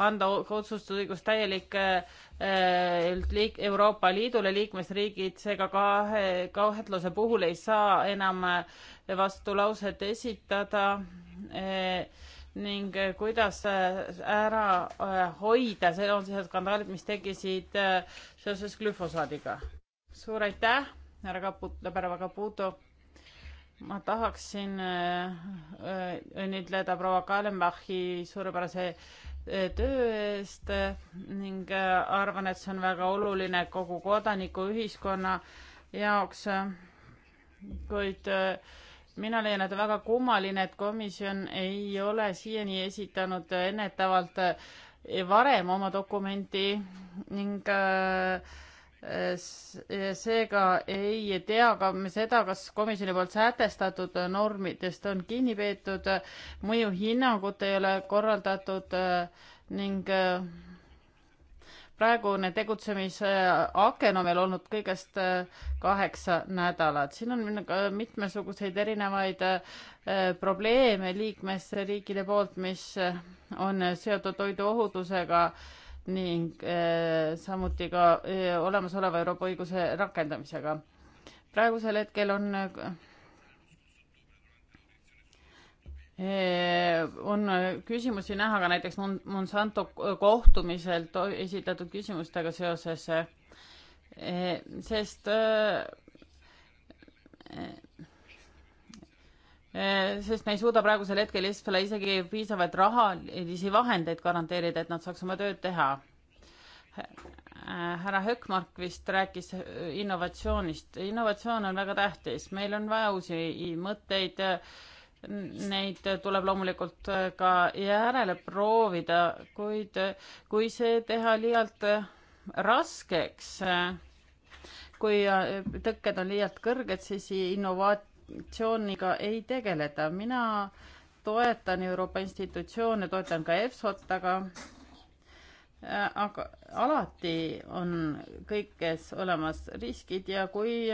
Speaker 5: anda otsustusõigus täielik eh, liik, Euroopa Liidule liikmesriigid, seega kahe, kahtluse puhul ei saa enam vastulauset esitada eh, ning kuidas ära hoida, see on siis skandaalid, mis tekkisid seoses glüfosaadiga. suur aitäh, härra Kaput-, härra Kaputo ma tahaksin äh, äh, õnnitleda proua Kalenbachi suurepärase äh, töö eest ning arvan, et see on väga oluline kogu kodanikuühiskonna jaoks. kuid mina leian, et väga kummaline, et komisjon ei ole siiani esitanud ennetavalt varem oma dokumenti ning äh, seega ei tea ka seda, kas komisjoni poolt sätestatud normidest on kinni peetud, mõjuhinnangut ei ole korraldatud äh, ning äh, praegune tegutsemisaken on meil olnud kõigest äh, kaheksa nädalat. siin on mitmesuguseid erinevaid probleeme liikmesriikide poolt, mis on seotud toiduohutusega ning äh, samuti ka äh, olemasoleva Euroopa õiguse rakendamisega. praegusel hetkel on äh, on küsimusi näha ka näiteks Monsanto kohtumisel esitatud küsimustega seoses, sest Äh, sest me ei suuda praegusel hetkel Estfale isegi piisavaid rahalisi vahendeid garanteerida, et nad saaks oma tööd teha. Äh, härra Höckmark vist rääkis äh, innovatsioonist. innovatsioon on väga tähtis, meil on vaja uusi mõtteid. Neid tuleb loomulikult ka järele proovida, kuid kui see teha liialt raskeks, kui tõkked on liialt kõrged, siis innovaat-, korruptsiooniga ei tegeleta. mina toetan Euroopa institutsioone, toetan ka EFSO-t, aga äh, aga alati on kõikes olemas riskid ja kui,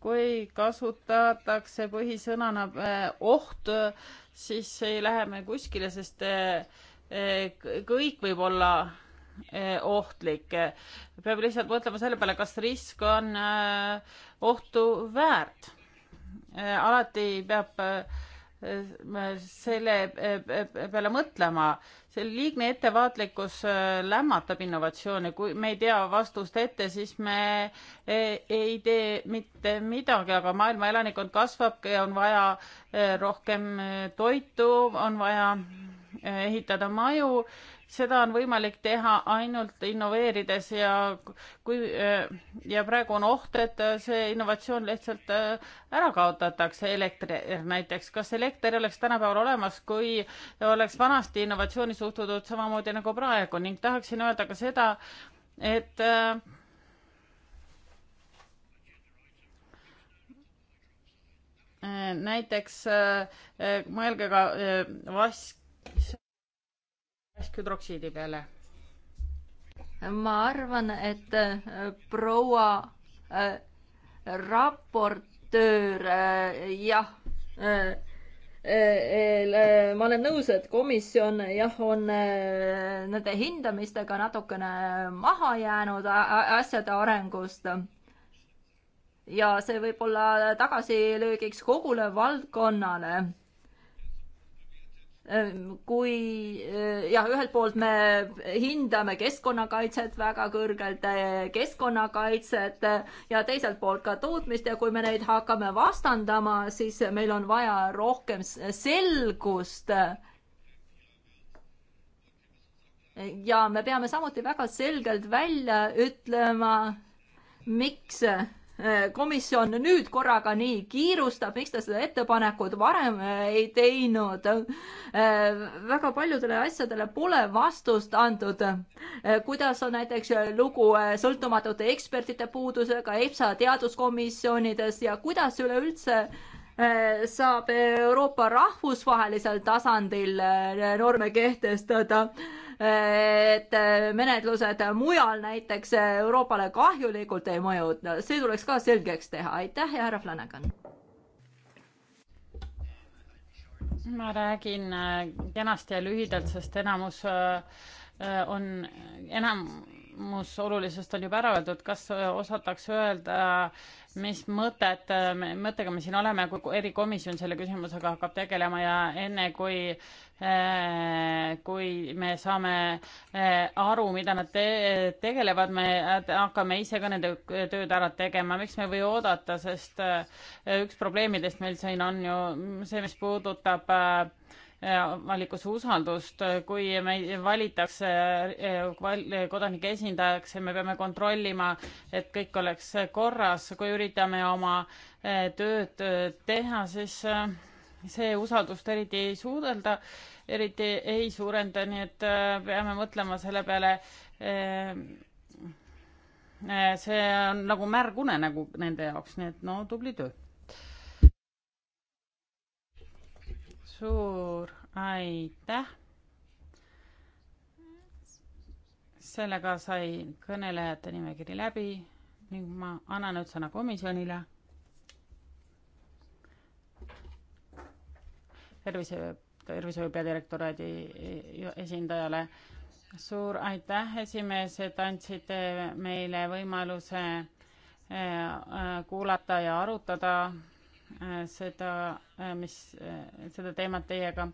Speaker 5: kui kasutatakse põhisõnana äh, oht, siis ei lähe me kuskile, sest äh, kõik võib olla ohtlik. peab lihtsalt mõtlema selle peale, kas risk on ohtu väärt Äh, alati peab äh, selle äh, peale mõtlema, see liigne ettevaatlikkus lämmatab innovatsiooni, kui me ei tea vastust ette, siis me ei tee mitte midagi, aga maailma elanikkond kasvab ja on vaja rohkem toitu, on vaja ehitada maju seda on võimalik teha ainult innoveerides ja kui ja praegu on oht, et see innovatsioon lihtsalt äh, ära kaotatakse, elekter näiteks. kas elekter oleks tänapäeval olemas, kui oleks vanasti innovatsiooni suhtutud samamoodi nagu praegu ning tahaksin öelda ka seda, et äh, näiteks äh, mõelge ka vask-, hüdroksiidi peale. ma arvan, et
Speaker 4: äh, proua äh, raportöör äh,, jah äh, äh, äh, ma olen nõus, et komisjon jah, on nende hindamistega natukene maha jäänud asjade arengust. ja see võib olla tagasilöögiks kogule valdkonnale Ehm, kui eh, jah, ühelt poolt me hindame keskkonnakaitset väga kõrgelt, eh, keskkonnakaitset eh, ja teiselt poolt ka tootmist ja kui me neid hakkame vastandama, siis meil on vaja rohkem selgust. ja me peame samuti väga selgelt välja ütlema, miks Äh, komisjon nüüd korraga nii kiirustab, miks ta seda ettepanekut varem äh, ei teinud? Äh, väga paljudele asjadele pole vastust antud. kuidas on näiteks lugu sõltumatute ekspertide puudusega EPSA teaduskomisjonides ja kuidas üleüldse saab Euroopa rahvusvahelisel tasandil norme kehtestada et menetlused mujal näiteks Euroopale kahjulikult ei mõju, see tuleks ka selgeks teha, aitäh ja härra Flanagan.
Speaker 5: ma räägin kenasti ja lühidalt, sest enamus äh, on enam küsimus olulisest on juba ära öeldud, kas osatakse öelda, mis mõtet, mõttega me siin oleme, kui erikomisjon selle küsimusega hakkab tegelema ja enne, kui eh, kui me saame eh, aru, mida nad te-, tegelevad, me hakkame ise ka nende tööd ära tegema, miks me ei või oodata, sest eh, üks probleemidest meil siin on ju see, mis puudutab äh, Äh, avalikkuse usaldust, kui meid valitakse äh, kodanike esindajaks ja me peame kontrollima, et kõik oleks korras, kui üritame oma äh, tööd teha, siis see usaldust eriti ei suudelda, eriti ei suurenda, nii et peame mõtlema selle peale. see on nagu märg unenägu nende jaoks, nii et no tubli töö suur aitäh. sellega sai kõnelejate nimekiri läbi ning ma annan nüüd sõna komisjonile. tervise, tervishoiu peadirektoraadi esindajale. suur aitäh, esimees, et andsite meile võimaluse eh, eh, kuulata ja arutada Äh, seda, äh, mis, äh, seda teemat teiega.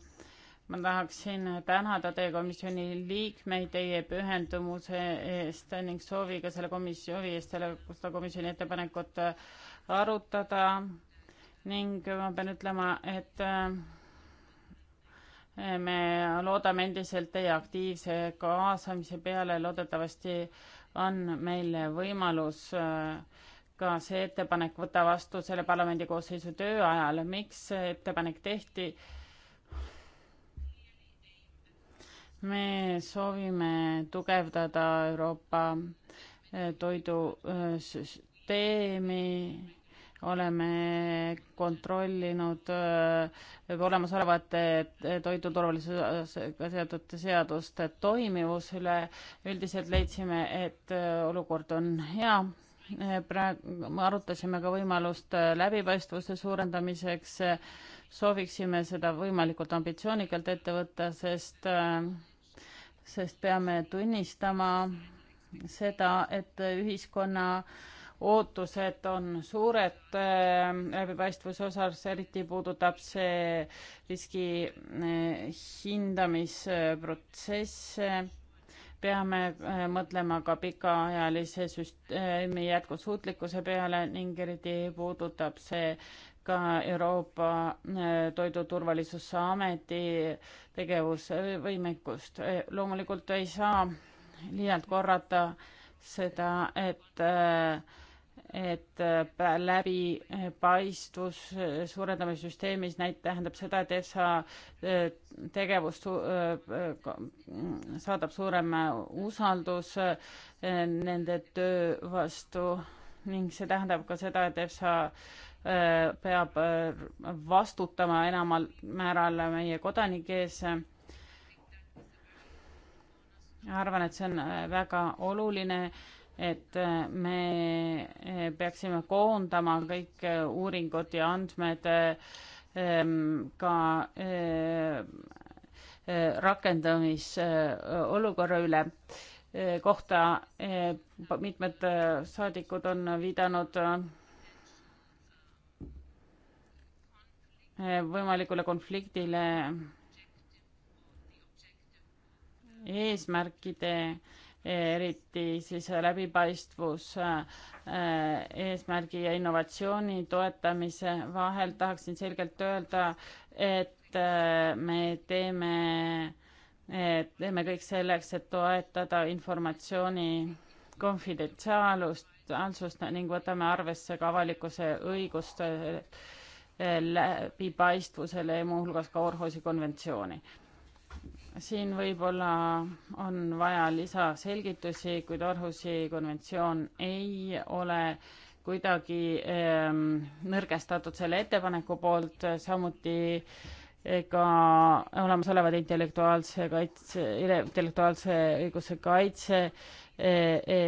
Speaker 5: ma tahaksin tänada teie komisjoni liikmeid teie pühendumuse eest ning sooviga selle komisjoni, eest selle, seda komisjoni ettepanekut arutada ning ma pean ütlema, et me loodame endiselt teie aktiivse kaasamise peale, loodetavasti on meil võimalus äh, ka see ettepanek võtta vastu selle parlamendikoosseisu töö ajal. miks see ettepanek tehti? me soovime tugevdada Euroopa eh, toidusüsteemi, eh, oleme kontrollinud eh, olemasolevate toiduturvalisusega seotud seaduste toimivus üle. üldiselt leidsime, et olukord on hea praegu me arutasime ka võimalust äh, läbipaistvuse suurendamiseks, sooviksime seda võimalikult ambitsioonikalt ette võtta, sest, äh, sest peame tunnistama seda, et ühiskonna ootused on suured äh, läbipaistvuse osas, eriti puudutab see riski hindamisprotsesse peame äh, mõtlema ka pikaajalise süsteemi jätkusuutlikkuse peale ning eriti puudutab see ka Euroopa äh, Toiduturvalisuse Ameti tegevusvõimekust. Äh, loomulikult ei saa liialt korrata seda, et et äh, läbipaistvus äh, äh, suurendamise süsteemis näit-, tähendab seda, et EFSA tegevus mm, saadab suurem usaldus nende töö vastu ning see tähendab ka seda, et EFSA peab vastutama enamal määral meie kodanike ees. arvan, et see on väga oluline et äh, me äh, peaksime koondama kõik äh, uuringud ja andmed ähm, ka rakendamisolukorra üle kohta. mitmed saadikud on viidanud võimalikule konfliktile eesmärkide eriti siis läbipaistvus äh, eesmärgi ja innovatsiooni toetamise vahel, tahaksin selgelt öelda, et äh, me teeme, äh, teeme kõik selleks, et toetada informatsiooni konfidentsiaalust, ansust ning võtame arvesse ka avalikkuse õigust läbipaistvusele ja muuhulgas ka Orhusi konventsiooni siin võib-olla on vaja lisaselgitusi, kuid Orhusi konventsioon ei ole kuidagi ehm, nõrgestatud selle ettepaneku poolt, samuti ka olemasolevad intellektuaalse kaitse, intellektuaalse õiguse kaitse e, e,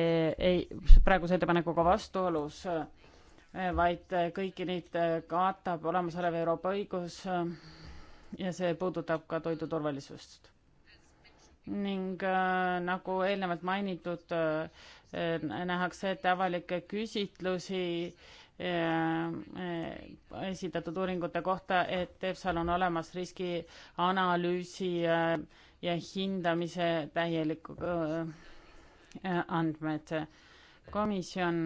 Speaker 5: ei, praeguse ettepanekuga vastuolus, e, vaid kõiki neid katab olemasolev Euroopa õigus ja see puudutab ka toidu turvalisust ning äh, nagu eelnevalt mainitud äh,, nähakse ette avalikke küsitlusi äh, äh esitatud uuringute kohta, et EFSA-l on olemas riskianalüüsi äh, ja hindamise täielik äh, andmed. komisjon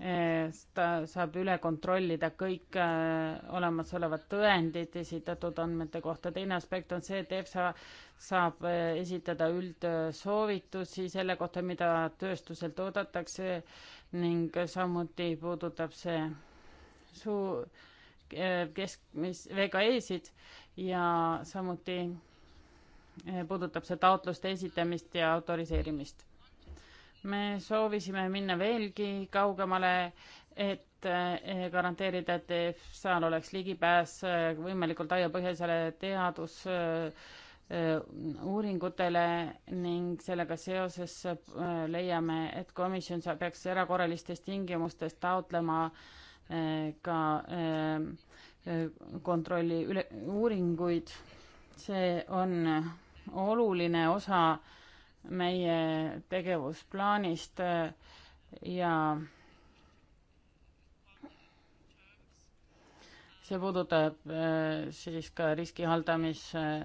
Speaker 5: ta saab üle kontrollida kõik äh, olemasolevad tõendid esitatud andmete kohta. teine aspekt on see, et EFSA saab äh, esitada üldsoovitusi selle kohta, mida tööstuselt oodatakse ning samuti puudutab see suu-, äh, keskmis-, VKE-sid ja samuti puudutab see taotluste esitamist ja autoriseerimist me soovisime minna veelgi kaugemale, et eh, garanteerida, et EFSA-l oleks ligipääs eh, võimalikult laiapõhjalisele teadusuuringutele eh, ning sellega seoses leiame, et komisjon peaks erakorralistes tingimustes taotlema ka kontrolli üle, uuringuid. see on oluline osa meie tegevusplaanist äh, ja see puudutab äh, siis ka riski haldamise äh,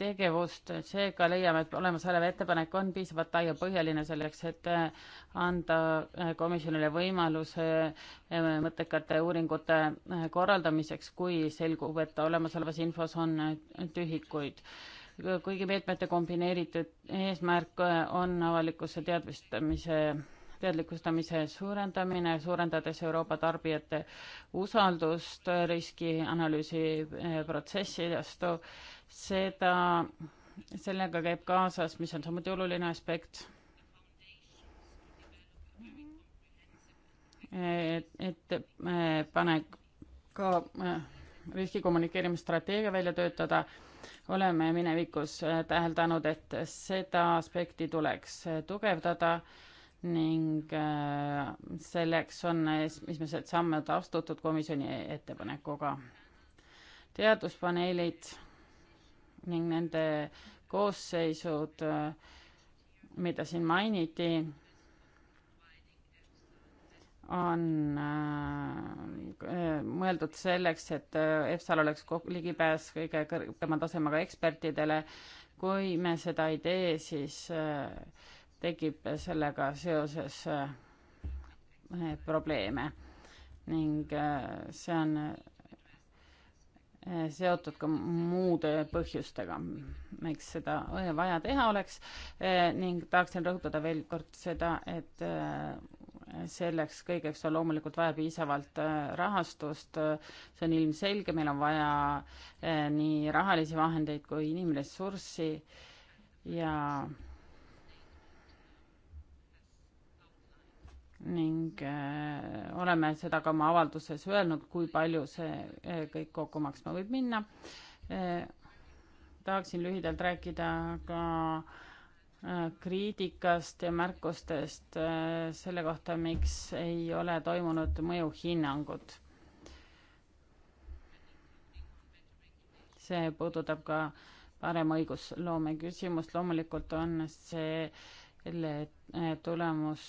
Speaker 5: tegevust, seega leiame, et olemasolev ettepanek on piisavalt lai ja põhjaline selleks, et anda komisjonile võimaluse mõttekate uuringute korraldamiseks, kui selgub, et olemasolevas infos on tühikuid kuigi meetmete kombineeritud eesmärk äh, on avalikkuse teadvustamise, teadlikustamise suurendamine, suurendades Euroopa tarbijate usaldust riskianalüüsi äh, protsessi vastu, seda, sellega käib kaasas, mis on samuti oluline aspekt, et, et äh, pane ka riski kommunikeerimisstrateegia välja töötada oleme minevikus äh, täheldanud, et seda aspekti tuleks äh, tugevdada ning äh, selleks on esimesed sammud astutud komisjoni ettepanekuga. teaduspaneelid ning nende koosseisud, mida siin mainiti on äh, äh, mõeldud selleks, et äh, EFSA-l oleks ligipääs kõige kõrgema tasemega ekspertidele. kui me seda ei tee, siis tekib sellega seoses probleeme ning see on seotud ka muude põhjustega, miks seda vaja teha oleks ning tahaksin rõhutada veel kord seda, et selleks kõigeks on loomulikult vaja piisavalt äh, rahastust, äh, see on ilmselge, meil on vaja äh, nii rahalisi vahendeid kui inimressurssi ja ning oleme seda ka oma avalduses öelnud, kui palju see kõik kokku maksma võib minna. tahaksin lühidalt rääkida ka äh, Äh, kriitikast ja märkustest äh, selle kohta, miks ei ole toimunud mõjuhinnangut. see puudutab ka parem õigusloome küsimust, loomulikult on selle äh, tulemus,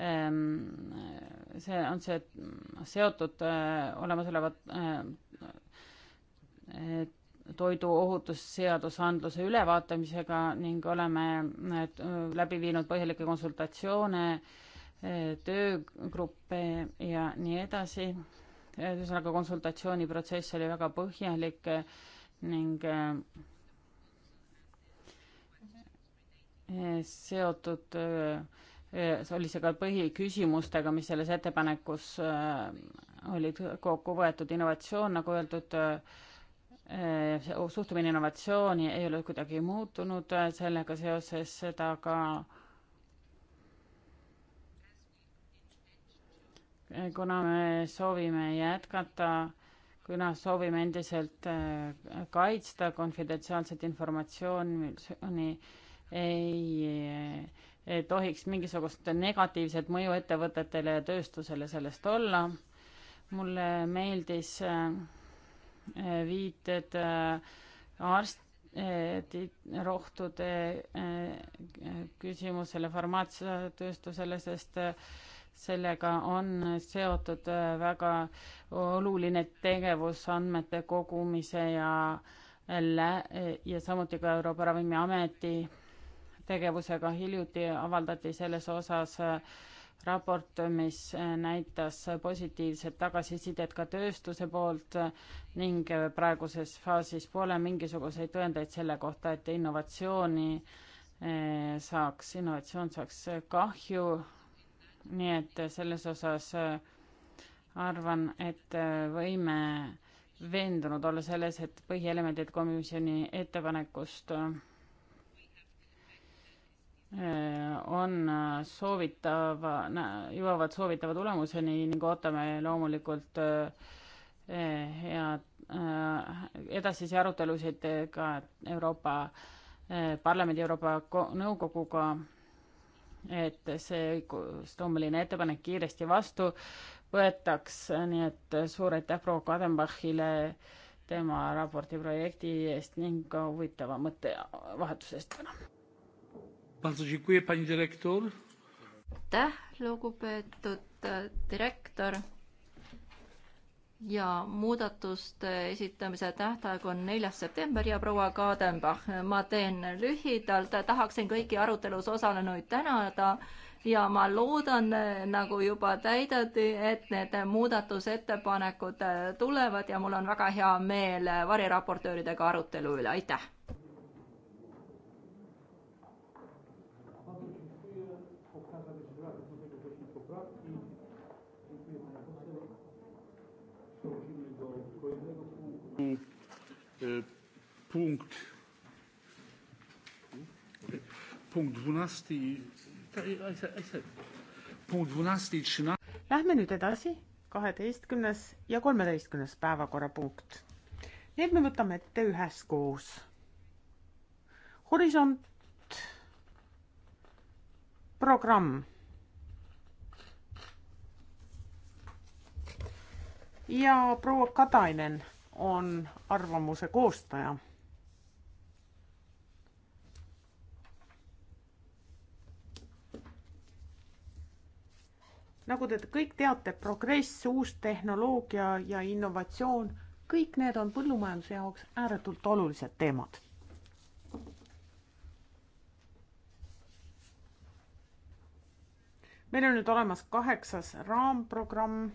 Speaker 5: ähm, see on see seotud olemasoleva toiduohutusseadusandluse ülevaatamisega ning oleme äh, läbi viinud põhjalikke konsultatsioone, äh, töögruppe ja nii edasi. ühesõnaga, konsultatsiooniprotsess oli väga põhjalik äh, ning seotud, oli see ka põhiküsimustega, mis selles ettepanekus olid kokku võetud, innovatsioon, nagu öeldud, suhtumine innovatsiooni ei ole kuidagi muutunud äh, sellega seoses, seda ka äh, kuna me soovime jätkata, kuna soovime endiselt äh, kaitsta konfidentsiaalset informatsiooni, ei, ei tohiks mingisugust negatiivset mõju ettevõtetele ja tööstusele sellest olla. mulle meeldis äh, viited äh, arsti rohtude äh, küsimusele farmaatsiatööstusele, sest äh, sellega on seotud väga oluline tegevus andmete kogumise ja ja samuti ka Euroopa Ravimiameti tegevusega. hiljuti avaldati selles osas äh, raport, mis äh, näitas positiivset tagasisidet ka tööstuse poolt ning äh, praeguses faasis pole mingisuguseid tõendeid selle kohta, et innovatsiooni äh, saaks, innovatsioon saaks kahju. nii et selles osas arvan, et võime veendunud olla selles, et põhielemendid komisjoni ettepanekust Äh, on äh, soovitav, jõuavad soovitava tulemuseni ning ootame loomulikult äh, head edasisi arutelusid ka Euroopa Parlamendi, Euroopa Nõukoguga, et see õigusloomeline ettepanek kiiresti vastu võetaks, nii et suur aitäh proua Kadenbachile tema raporti projekti eest ning ka huvitava mõttevahetuse eest täna
Speaker 1: aitäh,
Speaker 4: lugupeetud äh, direktor. ja muudatuste esitamise tähtaeg on neljas september ja proua Kadenbach, ma teen lühidalt, tahaksin kõiki arutelus osalenuid tänada ja ma loodan, nagu juba täideti, et need muudatusettepanekud äh, tulevad ja mul on väga hea meel äh, variraportööridega arutelu üle, aitäh!
Speaker 1: E, punkt, punkt 12 punkt 12 i 13. Lähme nüüd edasi,
Speaker 2: kaheteistkümnes ja kolmeteistkümnes päevakorrapunkt. Need me võtame ette üheskoos. horisont, programm. ja proua Katainen on arvamuse koostaja. nagu te kõik teate, progress, uus tehnoloogia ja innovatsioon, kõik need on põllumajanduse jaoks ääretult olulised teemad meil on nüüd olemas kaheksas raamprogramm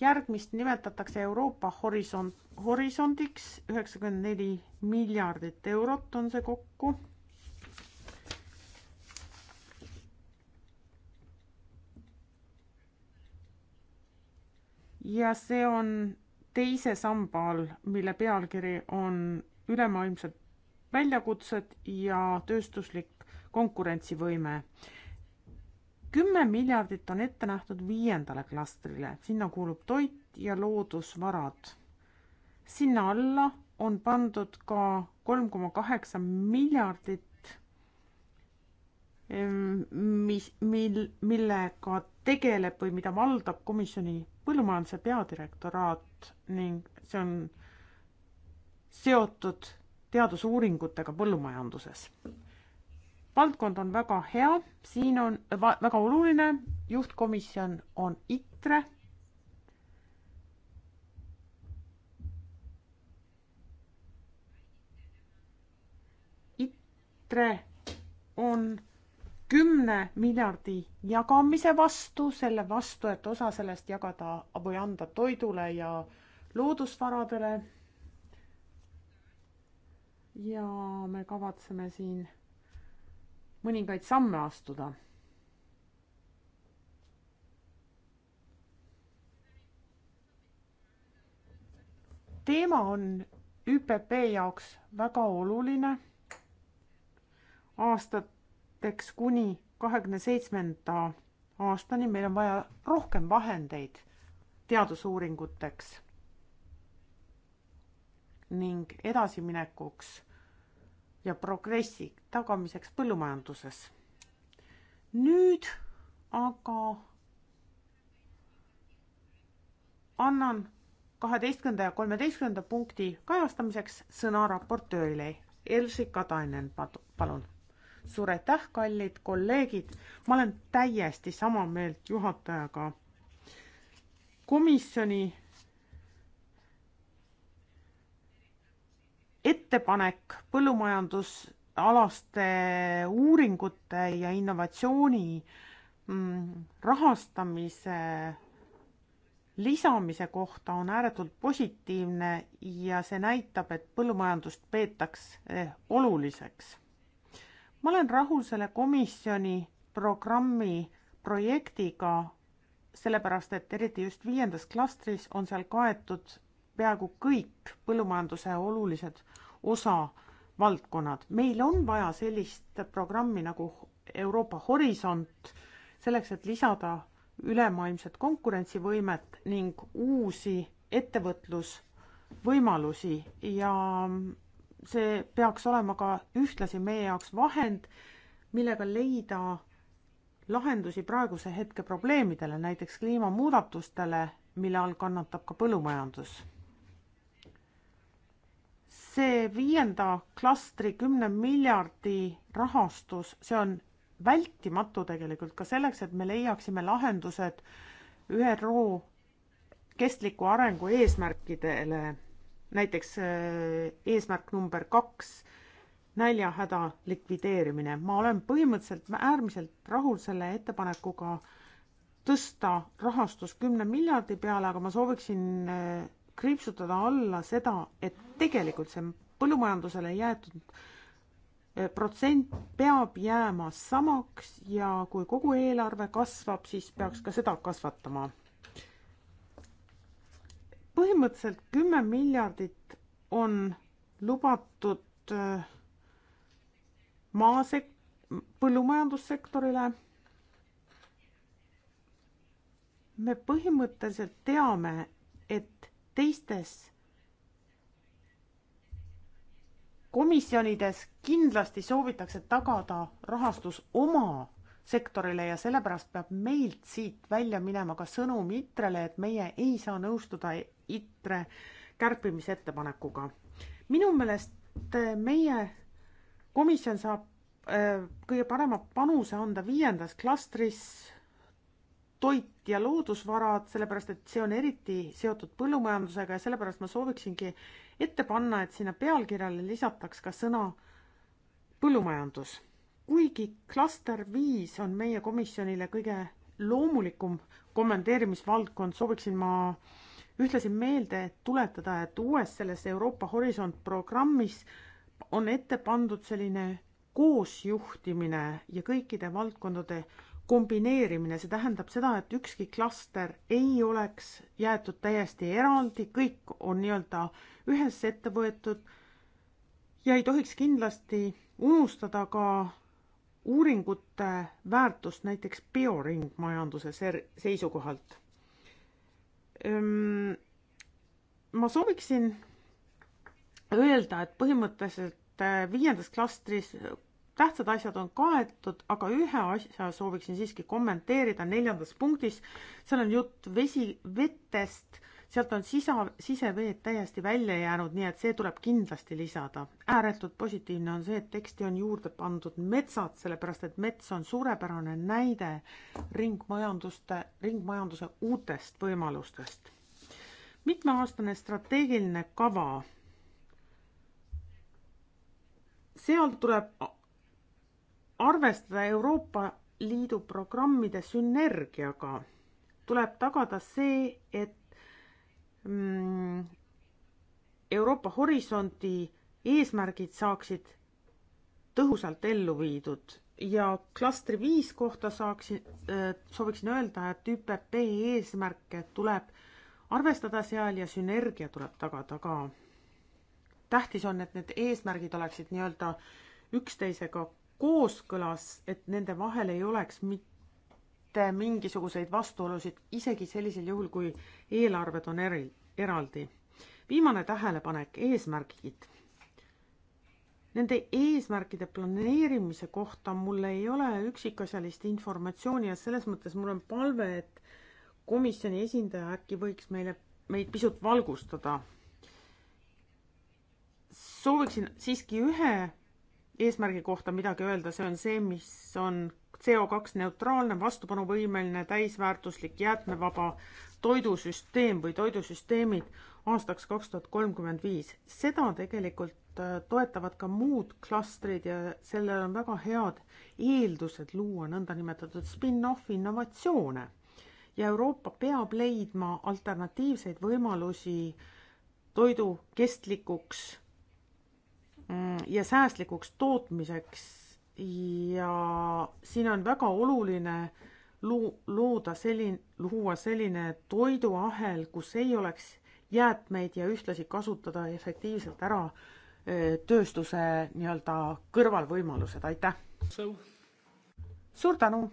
Speaker 2: järgmist nimetatakse Euroopa horisont, horisondiks, üheksakümmend neli miljardit eurot on see kokku. ja see on teise samba all, mille pealkiri on ülemaailmsed väljakutsed ja tööstuslik konkurentsivõime kümme miljardit on ette nähtud viiendale klastrile, sinna kuulub toit ja loodusvarad. sinna alla on pandud ka kolm koma kaheksa miljardit, mis, mil, millega tegeleb või mida valdab komisjoni põllumajanduse peadirektoraat ning see on seotud teadusuuringutega põllumajanduses valdkond on väga hea, siin on väga oluline, juhtkomisjon on ITRE. ITRE on kümne miljardi jagamise vastu, selle vastu, et osa sellest jagada või anda toidule ja loodusvaradele. ja me kavatseme siin mõningaid samme astuda. teema on ÜPP jaoks väga oluline aastateks kuni kahekümne seitsmenda aastani meil on vaja rohkem vahendeid teadusuuringuteks ning edasiminekuks ja progressi tagamiseks põllumajanduses. nüüd aga annan kaheteistkümnenda ja kolmeteistkümnenda punkti kajastamiseks sõna raportöörile Elsi Katainen, palun. suur aitäh, kallid kolleegid, ma olen täiesti sama meelt juhatajaga. komisjoni ettepanek põllumajandusalaste uuringute ja innovatsiooni mm, rahastamise lisamise kohta on ääretult positiivne ja see näitab, et põllumajandust peetakse eh, oluliseks. ma olen rahul selle komisjoni programmi projektiga, sellepärast et eriti just viiendas klastris on seal kaetud peaaegu kõik põllumajanduse olulised osa valdkonnad. meil on vaja sellist programmi nagu Euroopa Horisont selleks, et lisada ülemaailmset konkurentsivõimet ning uusi ettevõtlusvõimalusi ja see peaks olema ka ühtlasi meie jaoks vahend, millega leida lahendusi praeguse hetke probleemidele, näiteks kliimamuudatustele, mille all kannatab ka põllumajandus see viienda klastri kümne miljardi rahastus, see on vältimatu tegelikult ka selleks, et me leiaksime lahendused ÜRO kestliku arengu eesmärkidele, näiteks äh, eesmärk number kaks, näljahäda likvideerimine. ma olen põhimõtteliselt äärmiselt rahul selle ettepanekuga tõsta rahastus kümne miljardi peale, aga ma sooviksin äh, kriipsutada alla seda, et tegelikult see põllumajandusele jäetud eh, protsent peab jääma samaks ja kui kogu eelarve kasvab, siis peaks ka seda kasvatama. põhimõtteliselt kümme miljardit on lubatud eh, maasek-, põllumajandussektorile. me põhimõtteliselt teame, teistes komisjonides kindlasti soovitakse tagada rahastus oma sektorile ja sellepärast peab meilt siit välja minema ka sõnum ITRE-le, et meie ei saa nõustuda ITRE kärpimisettepanekuga. minu meelest äh, meie komisjon saab äh, kõige parema panuse anda viiendas klastris toit ja loodusvarad, sellepärast et see on eriti seotud põllumajandusega ja sellepärast ma sooviksingi ette panna, et sinna pealkirjale lisataks ka sõna põllumajandus. kuigi klaster viis on meie komisjonile kõige loomulikum kommenteerimisvaldkond, sooviksin ma ühtlasi meelde tuletada, et uues selles Euroopa Horisont programmis on ette pandud selline koosjuhtimine ja kõikide valdkondade kombineerimine, see tähendab seda, et ükski klaster ei oleks jäetud täiesti eraldi, kõik on nii-öelda ühes ette võetud ja ei tohiks kindlasti unustada ka uuringute väärtust näiteks bioringmajanduse seisukohalt. Ehm, ma sooviksin öelda, et põhimõtteliselt eh, viiendas klastris tähtsad asjad on kaetud, aga ühe asja sooviksin siiski kommenteerida neljandas punktis. seal on jutt vesi, vetest, sealt on sisa, siseveed täiesti välja jäänud, nii et see tuleb kindlasti lisada. ääretult positiivne on see, et teksti on juurde pandud metsad, sellepärast et mets on suurepärane näide ringmajanduste, ringmajanduse uutest võimalustest. mitmeaastane strateegiline kava seal tuleb arvestada Euroopa Liidu programmide sünergiaga. tuleb tagada see, et mm, Euroopa Horisondi eesmärgid saaksid tõhusalt ellu viidud ja klastri viis kohta saaksin, äh, sooviksin öelda, et ÜPP eesmärke tuleb arvestada seal ja sünergia tuleb tagada ka. tähtis on, et need eesmärgid oleksid nii-öelda üksteisega kooskõlas, et nende vahel ei oleks mitte mingisuguseid vastuolusid, isegi sellisel juhul, kui eelarved on eri, eraldi. viimane tähelepanek, eesmärgid. Nende eesmärkide planeerimise kohta mul ei ole üksikasjalist informatsiooni ja selles mõttes mul on palve, et komisjoni esindaja äkki võiks meile, meid pisut valgustada. sooviksin siiski ühe eesmärgi kohta midagi öelda, see on see, mis on CO2 neutraalne, vastupanuvõimeline, täisväärtuslik, jäätmevaba toidusüsteem või toidusüsteemid aastaks kaks tuhat kolmkümmend viis. seda tegelikult äh, toetavad ka muud klastrid ja sellel on väga head eeldused luua nõndanimetatud spin-off innovatsioone. ja Euroopa peab leidma alternatiivseid võimalusi toidu kestlikuks Mm, ja säästlikuks tootmiseks ja siin on väga oluline lu-, looda selline, luua selline toiduahel, kus ei oleks jäätmeid ja ühtlasi kasutada efektiivselt ära tööstuse nii-öelda kõrvalvõimalused, aitäh! suur tänu!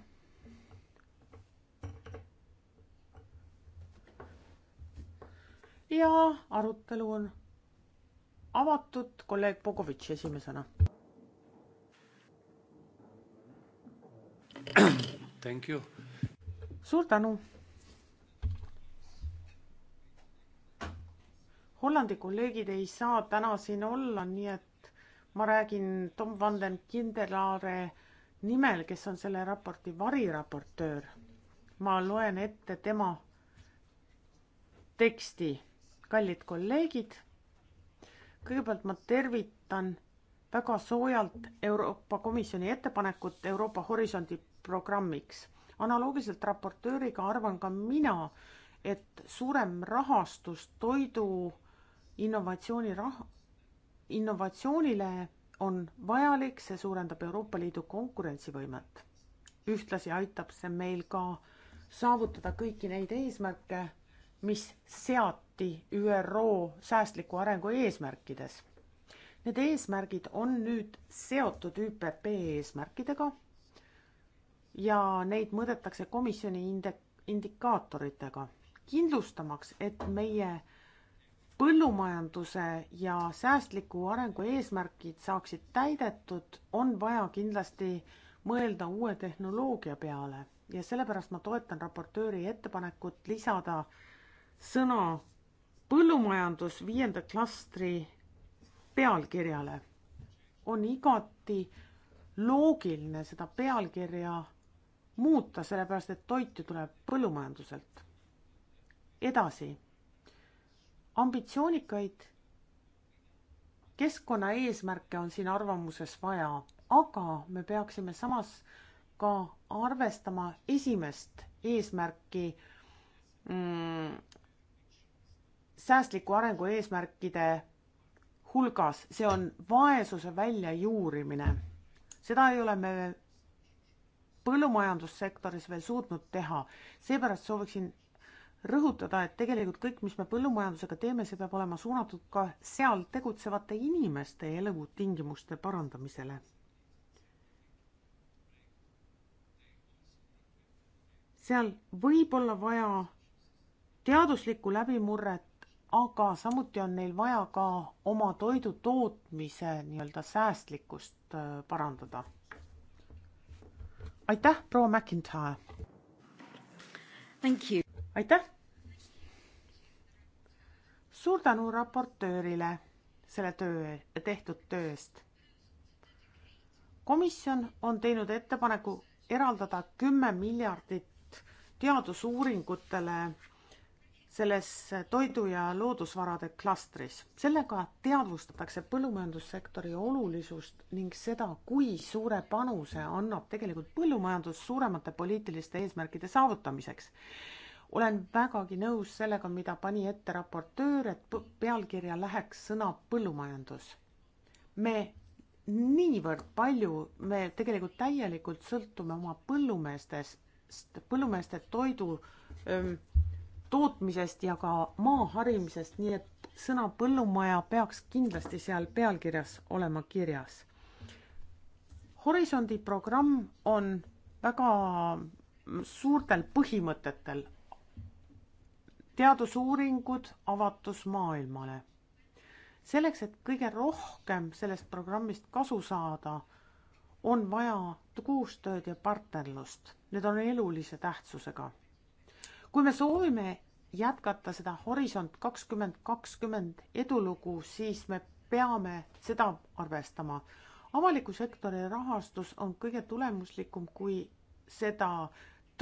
Speaker 2: ja arutelu on avatud, kolleeg Bogovitš esimesena. Thank you. suur tänu. Hollandi kolleegid ei saa täna siin olla, nii et ma räägin Tom van den Kinderlaare nimel, kes on selle raporti variraportöör. ma loen ette tema teksti. kallid kolleegid kõigepealt ma tervitan väga soojalt Euroopa Komisjoni ettepanekut Euroopa Horisondi programmiks. analoogiliselt raportööriga arvan ka mina, et suurem rahastus toidu innovatsiooni rah-, innovatsioonile on vajalik, see suurendab Euroopa Liidu konkurentsivõimet. ühtlasi aitab see meil ka saavutada kõiki neid eesmärke, mis seatakse lahti ÜRO säästliku arengu eesmärkides. Need eesmärgid on nüüd seotud ÜPP eesmärkidega ja neid mõõdetakse komisjoni inde-, indikaatoritega, kindlustamaks, et meie põllumajanduse ja säästliku arengu eesmärgid saaksid täidetud, on vaja kindlasti mõelda uue tehnoloogia peale ja sellepärast ma toetan raportööri ettepanekut lisada sõna põllumajandus viienda klastri pealkirjale on igati loogiline seda pealkirja muuta, sellepärast et toitu tuleb põllumajanduselt. edasi, ambitsioonikaid keskkonnaeesmärke on siin arvamuses vaja, aga me peaksime samas ka arvestama esimest eesmärki mm, säästliku arengu eesmärkide hulgas, see on vaesuse väljajuurimine. seda ei ole me põllumajandussektoris veel suutnud teha, seepärast sooviksin rõhutada, et tegelikult kõik, mis me põllumajandusega teeme, see peab olema suunatud ka seal tegutsevate inimeste elutingimuste parandamisele. seal võib olla vaja teaduslikku läbimurret, aga samuti on neil vaja ka oma toidu tootmise nii-öelda säästlikkust äh, parandada. aitäh, proua McIntyre! aitäh! suur tänu raportöörile selle töö, tehtud töö eest. komisjon on teinud ettepaneku eraldada kümme miljardit teadusuuringutele selles toidu- ja loodusvarade klastris. sellega teadvustatakse põllumajandussektori olulisust ning seda, kui suure panuse annab tegelikult põllumajandus suuremate poliitiliste eesmärkide saavutamiseks. olen vägagi nõus sellega, mida pani ette raportöör, et pealkirja läheks sõna põllumajandus. me niivõrd palju, me tegelikult täielikult sõltume oma põllumeestest, põllumeeste toidu öö, tootmisest ja ka maa harimisest, nii et sõna põllumaja peaks kindlasti seal pealkirjas olema kirjas. horisondi programm on väga suurtel põhimõtetel. teadusuuringud, avatus maailmale. selleks, et kõige rohkem sellest programmist kasu saada, on vaja koostööd ja partnerlust. Need on elulise tähtsusega kui me soovime jätkata seda Horisont kakskümmend kakskümmend edulugu, siis me peame seda arvestama. avaliku sektori rahastus on kõige tulemuslikum, kui seda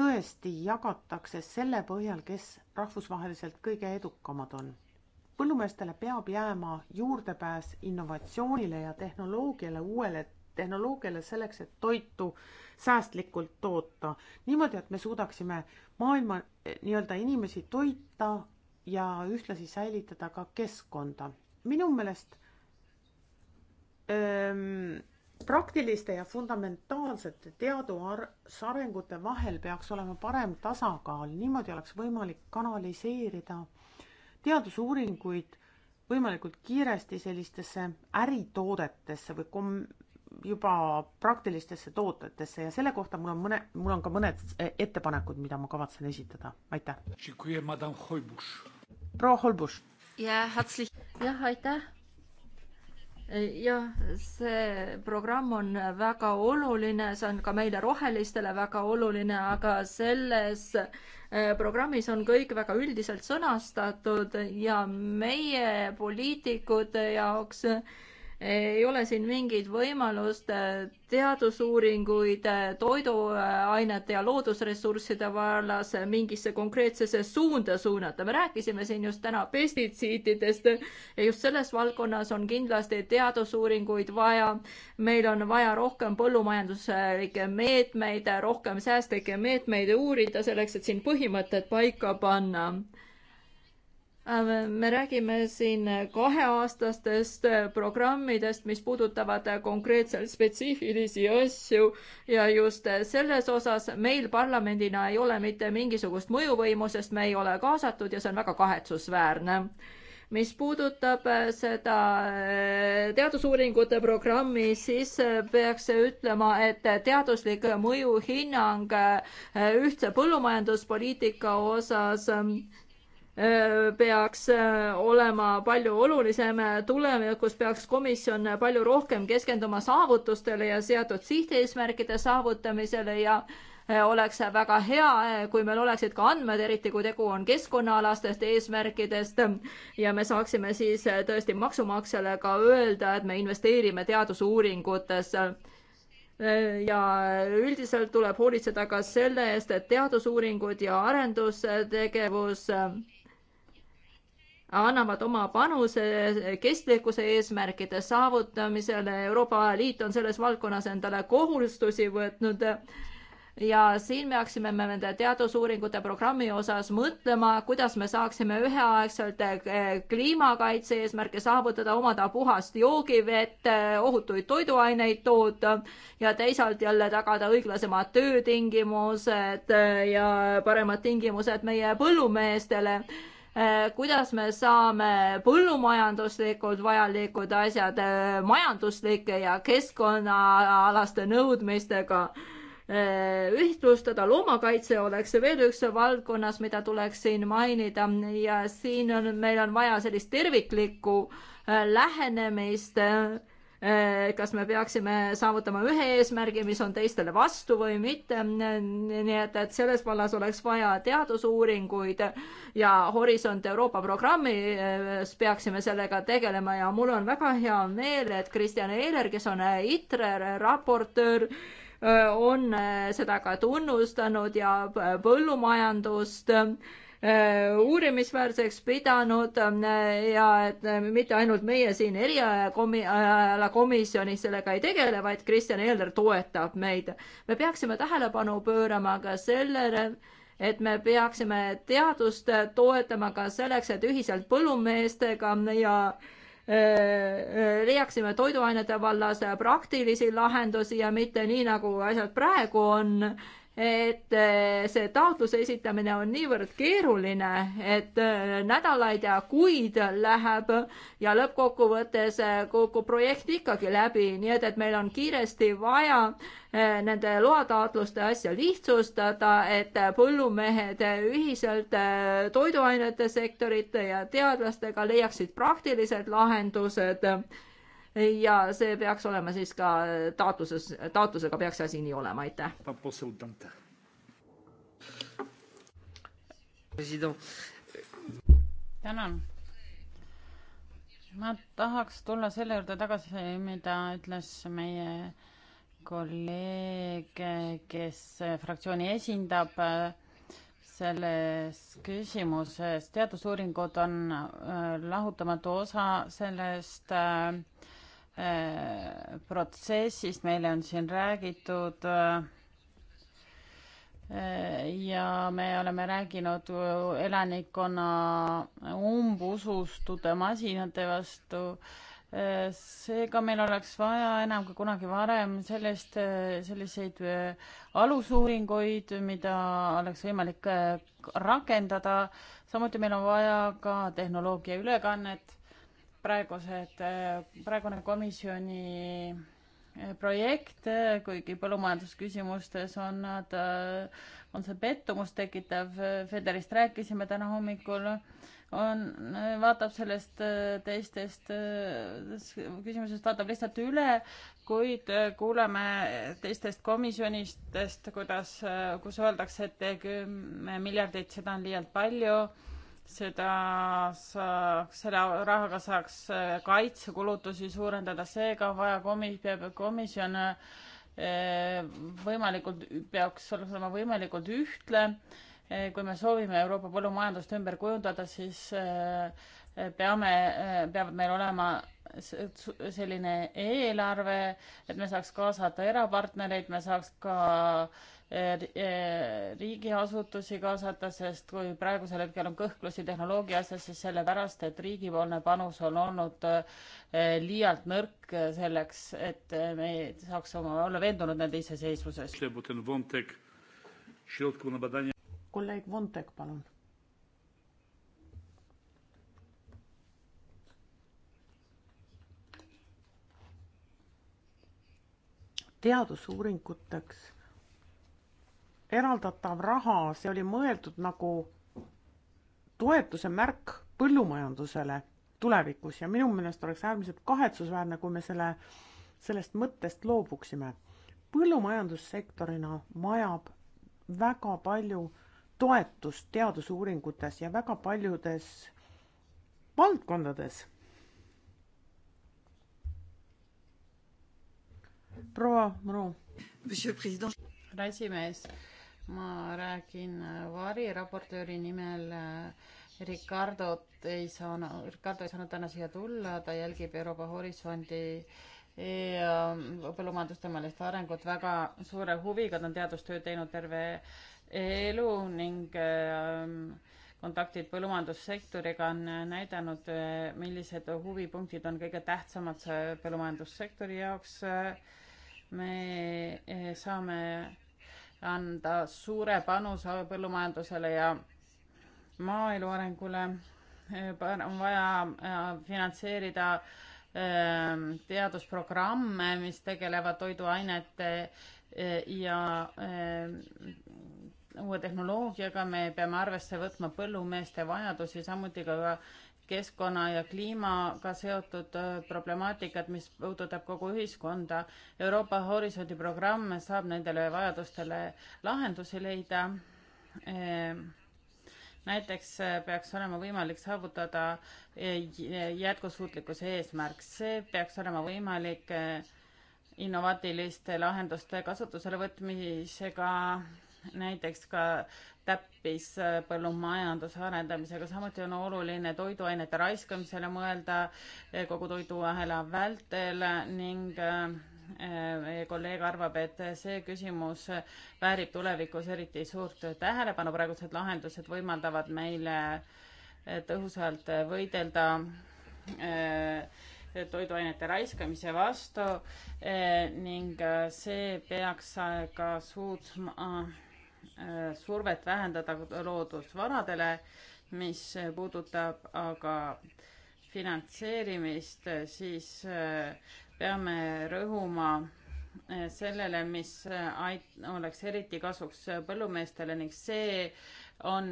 Speaker 2: tõesti jagatakse selle põhjal, kes rahvusvaheliselt kõige edukamad on. põllumeestele peab jääma juurdepääs innovatsioonile ja tehnoloogiale, uuele tehnoloogiale selleks, et toitu säästlikult toota. niimoodi, et me suudaksime maailma eh, nii-öelda inimesi toita ja ühtlasi säilitada ka keskkonda. minu meelest öö, ehm, praktiliste ja fundamentaalsete teadusarengute vahel peaks olema parem tasakaal, niimoodi oleks võimalik kanaliseerida teadusuuringuid võimalikult kiiresti sellistesse äritoodetesse või kom-, juba praktilistesse tootjatesse ja selle kohta mul on mõne, mul on ka mõned eh, ettepanekud, mida ma kavatsen esitada, aitäh. proua Holbuš.
Speaker 4: jah, aitäh. jah, see programm on väga oluline, see on ka meile rohelistele väga oluline, aga selles eh, programmis on kõik väga üldiselt sõnastatud ja meie poliitikute jaoks ja ei ole siin mingit võimalust äh, teadusuuringuid äh, toiduainete ja loodusressursside vallas äh, mingisse konkreetsesse suunda suunata. me rääkisime siin just täna pestitsiididest ja just selles valdkonnas on kindlasti teadusuuringuid vaja. meil on vaja rohkem põllumajanduslikke meetmeid, rohkem säästlikke meetmeid uurida selleks, et siin põhimõtted paika panna Äh, me räägime siin kaheaastastest äh, programmidest, mis puudutavad äh, konkreetselt spetsiifilisi asju ja just selles osas meil parlamendina ei ole mitte mingisugust mõjuvõimu, sest me ei ole kaasatud ja see on väga kahetsusväärne mis puudutab seda teadusuuringute programmi, siis peaks ütlema, et teaduslik mõjuhinnang ühtse põllumajanduspoliitika osas ähm, Äh, peaks äh, olema palju olulisem, äh, tulevikus peaks komisjon palju rohkem keskenduma saavutustele ja seatud sihteesmärkide saavutamisele ja oleks väga hea, kui meil oleksid ka andmed, eriti kui tegu on keskkonnaalastest eesmärkidest ja me saaksime siis tõesti maksumaksjale ka öelda, et me investeerime teadusuuringutesse ja üldiselt tuleb hoolitseda ka selle eest, et teadusuuringud ja arendustegevus annavad oma panuse kestlikkuse eesmärkide saavutamisele. Euroopa Liit on selles valdkonnas endale kohustusi võtnud ja siin peaksime me nende teadusuuringute programmi osas mõtlema, kuidas me saaksime üheaegselt eh, kliimakaitse eesmärke saavutada, omada puhast joogivett, eh, ohutuid toiduaineid toota ja teisalt jälle tagada õiglasemad töötingimused eh, ja paremad tingimused meie põllumeestele Äh, kuidas me saame põllumajanduslikud vajalikud asjad äh, majanduslike ja keskkonnaalaste nõudmistega äh, ühtlustada, loomakaitse oleks veel üks valdkonnas, mida tuleks siin mainida ja siin on, meil on vaja sellist terviklikku lähenemist Eh, kas me peaksime saavutama ühe eesmärgi, mis on teistele vastu või mitte. nii et, et selles vallas oleks vaja teadusuuringuid ja Horisont Euroopa programmis eh, peaksime sellega tegelema ja mul on väga hea meel, et Kristjan Eiler, kes on ITRE raportöör, eh, on seda ka tunnustanud ja põllumajandust äh, Äh, uurimisväärseks pidanud äh, ja et äh, mitte ainult meie siin erialakomisjonis sellega ei tegele, vaid Kristjan Eelder toetab meid. me peaksime tähelepanu pöörama ka sellele, et me peaksime teadust toetama ka selleks, et ühiselt põllumeestega ja leiaksime toiduainete vallas praktilisi lahendusi ja mitte nii, nagu asjad praegu on, et eh, see taotluse esitamine on niivõrd keeruline, et eh, nädalaid ja kuid läheb ja lõppkokkuvõttes eh, kogu projekt ikkagi läbi, nii et, et meil on kiiresti vaja nende loataotluste asja lihtsustada, et põllumehed ühiselt toiduainete sektorite ja teadlastega leiaksid praktilised lahendused ja see peaks olema siis ka taotluses, taotlusega peaks see asi nii olema, aitäh.
Speaker 5: tänan. ma tahaks tulla selle juurde tagasi, mida ütles meie kolleeg, kes fraktsiooni esindab äh, selles küsimuses. teadusuuringud on äh, lahutamatu osa sellest äh, Äh, protsessist, meile on siin räägitud äh, ja me oleme rääkinud elanikkonna umbusust uute masinate vastu. Äh, seega meil oleks vaja enam kui kunagi varem sellest, selliseid alusuuringuid, mida oleks võimalik rakendada. samuti meil on vaja ka tehnoloogia ülekannet praegused, praegune komisjoni eh, projekt, eh, kuigi põllumajandusküsimustes on nad, eh, on see pettumust tekitav, Federist rääkisime täna hommikul, on, vaatab sellest teistest küsimusest, vaatab lihtsalt üle, kuid kuuleme teistest komisjonistest, kuidas, kus öeldakse, et kümme miljardit, seda on liialt palju seda saaks, selle rahaga saaks äh, kaitsekulutusi suurendada, seega on vaja komi-, peab komisjon äh, võimalikult, peaks olema võimalikult ühtne. Äh, kui me soovime Euroopa põllumajandust ümber kujundada, siis peame, peab meil olema selline eelarve, et me saaks kaasata erapartnereid, me saaks ka äh, Eh, eh, riigiasutusi kaasata, sest kui praegusel hetkel on kõhklusi tehnoloogiasse, siis sellepärast, et riigipoolne panus on olnud eh, liialt nõrk selleks, et me saaks oma, olla
Speaker 1: veendunud nende iseseisvuses.
Speaker 2: kolleeg Vontek, palun. teadusuuringuteks eraldatav raha, see oli mõeldud nagu toetuse märk põllumajandusele tulevikus ja minu meelest oleks äärmiselt kahetsusväärne, kui me selle, sellest mõttest loobuksime. põllumajandussektorina vajab väga palju toetust teadusuuringutes ja väga paljudes valdkondades. proua Mru.
Speaker 5: härra esimees ma räägin äh, variraportööri nimel äh, Ricardot ei saanud, Ricardo ei saanud täna siia tulla, ta jälgib Euroopa Horisondi ja äh, põllumajandustemalist arengut väga suure huviga, ta on teadustööd teinud terve elu ning kontaktid põllumajandussektoriga on näidanud, millised huvipunktid on kõige tähtsamad põllumajandussektori jaoks. me saame anda suure panuse põllumajandusele ja maaelu arengule. on vaja äh, finantseerida ähm, teadusprogramme, mis tegelevad toiduainete äh, ja ähm, uue tehnoloogiaga, me peame arvesse võtma põllumeeste vajadusi, samuti ka keskkonna ja kliimaga seotud äh, problemaatikat, mis puudutab kogu ühiskonda. Euroopa Horisondi programm saab nendele vajadustele lahendusi leida. Ehm, näiteks äh, peaks olema võimalik saavutada äh, jätkusuutlikkuse eesmärk, see peaks olema võimalik innovaatiliste lahenduste kasutusele võtmisega näiteks ka täppispõllumajanduse äh, arendamisega, samuti on oluline toiduainete raiskamisele mõelda äh, kogu toiduahela vältel ning äh, meie kolleeg arvab, et see küsimus väärib tulevikus eriti suurt tähelepanu, praegused lahendused võimaldavad meile tõhusalt võidelda toiduainete raiskamise vastu ning see peaks ka suutma Äh, survet vähendada loodusvaradele, mis puudutab aga finantseerimist, siis äh, peame rõhuma äh, sellele, mis ait-, oleks eriti kasuks põllumeestele ning see on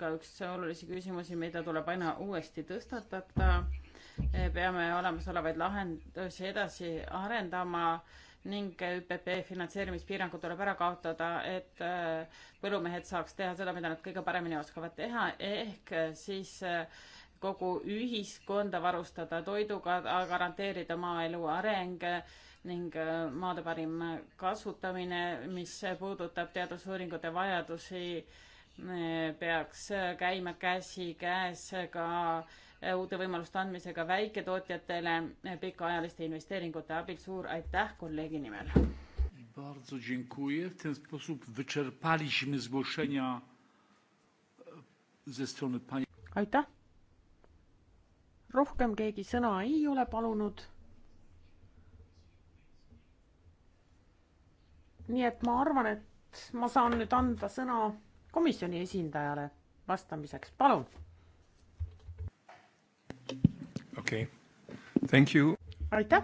Speaker 5: ka üks olulisi küsimusi, mida tuleb aina uuesti tõstatada. peame olemasolevaid lahendusi edasi arendama ning ÜPP finantseerimispiirangud tuleb ära kaotada, et äh, põllumehed saaks teha seda, mida nad kõige paremini oskavad teha, ehk äh, siis äh, kogu ühiskonda varustada toiduga, garanteerida maaelu areng ning maade parim kasutamine, mis puudutab teadusuuringute vajadusi, peaks käima käsikäes ka äh, Äh, uute võimaluste andmisega väiketootjatele äh, pikaajaliste investeeringute abil. suur aitäh kolleegi nimel.
Speaker 1: Bardzo dziękuję. W ten sposób wyczerpaliśmy zgłoszenia e, ze strony pani. Aitäh. Rohkem
Speaker 2: keegi sõna ei ole palunud. Nii et ma arvan, et ma saan nüüd anda sõna komisjoni esindajale vastamiseks. Palun!
Speaker 3: okei okay., thank you.
Speaker 2: aitäh.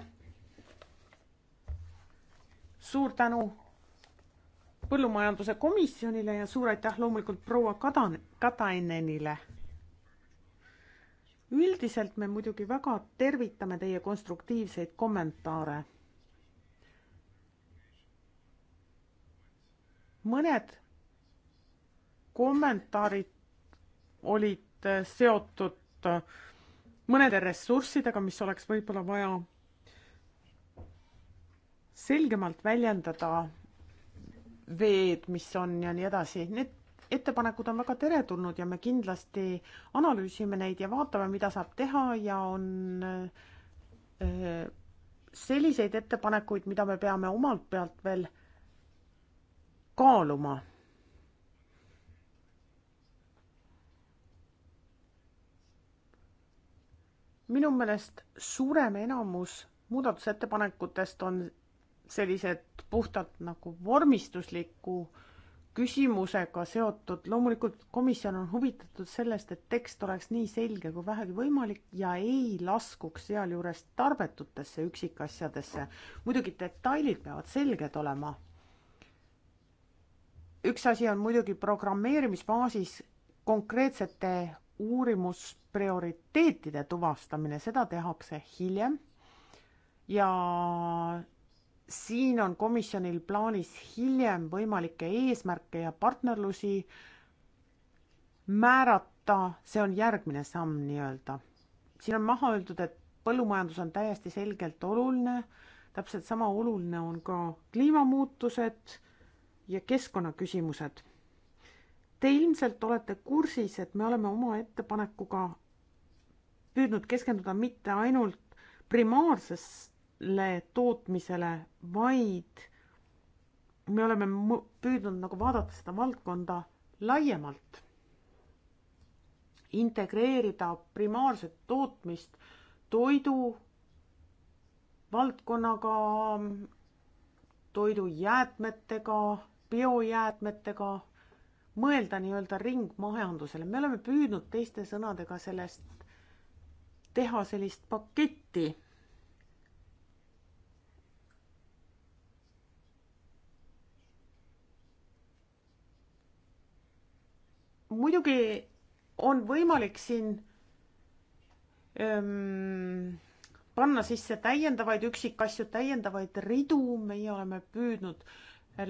Speaker 2: suur tänu põllumajanduse komisjonile ja suur aitäh loomulikult proua Kadan-, Katainenile. üldiselt me muidugi väga tervitame teie konstruktiivseid kommentaare. mõned kommentaarid olid seotud mõnede ressurssidega, mis oleks võib-olla vaja selgemalt väljendada veed, mis on ja nii edasi, need ettepanekud on väga teretulnud ja me kindlasti analüüsime neid ja vaatame, mida saab teha ja on äh, selliseid ettepanekuid, mida me peame omalt pealt veel kaaluma minu meelest suurem enamus muudatusettepanekutest on sellised puhtalt nagu vormistusliku küsimusega seotud, loomulikult komisjon on huvitatud sellest, et tekst oleks nii selge kui vähegi võimalik ja ei laskuks sealjuures tarbetutesse üksikasjadesse. muidugi detailid peavad selged olema. üks asi on muidugi programmeerimisbaasis konkreetsete uurimusprioriteetide tuvastamine, seda tehakse hiljem ja siin on komisjonil plaanis hiljem võimalikke eesmärke ja partnerlusi määrata, see on järgmine samm nii-öelda. siin on maha öeldud, et põllumajandus on täiesti selgelt oluline, täpselt sama oluline on ka kliimamuutused ja keskkonnaküsimused Te ilmselt olete kursis, et me oleme oma ettepanekuga püüdnud keskenduda mitte ainult primaarsele tootmisele, vaid me oleme püüdnud nagu vaadata seda valdkonda laiemalt, integreerida primaarset tootmist toidu valdkonnaga, toidujäätmetega, biojäätmetega mõelda nii-öelda ringmajandusele, me oleme püüdnud teiste sõnadega sellest teha sellist paketti. muidugi on võimalik siin öö, ähm, panna sisse täiendavaid üksikasju, täiendavaid ridu, meie oleme püüdnud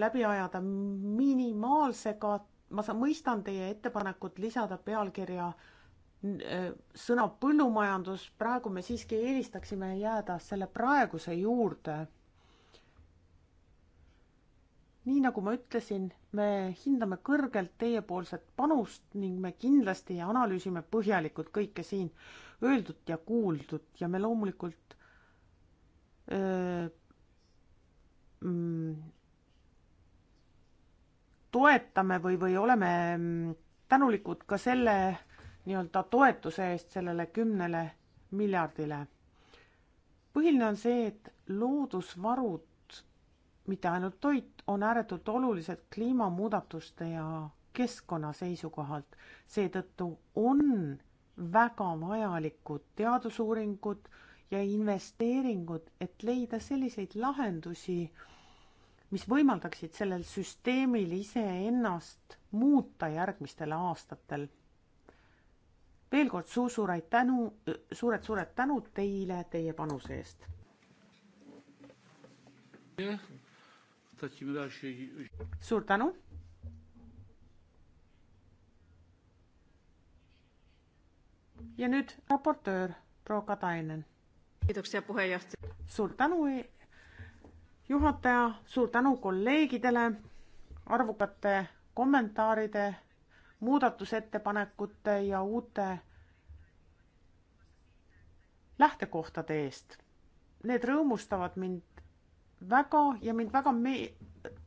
Speaker 2: läbi ajada minimaalse kat-, ma saan, mõistan teie ettepanekut lisada pealkirja äh, sõna põllumajandus, praegu me siiski eelistaksime jääda selle praeguse juurde. nii nagu ma ütlesin, me hindame kõrgelt teiepoolset panust ning me kindlasti analüüsime põhjalikult kõike siin öeldut ja kuuldut ja me loomulikult öö, äh, mm, toetame või, või oleme tänulikud ka selle nii-öelda toetuse eest sellele kümnele miljardile. põhiline on see, et loodusvarud, mitte ainult toit, on ääretult olulised kliimamuudatuste ja keskkonna seisukohalt. seetõttu on väga vajalikud teadusuuringud ja investeeringud, et leida selliseid lahendusi, mis võimaldaksid sellel süsteemil iseennast muuta järgmistel aastatel. veel kord suur-suured tänu, suured-suured tänud teile teie panuse eest. suur tänu. ja nüüd raportöör proua Katainen. kiitoksia puheenjohtaja. suur tänu e- juhataja, suur tänu kolleegidele arvukate kommentaaride, muudatusettepanekute ja uute lähtekohtade eest. Need rõõmustavad mind väga ja mind väga me-,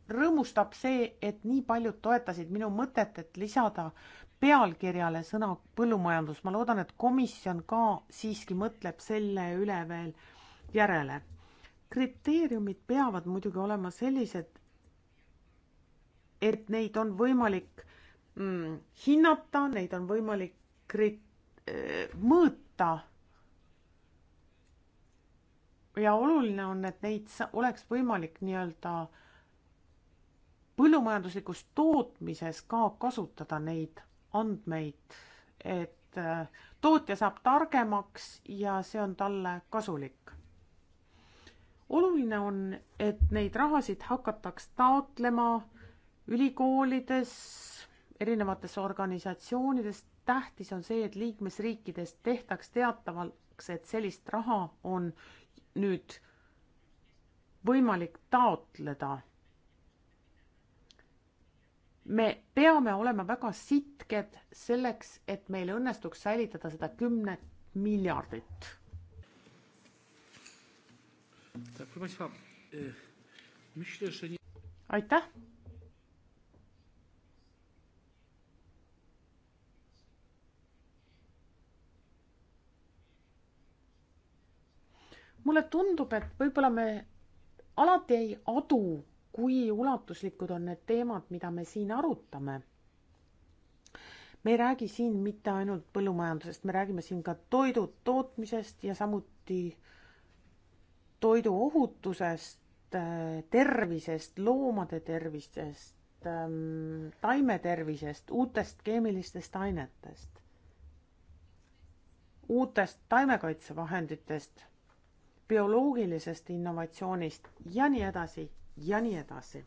Speaker 2: rõõmustab see, et nii paljud toetasid minu mõtet, et lisada pealkirjale sõna põllumajandus. ma loodan, et komisjon ka siiski mõtleb selle üle veel järele kriteeriumid peavad muidugi olema sellised, et neid on võimalik mm, hinnata, neid on võimalik krit-, eh, mõõta. ja oluline on, et neid oleks võimalik nii-öelda põllumajanduslikus tootmises ka kasutada neid andmeid, et eh, tootja saab targemaks ja see on talle kasulik oluline on, et neid rahasid hakataks taotlema ülikoolides, erinevates organisatsioonides, tähtis on see, et liikmesriikides tehtaks teatavaks, et sellist raha on nüüd võimalik taotleda. me peame olema väga sitked selleks, et meil õnnestuks säilitada seda kümnet miljardit aitäh. mulle tundub, et võib-olla me alati ei adu, kui ulatuslikud on need teemad, mida me siin arutame. me ei räägi siin mitte ainult põllumajandusest, me räägime siin ka toidu tootmisest ja samuti äh, toiduohutusest, äh, tervisest, loomade tervisest, ähm, taimetervisest, uutest keemilistest ainetest, uutest taimekaitsevahenditest, bioloogilisest innovatsioonist ja nii edasi ja nii edasi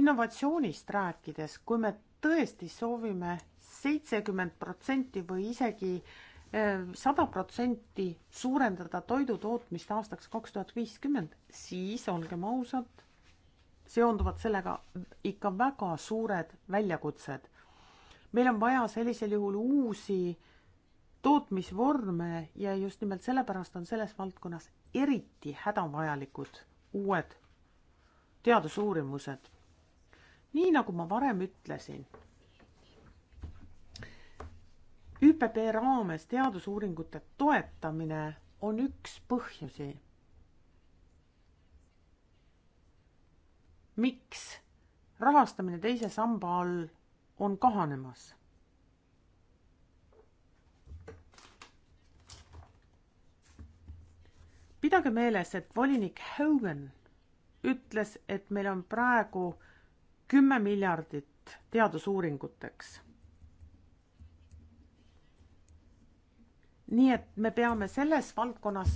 Speaker 2: innovatsioonist rääkides, kui me tõesti soovime seitsekümmend protsenti või isegi eh, sada protsenti suurendada toidutootmist aastaks kaks tuhat viiskümmend, siis olgem ausad, seonduvad sellega ikka väga suured väljakutsed. meil on vaja sellisel juhul uusi tootmisvorme ja just nimelt sellepärast on selles valdkonnas eriti hädavajalikud uued teadusuurimused nii nagu ma varem ütlesin, ÜPP raames teadusuuringute toetamine on üks põhjusi, miks rahastamine teise samba all on kahanemas. pidage meeles, et volinik Hogan ütles, et meil on praegu kümme miljardit teadusuuringuteks. nii et me peame selles valdkonnas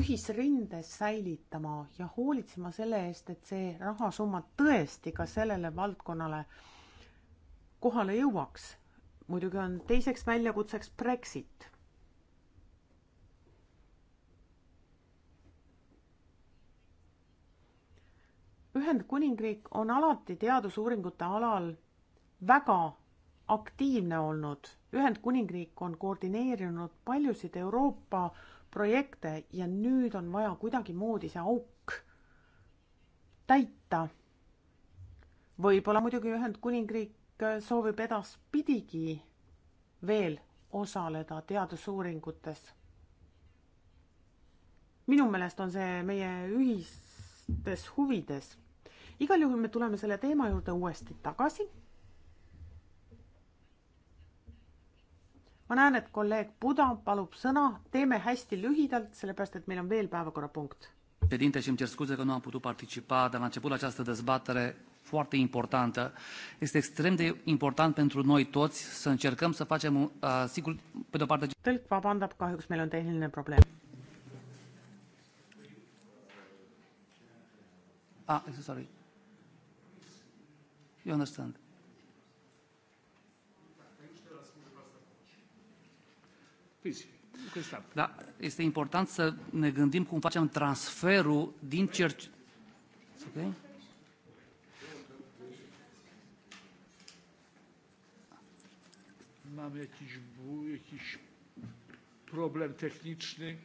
Speaker 2: ühisrindes säilitama ja hoolitsema selle eest, et see rahasumma tõesti ka sellele valdkonnale kohale jõuaks. muidugi on teiseks väljakutseks Brexit Ühendkuningriik on alati teadusuuringute alal väga aktiivne olnud. Ühendkuningriik on koordineerinud paljusid Euroopa projekte ja nüüd on vaja kuidagimoodi see auk täita. võib-olla muidugi Ühendkuningriik soovib edaspidigi veel osaleda teadusuuringutes. minu meelest on see meie ühistes huvides igal juhul me tuleme selle teema juurde uuesti tagasi. ma näen, et kolleeg Buda palub sõna, teeme hästi lühidalt, sellepärast et meil on veel
Speaker 1: päevakorrapunkt. Președinte, și îmi cer scuze că nu am putut participa, dar la început această dezbatere foarte importantă. Este extrem de important pentru noi toți să încercăm să facem, uh, sigur, pe de-o parte... Tõlk vabandab, kahjuks meil on tehniline probleem. Ah, sorry. You understand? Da, este important să ne gândim cum facem transferul din cerci... Okay? Mamy jakiś, jakiś problem tehniczny.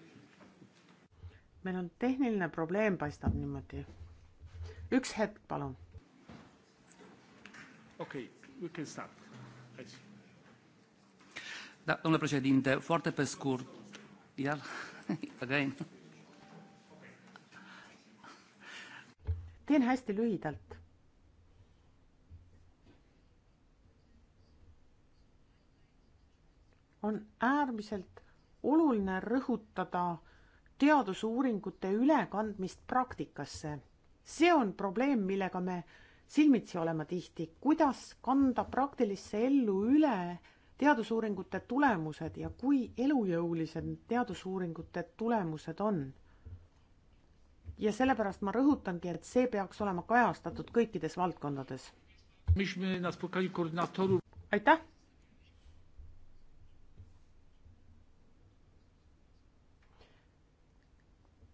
Speaker 2: Meil on tehniline probleem, paistab niimoodi. Üks hetk, palun.
Speaker 1: Okay, we can start. Please. Da, domnule președinte, foarte pe scurt, iar, [LAUGHS] again.
Speaker 2: teen hästi lühidalt. on äärmiselt oluline rõhutada teadusuuringute ülekandmist praktikasse. see on probleem, millega me silmitsi olema tihti, kuidas kanda praktilisse ellu üle teadusuuringute tulemused ja kui elujõulised teadusuuringute tulemused on. ja sellepärast ma rõhutangi, et see peaks olema kajastatud kõikides valdkondades. aitäh!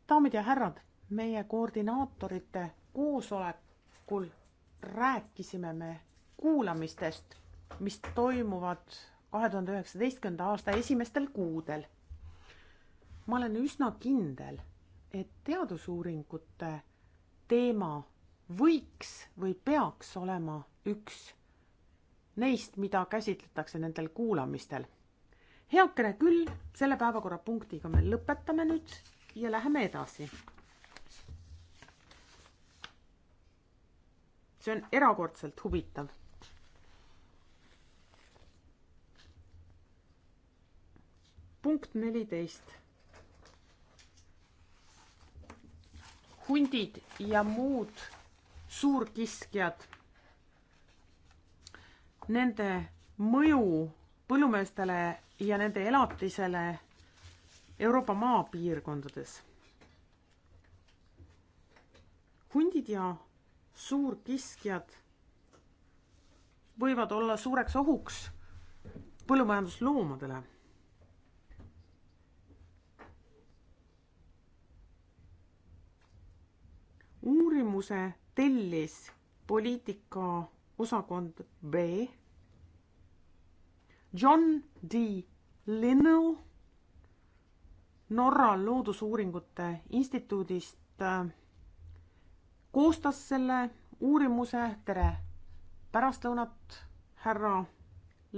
Speaker 2: daamid ja härrad, meie koordinaatorite koosolekul rääkisime me kuulamistest, mis toimuvad kahe tuhande üheksateistkümnenda aasta esimestel kuudel. ma olen üsna kindel, et teadusuuringute teema võiks või peaks olema üks neist, mida käsitletakse nendel kuulamistel. heakene küll, selle päevakorrapunktiga me lõpetame nüüd ja läheme edasi see on erakordselt huvitav. punkt neliteist. hundid ja muud suurkiskjad. Nende mõju põllumeestele ja nende elatisele Euroopa maapiirkondades. hundid ja suurkiskjad võivad olla suureks ohuks põllumajandusloomadele. uurimuse tellis poliitika osakond B John D Linnell Norra Loodusuuringute Instituudist äh, koostas selle uurimuse, tere pärastlõunat, härra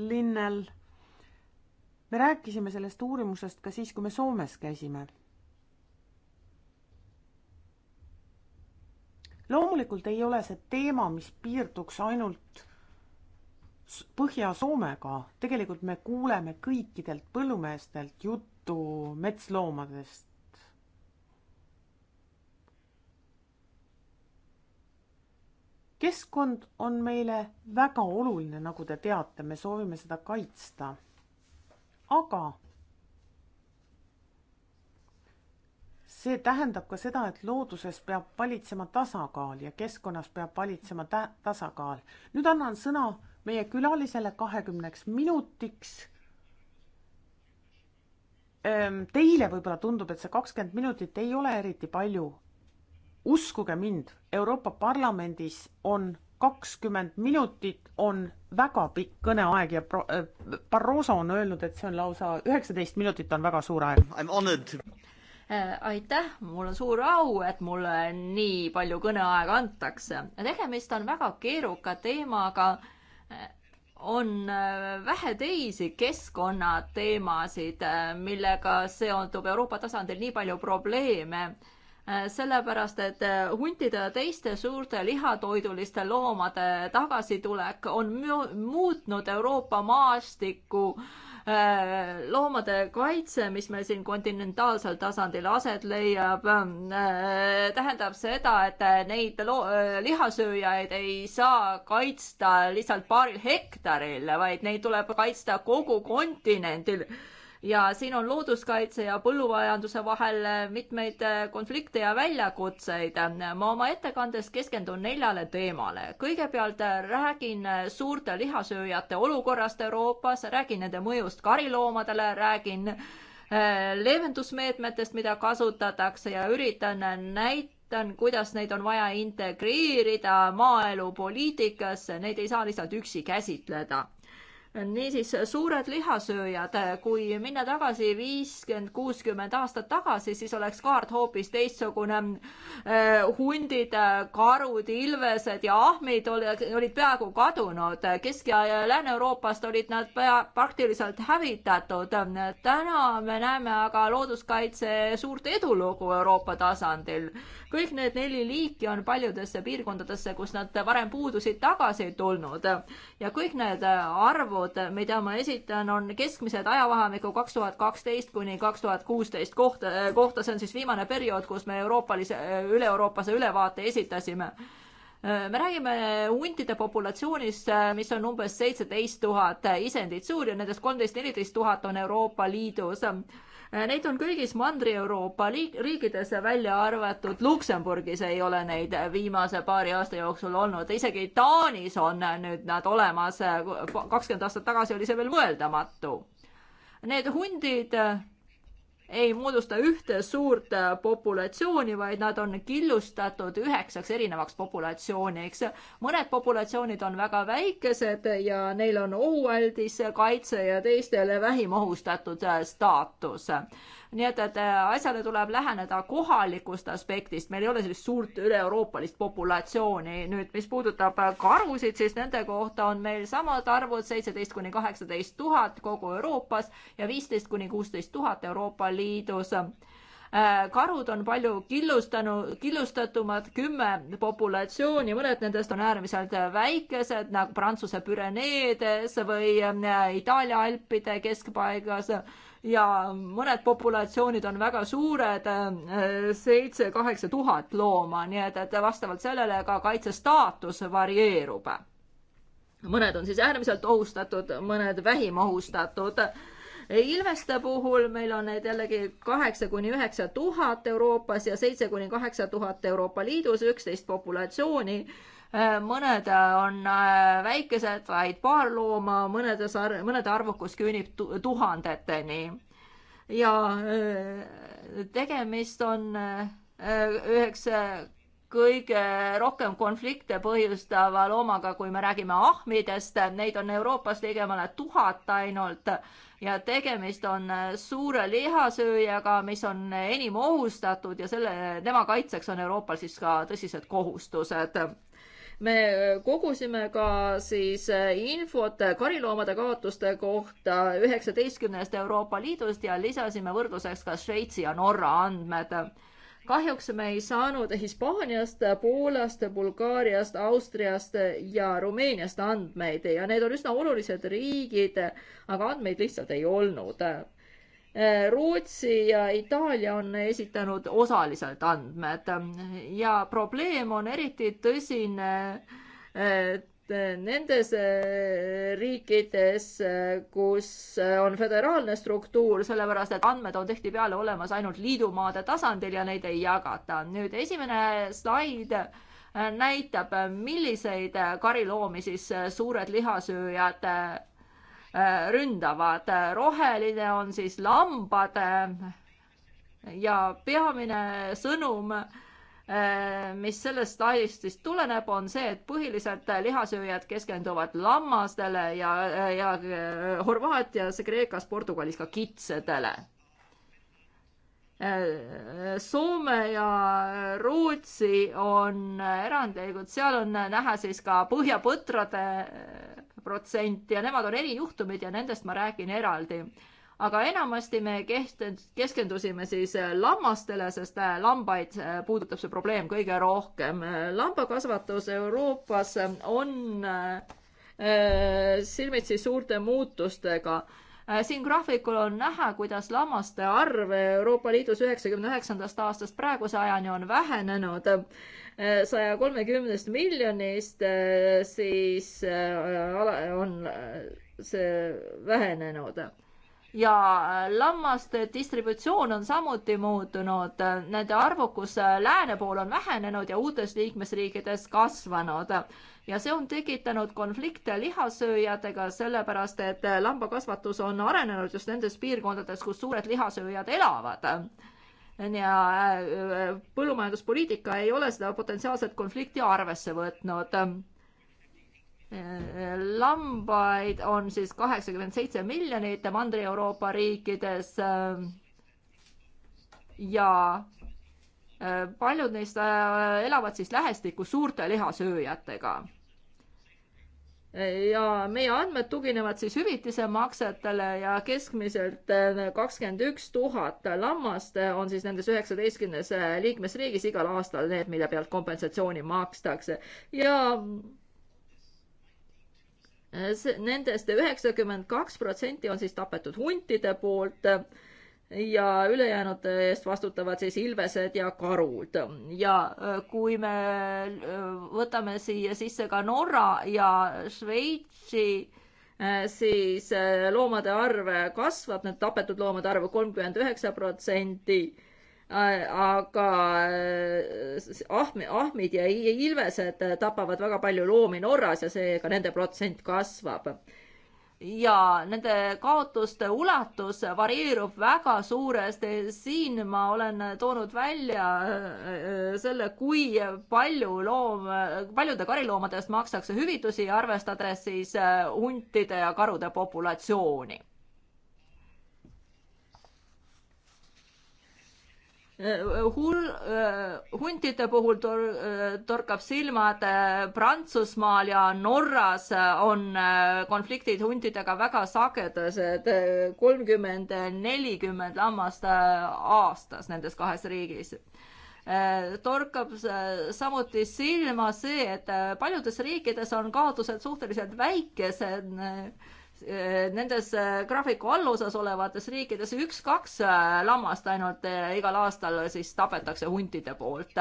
Speaker 2: Linnel. me rääkisime sellest uurimusest ka siis, kui me Soomes käisime. loomulikult ei ole see teema, mis piirduks ainult Põhja-Soomega, tegelikult me kuuleme kõikidelt põllumeestelt juttu metsloomadest. keskkond on meile väga oluline, nagu te teate, me soovime seda kaitsta. aga see tähendab ka seda, et looduses peab valitsema tasakaal ja keskkonnas peab valitsema tä-, tasakaal. nüüd annan sõna meie külalisele kahekümneks minutiks. Ehm, teile võib-olla tundub, et see kakskümmend minutit ei ole eriti palju, uskuge mind, Euroopa Parlamendis on kakskümmend minutit on väga pikk kõneaeg ja äh, Barroso on öelnud, et see on lausa üheksateist minutit on väga suur aeg.
Speaker 4: Äh, aitäh, mul on suur au, et mulle nii palju kõneaega antakse. tegemist on väga keeruka teemaga. Äh, on vähe teisi keskkonnateemasid, millega seondub Euroopa tasandil nii palju probleeme Äh, sellepärast et äh, huntide ja teiste suurte lihatoiduliste loomade tagasitulek on muutnud Euroopa maastikku äh, loomade kaitse, mis meil siin kontinentaalsel tasandil aset leiab, tähendab seda, et neid lihasööjaid ei saa kaitsta lihtsalt paaril hektaril, vaid neid tuleb kaitsta kogu kontinendil ja siin on looduskaitse ja põllumajanduse vahel eh, mitmeid eh, konflikte ja väljakutseid. ma oma ettekandes keskendun neljale teemale. kõigepealt eh, räägin suurte lihasööjate olukorrast Euroopas, räägin nende mõjust kariloomadele, räägin leevendusmeetmetest, mida kasutatakse ja üritan näitan, kuidas neid on vaja integreerida maaelupoliitikasse, neid ei saa lihtsalt üksi käsitleda niisiis, suured lihasööjad, kui minna tagasi viiskümmend, kuuskümmend aastat tagasi, siis oleks kaart hoopis teistsugune. Eh, hundid, karud, ilvesed ja ahmid olid, olid peaaegu kadunud. Kesk- ja Lääne-Euroopast olid nad pea, praktiliselt hävitatud. täna me näeme aga looduskaitse suurt edulugu Euroopa tasandil kõik need neli liiki on paljudesse piirkondadesse, kus nad varem puudusid, tagasi tulnud. ja kõik need arvud, mida ma esitan, on keskmised ajavahemiku kaks tuhat kaksteist kuni kaks tuhat kuusteist kohta, kohta, see on siis viimane periood, kus me euroopalise, üle-euroopase ülevaate esitasime me räägime huntide populatsioonist, mis on umbes seitseteist tuhat isendit suur ja nendest kolmteist, neliteist tuhat on Euroopa Liidus Äh, neid on kõigis Mandri-Euroopa riikides, välja arvatud Luksemburgis ei ole neid äh, viimase paari aasta jooksul olnud, isegi Taanis on äh, nüüd nad olemas, kakskümmend aastat tagasi oli see veel mõeldamatu. Need hundid ei moodusta ühte suurt äh, populatsiooni, vaid nad on killustatud üheksaks erinevaks populatsiooniks. mõned populatsioonid on väga väikesed ja neil on ohualdis kaitse ja teistele vähim ohustatud äh, staatus nii et, et äh, asjale tuleb läheneda kohalikust aspektist, meil ei ole sellist suurt üle-euroopalist populatsiooni. nüüd, mis puudutab äh, karusid, siis nende kohta on meil samad arvud, seitseteist kuni kaheksateist tuhat kogu Euroopas ja viisteist kuni kuusteist tuhat Euroopa Liidus äh, karud on palju killustanud, killustatumad, kümme populatsiooni, mõned nendest on äärmiselt väikesed nagu Prantsuse Püreneedes või Itaalia alpide keskpaigas ja mõned populatsioonid on väga suured, seitse-kaheksa tuhat looma, nii et, et vastavalt sellele ka kaitsestaatus varieerub. mõned on siis äärmiselt ohustatud, mõned vähim ohustatud ilveste puhul meil on neid jällegi kaheksa kuni üheksa tuhat Euroopas ja seitse kuni kaheksa tuhat Euroopa Liidus, üksteist populatsiooni Äh, mõned äh, on äh, väikesed, vaid paar looma, mõnedes, mõnede arvukus küünib tuhandeteni. ja tegemist on üheks kõige rohkem konflikte põhjustava loomaga, kui me räägime ahmidest, neid on Euroopas ligemale tuhat ainult ja tegemist on suure lihasööjaga, mis on enim ohustatud ja selle, tema kaitseks on Euroopal siis ka tõsised kohustused me äh, kogusime ka siis äh, infot äh, kariloomade kaotuste kohta üheksateistkümnest Euroopa Liidust ja lisasime võrdluseks ka Šveitsi ja Norra andmed. kahjuks me ei saanud Hispaaniast, Poolast, Bulgaariast, Austriast ja Rumeeniast andmeid ja need on üsna olulised riigid, aga andmeid lihtsalt ei olnud Rootsi ja Itaalia on esitanud osalised andmed ja probleem on eriti tõsine nendes riikides, kus on föderaalne struktuur, sellepärast et andmed on tihtipeale olemas ainult liidumaade tasandil ja neid ei jagata. nüüd esimene slaid näitab, milliseid kariloomi siis suured lihasööjad Äh, ründavad. roheline on siis lambad äh, ja peamine sõnum, äh, mis sellest slaidist siis tuleneb, on see, et põhiliselt lihasööjad keskenduvad lammastele ja, ja Horvaatias, Kreekas, Portugalis ka kitsedele Soome ja Rootsi on erandlikud, seal on näha siis ka põhjapõtrade protsenti ja nemad on erijuhtumid ja nendest ma räägin eraldi. aga enamasti me keht-, keskendusime siis äh, lammastele, sest äh, lambaid äh, puudutab see probleem kõige rohkem. lambakasvatus Euroopas on silmitsi suurte muutustega siin graafikul on näha, kuidas lammaste arv Euroopa Liidus üheksakümne üheksandast aastast praeguse ajani on vähenenud saja kolmekümnest miljonist, äh, siis äh, on äh, see vähenenud. ja lammaste distributsioon on samuti muutunud, nende arvukus lääne pool on vähenenud ja uutes liikmesriikides kasvanud ja see on tekitanud konflikte lihasööjatega, sellepärast et lambakasvatus on arenenud just nendes piirkondades, kus suured lihasööjad elavad ja äh, põllumajanduspoliitika ei ole seda potentsiaalset konflikti arvesse võtnud. Äh, lambaid on siis kaheksakümmend seitse miljonit Mandri-Euroopa riikides äh, ja paljud neist elavad siis lähestikku suurte lihasööjatega ja meie andmed tuginevad siis hüvitise maksetele ja keskmiselt eh, kakskümmend üks tuhat lammast eh, on siis nendes üheksateistkümnes eh, liikmesriigis igal aastal need, mille pealt kompensatsiooni makstakse ja nendest üheksakümmend kaks protsenti on siis tapetud huntide poolt ja ülejäänute eest vastutavad siis ilvesed ja karud. ja äh, kui me äh, võtame siia sisse ka Norra ja Šveitsi, äh, siis loomade arv kasvab, need tapetud loomade arv kolmkümmend üheksa protsenti, aga ahmi, ahmid ja ilvesed tapavad väga palju loomi Norras ja seega nende protsent kasvab ja nende kaotuste ulatus varieerub väga suuresti. siin ma olen toonud välja äh, äh, selle, kui palju loom, paljude kariloomadest makstakse hüvitisi, arvestades siis äh, huntide ja karude populatsiooni. Äh, hul-, äh, huntide puhul tor-, äh, torkab silmad Prantsusmaal ja Norras on konfliktid huntidega väga sagedased, kolmkümmend, nelikümmend lammast aastas nendes kahes riigis torkab samuti silma see, et paljudes riikides on kaotused suhteliselt väikesed Eh, nendes eh, graafiku allosas olevates riikides üks-kaks eh, lammast ainult igal aastal siis tapetakse huntide poolt.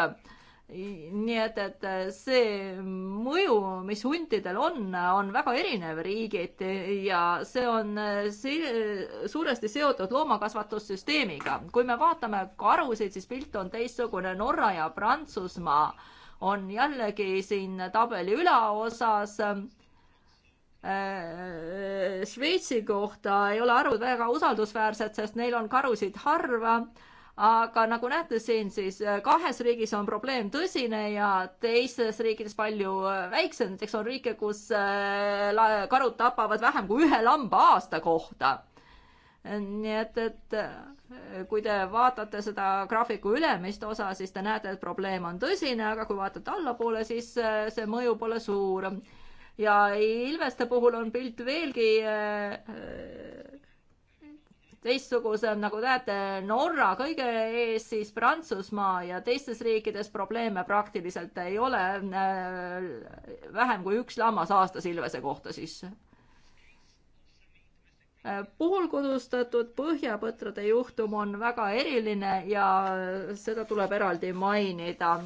Speaker 4: nii et, et see mõju, mis huntidel on, on väga erinev riigiti ja see on see suuresti seotud loomakasvatussüsteemiga. kui me vaatame karusid, siis pilt on teistsugune Norra ja Prantsusmaa on jällegi siin tabeli ülaosas Šveitsi kohta ei ole arvud väga usaldusväärsed, sest neil on karusid harva. aga nagu näete siin, siis kahes riigis on probleem tõsine ja teistes riikides palju väiksem. näiteks on riike, kus äh, karud tapavad vähem kui ühe lamba aasta kohta. nii et, et äh, kui te vaatate seda graafiku ülemist osa, siis te näete, et probleem on tõsine, aga kui vaatate allapoole, siis äh, see mõju pole suur ja ilveste puhul on pilt veelgi äh, teistsugusem, nagu näete, Norra kõige ees, siis Prantsusmaa ja teistes riikides probleeme praktiliselt ei ole. Äh, vähem kui üks lammas aastas ilvese kohta siis. Äh, poolkodustatud põhjapõtrade juhtum on väga eriline ja seda tuleb eraldi mainida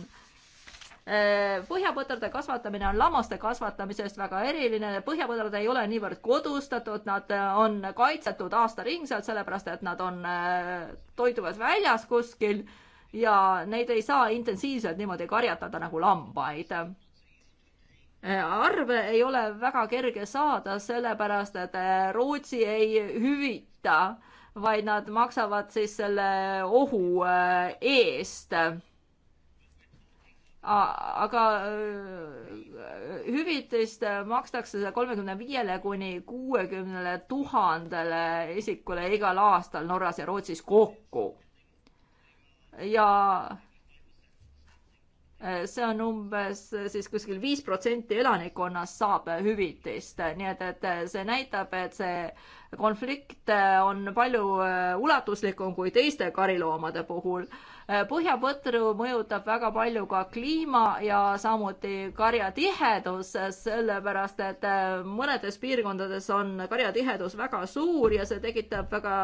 Speaker 4: Äh, põhjapõdrade kasvatamine on lammaste kasvatamisest väga eriline, põhjapõdrad ei ole niivõrd kodustatud, nad äh, on kaitsetud aastaringselt, sellepärast et nad on, äh, toiduvad väljas kuskil ja neid ei saa intensiivselt niimoodi karjatada nagu lambaid arve ei ole väga kerge saada, sellepärast et Rootsi ei hüvita, vaid nad maksavad siis selle ohu eest aga äh, hüvitist äh, makstakse kolmekümne viiele kuni kuuekümnele tuhandele isikule igal aastal Norras ja Rootsis kokku. ja äh, see on umbes siis kuskil viis protsenti elanikkonnast saab hüvitist, nii et, et see näitab, et see konflikt on palju ulatuslikum kui teiste kariloomade puhul Äh, põhjapõtru mõjutab väga palju ka kliima ja samuti karjatihedus, sellepärast et äh, mõnedes piirkondades on karjatihedus väga suur ja see tekitab väga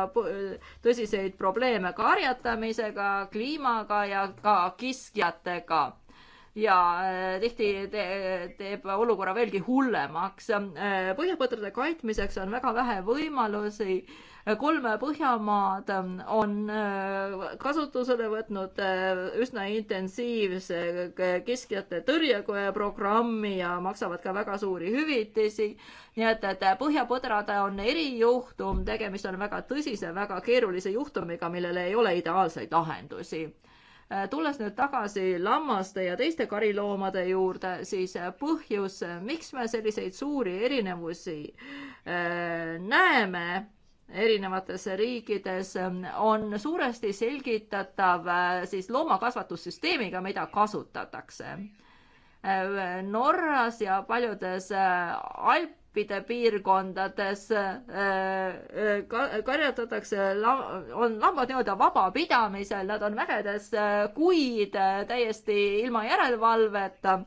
Speaker 4: tõsiseid probleeme karjatamisega, kliimaga ja ka kiskjatega ja äh, tihti te, teeb olukorra veelgi hullemaks. Äh, põhjapõdrade kaitmiseks on väga vähe võimalusi. kolm Põhjamaad on äh, kasutusele võtnud üsna intensiivse keskjate tõrjeprogrammi ja maksavad ka väga suuri hüvitisi. nii et, et põhjapõdrad on erijuhtum, tegemist on väga tõsise, väga keerulise juhtumiga, millele ei ole ideaalseid lahendusi Äh, tulles nüüd tagasi lammaste ja teiste kariloomade juurde, siis äh, põhjus, äh, miks me selliseid suuri erinevusi näeme erinevates riikides, on suuresti selgitatav siis loomakasvatussüsteemiga, mida kasutatakse. Norras ja paljudes Alp alpide piirkondades äh, äh, karjatatakse, on lambad nii-öelda vabapidamisel, nad on vägedes äh, kuid täiesti ilma järelevalveta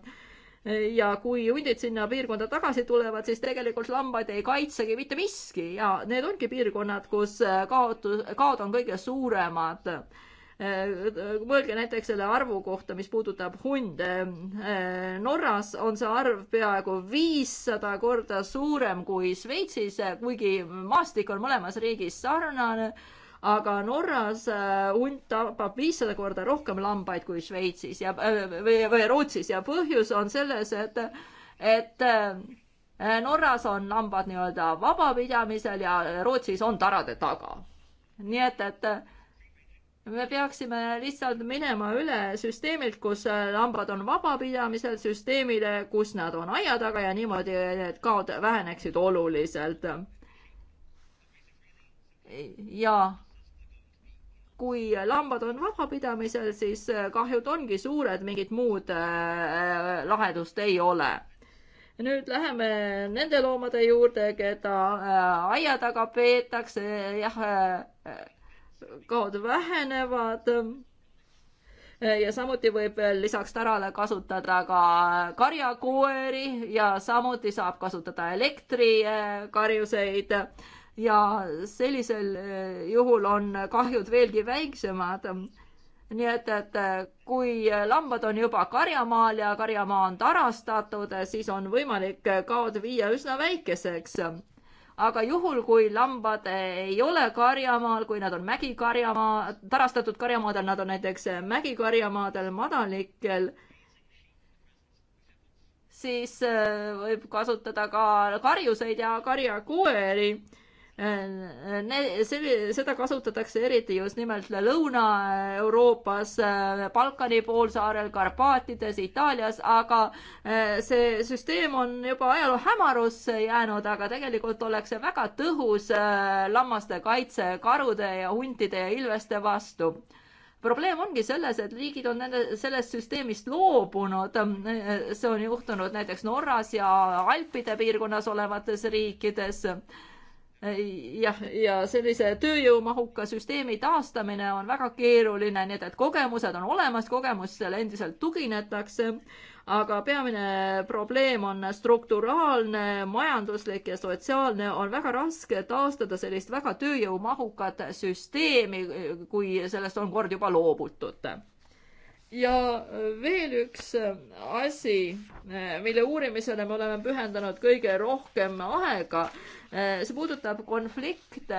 Speaker 4: ja kui hundid sinna piirkonda tagasi tulevad, siis tegelikult lambaid ei kaitsegi mitte miski ja need ongi piirkonnad, kus kaotus, kaod on kõige suuremad. Äh, mõelge näiteks selle arvu kohta, mis puudutab hunde. Äh, Norras on see arv peaaegu viissada korda suurem kui Šveitsis, kuigi maastik on mõlemas riigis sarnane aga Norras äh, hunt tapab viissada korda rohkem lambaid kui Šveitsis ja või, või Rootsis ja põhjus on selles, et, et Norras on lambad nii-öelda vabapidamisel ja Rootsis on tarade taga. nii et, et me peaksime lihtsalt minema üle süsteemilt, kus lambad on vabapidamisel, süsteemile, kus nad on aia taga ja niimoodi need kaod väheneksid oluliselt. ja kui lambad on vabapidamisel, siis kahjud ongi suured, mingit muud äh, lahendust ei ole. nüüd läheme nende loomade juurde, keda äh, aia taga peetakse, jah äh, kaod vähenevad. ja samuti võib lisaks tarale kasutada ka karjakoeri ja samuti saab kasutada elektrikarjuseid ja sellisel eh, juhul on kahjud veelgi väiksemad nii et, et eh, kui lambad on juba karjamaal ja karjamaa on tarastatud, eh, siis on võimalik kaod viia üsna väikeseks aga juhul, kui lambad ei ole karjamaal, kui nad on mägikarjamaa, tarastatud karjamaadel, nad on näiteks mägikarjamaadel madalikel, siis äh, võib kasutada ka karjuseid ja karjakoeri Ne-, see, seda kasutatakse eriti just nimelt Lõuna-Euroopas, Balkani poolsaarel, Karpaatides, Itaalias, aga eh, see süsteem on juba ajaloo hämarusse jäänud, aga tegelikult oleks see väga tõhus eh, lammaste kaitse karude ja huntide ja ilveste vastu probleem ongi selles, et riigid on nende, sellest süsteemist loobunud. Eh, see on juhtunud näiteks Norras ja Alpide piirkonnas olevates riikides jah, ja sellise tööjõumahuka süsteemi taastamine on väga keeruline, nii et, et kogemused on olemas, kogemustele endiselt tuginetakse, aga peamine probleem on strukturaalne, majanduslik ja sotsiaalne, on väga raske taastada sellist väga tööjõumahukat süsteemi, kui sellest on kord juba loobutud ja veel üks asi, mille uurimisele me oleme pühendanud kõige rohkem aega Eh, see puudutab konflikte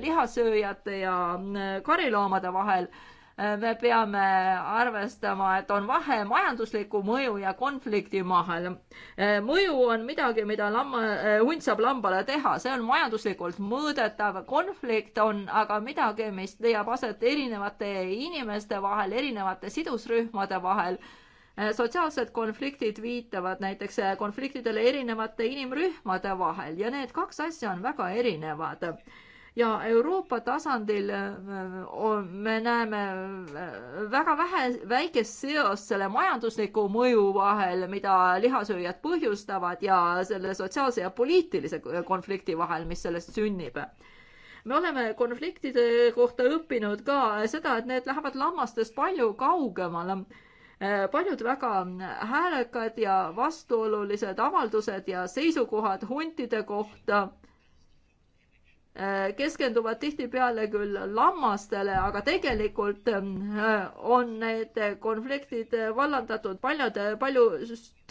Speaker 4: lihasööjate ja eh, kariloomade vahel eh, me peame arvestama, et on vahe majandusliku mõju ja konflikti vahel. mõju on midagi, mida lamma, hunt saab lambale teha, see on majanduslikult mõõdetav, konflikt on aga midagi, mis leiab aset erinevate inimeste vahel, erinevate sidusrühmade vahel Äh, sotsiaalsed konfliktid viitavad näiteks äh, konfliktidele erinevate inimrühmade vahel ja need kaks asja on väga erinevad. ja Euroopa tasandil äh, on, me näeme väga vähe, väikest seost selle majandusliku mõju vahel, mida lihasööjad põhjustavad ja selle sotsiaalse ja poliitilise konflikti vahel, mis sellest sünnib me oleme konfliktide kohta õppinud ka seda, et need lähevad lammastest palju kaugemale paljud väga häälekad ja vastuolulised avaldused ja seisukohad huntide kohta Äh, keskenduvad tihtipeale küll lammastele, aga tegelikult ähm, äh, on need konfliktid vallandatud paljude, palju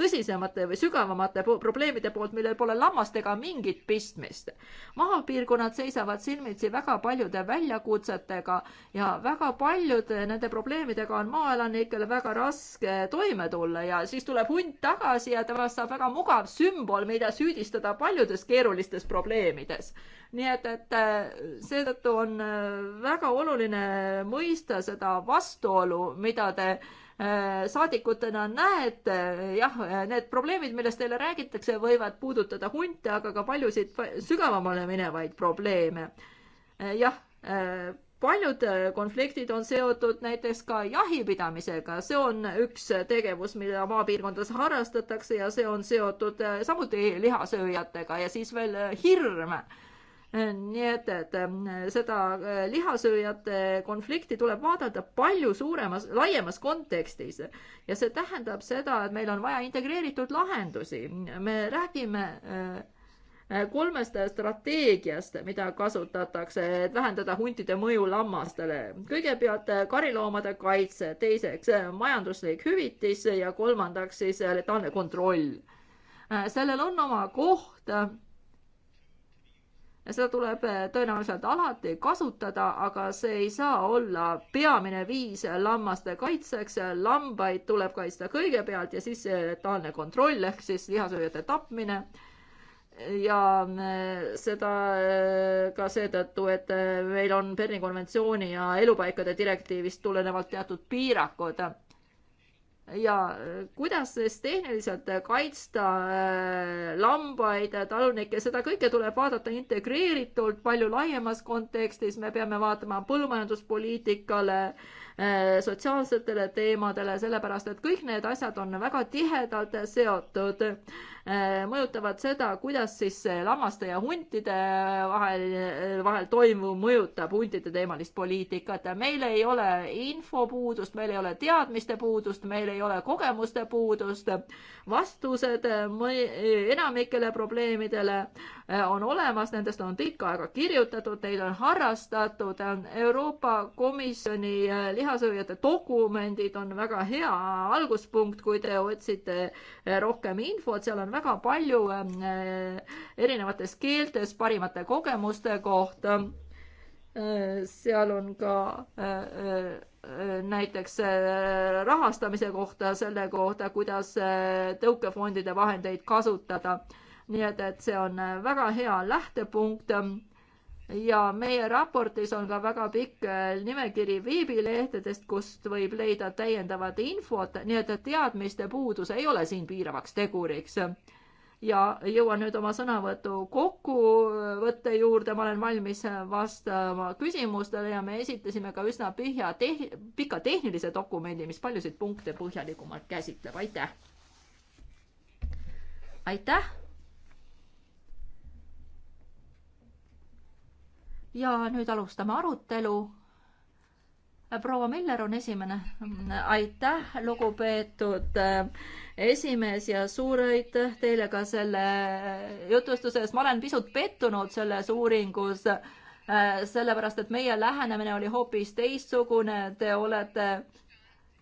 Speaker 4: tõsisemate või sügavamate probleemide poolt, millel pole lammastega mingit pistmist. maapiirkonnad seisavad silmitsi väga paljude väljakutsetega ja väga paljude nende probleemidega on maaelanikel väga raske toime tulla ja siis tuleb hunt tagasi ja temast saab väga mugav sümbol, mida süüdistada paljudes keerulistes probleemides nii et, et äh, seetõttu on äh, väga oluline mõista seda vastuolu, mida te äh, saadikutena näete, jah, need probleemid, millest teile räägitakse, võivad puudutada hunte, aga ka paljusid sügavamale minevaid probleeme. jah paljud konfliktid on seotud näiteks ka jahipidamisega, see on üks tegevus, mida maapiirkondades harrastatakse ja see on seotud samuti lihasööjatega ja siis veel hirm nii et, et äh, seda äh, lihasööjate konflikti tuleb vaadata palju suuremas, laiemas kontekstis. ja see tähendab seda, et meil on vaja integreeritud lahendusi. me räägime äh, kolmest strateegiast, mida kasutatakse, et vähendada huntide mõju lammastele. kõigepealt kariloomade kaitse, teiseks majanduslik hüvitis ja kolmandaks siis letaalne kontroll. sellel on oma koht seda tuleb eh, tõenäoliselt alati kasutada, aga see ei saa olla peamine viis lammaste kaitseks. lambaid tuleb kaitsta kõigepealt ja siis eh, taoline kontroll ehk siis lihasööjate tapmine ja eh, seda ka seetõttu, et meil on Berni konventsiooni ja elupaikade direktiivist tulenevalt teatud piirangud ja äh, kuidas siis tehniliselt kaitsta äh, lambaid, talunikke, seda kõike tuleb vaadata integreeritult, palju laiemas kontekstis, me peame vaatama põllumajanduspoliitikale äh, Äh, sotsiaalsetele teemadele, sellepärast et kõik need asjad on väga tihedalt seotud, äh, mõjutavad seda, kuidas siis lammaste ja huntide vahel, vahel toimuv mõjutab huntide teemalist poliitikat. meil ei ole infopuudust, meil ei ole teadmiste puudust, meil ei ole kogemuste puudust, vastused enamikele probleemidele äh, on olemas, nendest on pikka aega kirjutatud, neid on harrastatud. Euroopa Komisjoni liha lihasööjate dokumendid on väga hea alguspunkt, kui te otsite eh, rohkem infot, seal on väga palju eh, erinevates keeltes parimate kogemuste kohta. Eh, seal on ka näiteks rahastamise kohta, selle kohta, kuidas tõukefondide vahendeid kasutada. nii et, et see on väga hea lähtepunkt ja meie raportis on ka väga pikk äh, nimekiri veebilehtedest, kust võib leida täiendavat infot, nii et teadmiste puudus ei ole siin piiravaks teguriks. ja jõuan nüüd oma sõnavõtu kokkuvõtte juurde, ma olen valmis vastama küsimustele ja me esitasime ka üsna pihja teh-, pika tehnilise dokumendi, mis paljusid punkte põhjalikumalt käsitleb, aitäh! aitäh! ja nüüd alustame arutelu. proua Miller on esimene. aitäh, lugupeetud äh, esimees ja suur aitäh teile ka selle äh, jutustuse eest. ma olen pisut pettunud selles uuringus, äh, sellepärast et meie lähenemine oli hoopis teistsugune. Te olete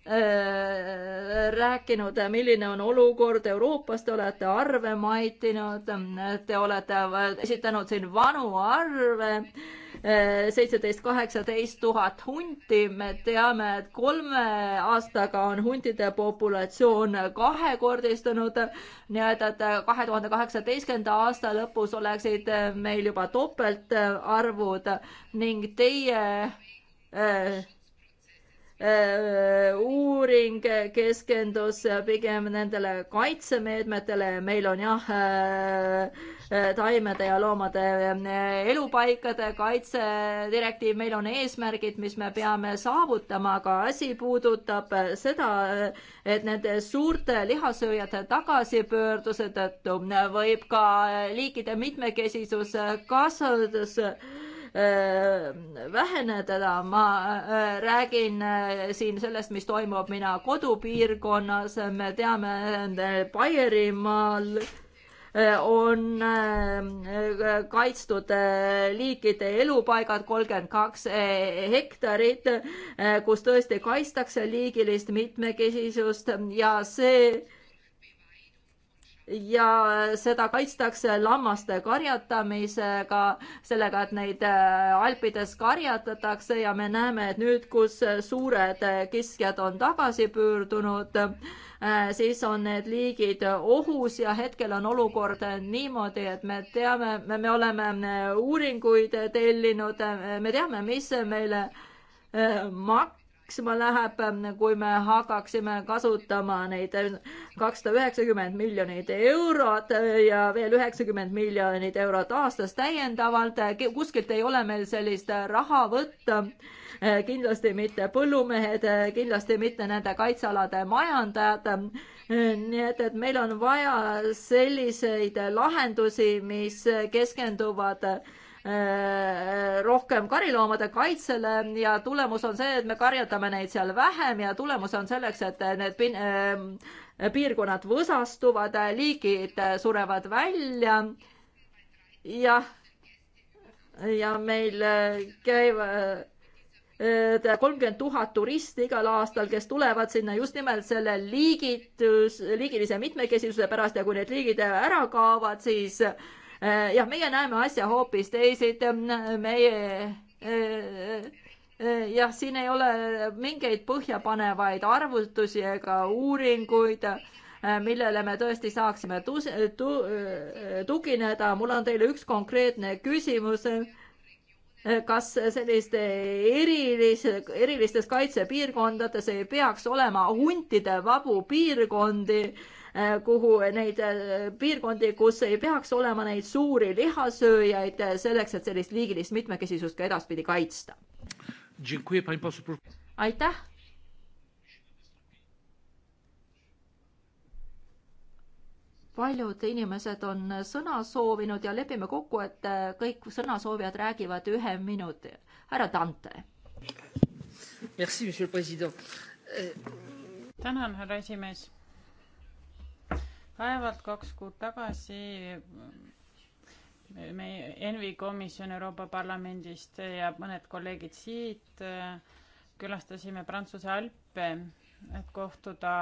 Speaker 4: Äh, rääkinud, milline on olukord Euroopas, te olete arve maitinud, te olete esitanud siin vanu arve, äh, seitseteist, kaheksateist tuhat hunti, me teame, et kolme aastaga on huntide populatsioon kahekordistunud, nii et, et kahe tuhande kaheksateistkümnenda aasta lõpus oleksid meil juba topeltarvud ning teie äh, Äh, uuring keskendus pigem nendele kaitsemeetmetele, meil on jah äh, äh, taimede ja loomade elupaikade kaitsedirektiiv, meil on eesmärgid, mis me peame saavutama, aga asi puudutab seda, et nende suurte lihasööjate tagasipöörduse tõttu võib ka liikide mitmekesisus kasvades Äh, väheneda. ma äh, räägin äh, siin sellest, mis toimub mina kodupiirkonnas, me teame Baierimaal on kaitstud liikide elupaigad, kolmkümmend kaks hektarit, kus tõesti kaitstakse liigilist mitmekesisust ja see ja seda kaitstakse lammaste karjatamisega, sellega, et neid äh, Alpides karjatatakse ja me näeme, et nüüd, kus suured kiskjad on tagasi pöördunud, äh, siis on need liigid ohus ja hetkel on olukord niimoodi, et me teame, me oleme äh, uuringuid tellinud, me teame, mis meile mak-, maksma läheb, kui me hakkaksime kasutama neid kakssada üheksakümmend miljonit eurot ja veel üheksakümmend miljonit eurot aastas täiendavalt. kuskilt ei ole meil sellist raha võtta. kindlasti mitte põllumehed, kindlasti mitte nende kaitsealade majandajad. nii et, et meil on vaja selliseid lahendusi, mis keskenduvad Äh, rohkem kariloomade kaitsele ja tulemus on see, et me karjatame neid seal vähem ja tulemus on selleks, et need pin-, äh, piirkonnad võsastuvad, liigid surevad välja. jah, ja meil äh, käivad kolmkümmend tuhat turisti igal aastal, kes tulevad sinna just nimelt selle liigitus, liigilise mitmekesisuse pärast ja kui need liigid ära kaovad, siis äh, Äh, jah, meie näeme asja hoopis teisiti, meie äh, äh, jah, siin ei ole mingeid põhjapanevaid arvutusi ega uuringuid, millele me tõesti saaksime tu-, tu-, tugineda. mul on teile üks konkreetne küsimus. kas selliste erilis-, erilistes kaitsepiirkondades ei peaks olema huntide vabu piirkondi, Äh, kuhu neid äh, piirkondi, kus ei peaks olema neid suuri lihasööjaid, äh, selleks, et sellist liigilist mitmekesisust ka edaspidi kaitsta. aitäh. paljud inimesed on sõna soovinud ja lepime kokku, et kõik sõnasoovijad räägivad ühe minuti. härra Dante.
Speaker 5: tänan, härra esimees laevalt kaks kuud tagasi meie Envi komisjon Euroopa Parlamendist ja mõned kolleegid siit äh, külastasime Prantsuse Alpe, et kohtuda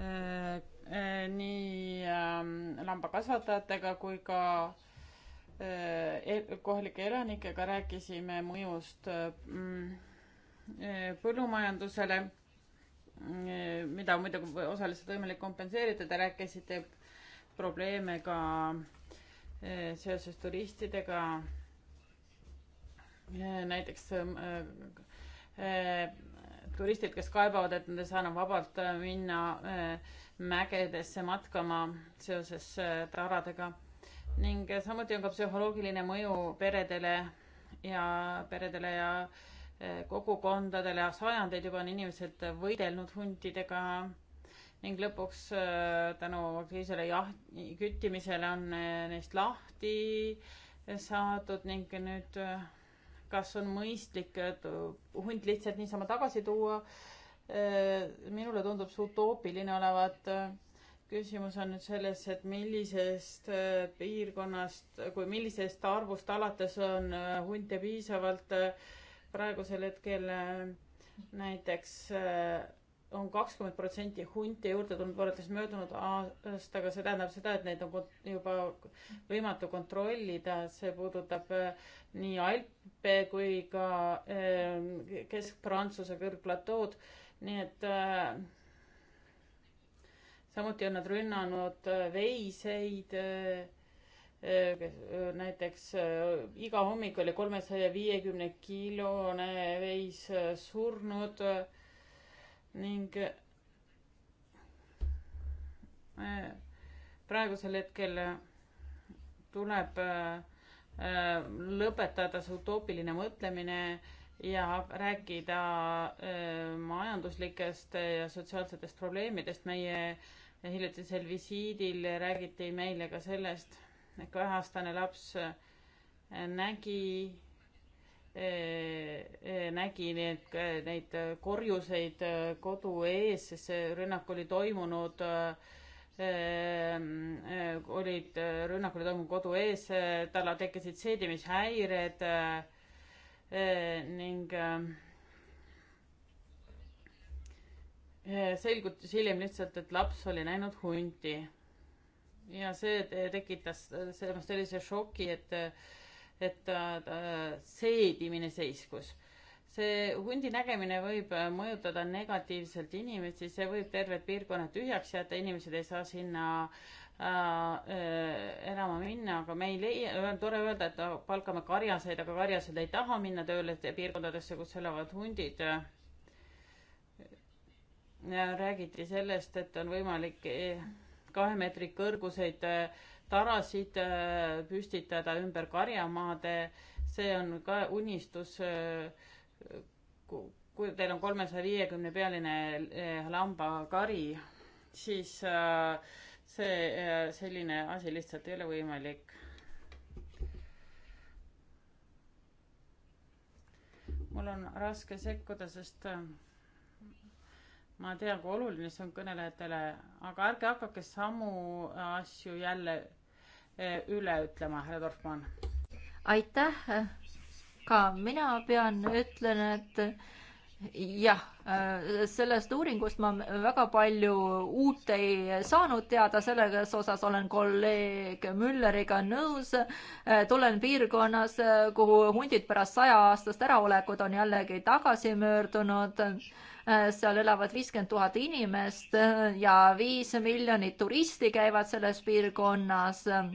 Speaker 5: äh, äh nii äh, lambakasvatajatega kui ka äh, e-, kohalike elanikega rääkisime mõjust äh, mm, põllumajandusele mida muidugi osaliselt võimalik kompenseerida, te rääkisite probleeme ka eh, seoses turistidega, eh, näiteks eh, turistid, kes kaebavad, et nad ei saa enam vabalt minna mägedesse matkama seoses taradega ning samuti on ka psühholoogiline mõju peredele ja peredele ja äh, Eh, kogukondadele sajandeid juba on inimesed võidelnud huntidega ning lõpuks eh, tänu aktiivsele jaht-, küttimisele on eh, neist lahti saadud ning nüüd kas on mõistlik hunt lihtsalt niisama tagasi tuua? minule tundub see utoopiline olevat. küsimus on nüüd selles, et millisest piirkonnast, kui millisest arvust alates on hunte piisavalt äh, praegusel hetkel äh, näiteks äh, on kakskümmend protsenti hunte juurde tulnud võrreldes möödunud aastaga, see tähendab seda, et neid on juba võimatu kontrollida, see puudutab äh, nii Alpe kui ka Kesk-Prantsuse kõrgplatood, nii et samuti on nad rünnanud veiseid näiteks äh, iga hommik oli kolmesaja viiekümne kilone veis äh, surnud äh, ning praegusel hetkel tuleb lõpetada see utoopiline mõtlemine ja rääkida majanduslikest ja sotsiaalsetest probleemidest. meie hiljutisel visiidil räägiti meile ka sellest, kaheaastane laps äh, nägi äh, äh, nägi need, neid korjuseid kodu ees, sest see rünnak oli toimunud, olid, rünnak oli toimunud kodu ees, tal tekkisid seedimishäired ning selgutas hiljem lihtsalt, et laps oli näinud hunti ja see tekitas selles sellise šoki, et, et seedimine seiskus. see hundi nägemine võib mõjutada negatiivselt inimesi, see võib terved piirkonnad tühjaks jätta, inimesed ei saa sinna äh, äh elama minna, aga me ei leia, tore öelda, et palkame karjaseid, aga karjased ei taha minna tööle piirkondadesse, kus elavad hundid Ja räägiti sellest, et on võimalik eh, kahe meetri kõrguseid äh, tarasid äh, püstitada ümber karjamaade, see on ka unistus. Äh, kui teil on kolmesaja viiekümne pealine lambakari, siis see, selline asi lihtsalt ei ole võimalik. mul on raske sekkuda, sest ma tean, kui oluline see on kõnelejatele, aga ärge hakake samu asju jälle eh, üle ütlema, härra Dorfmann.
Speaker 4: aitäh. ka mina pean, ütlen, et jah, eh, sellest uuringust ma väga palju uut ei saanud teada, selles osas olen kolleeg Mülleriga nõus. Eh, tulen piirkonnas, kuhu hundid pärast sajaaastast äraolekut on jällegi tagasi möördunud Äh, seal elavad viiskümmend tuhat inimest äh, ja viis miljonit turisti käivad selles piirkonnas äh,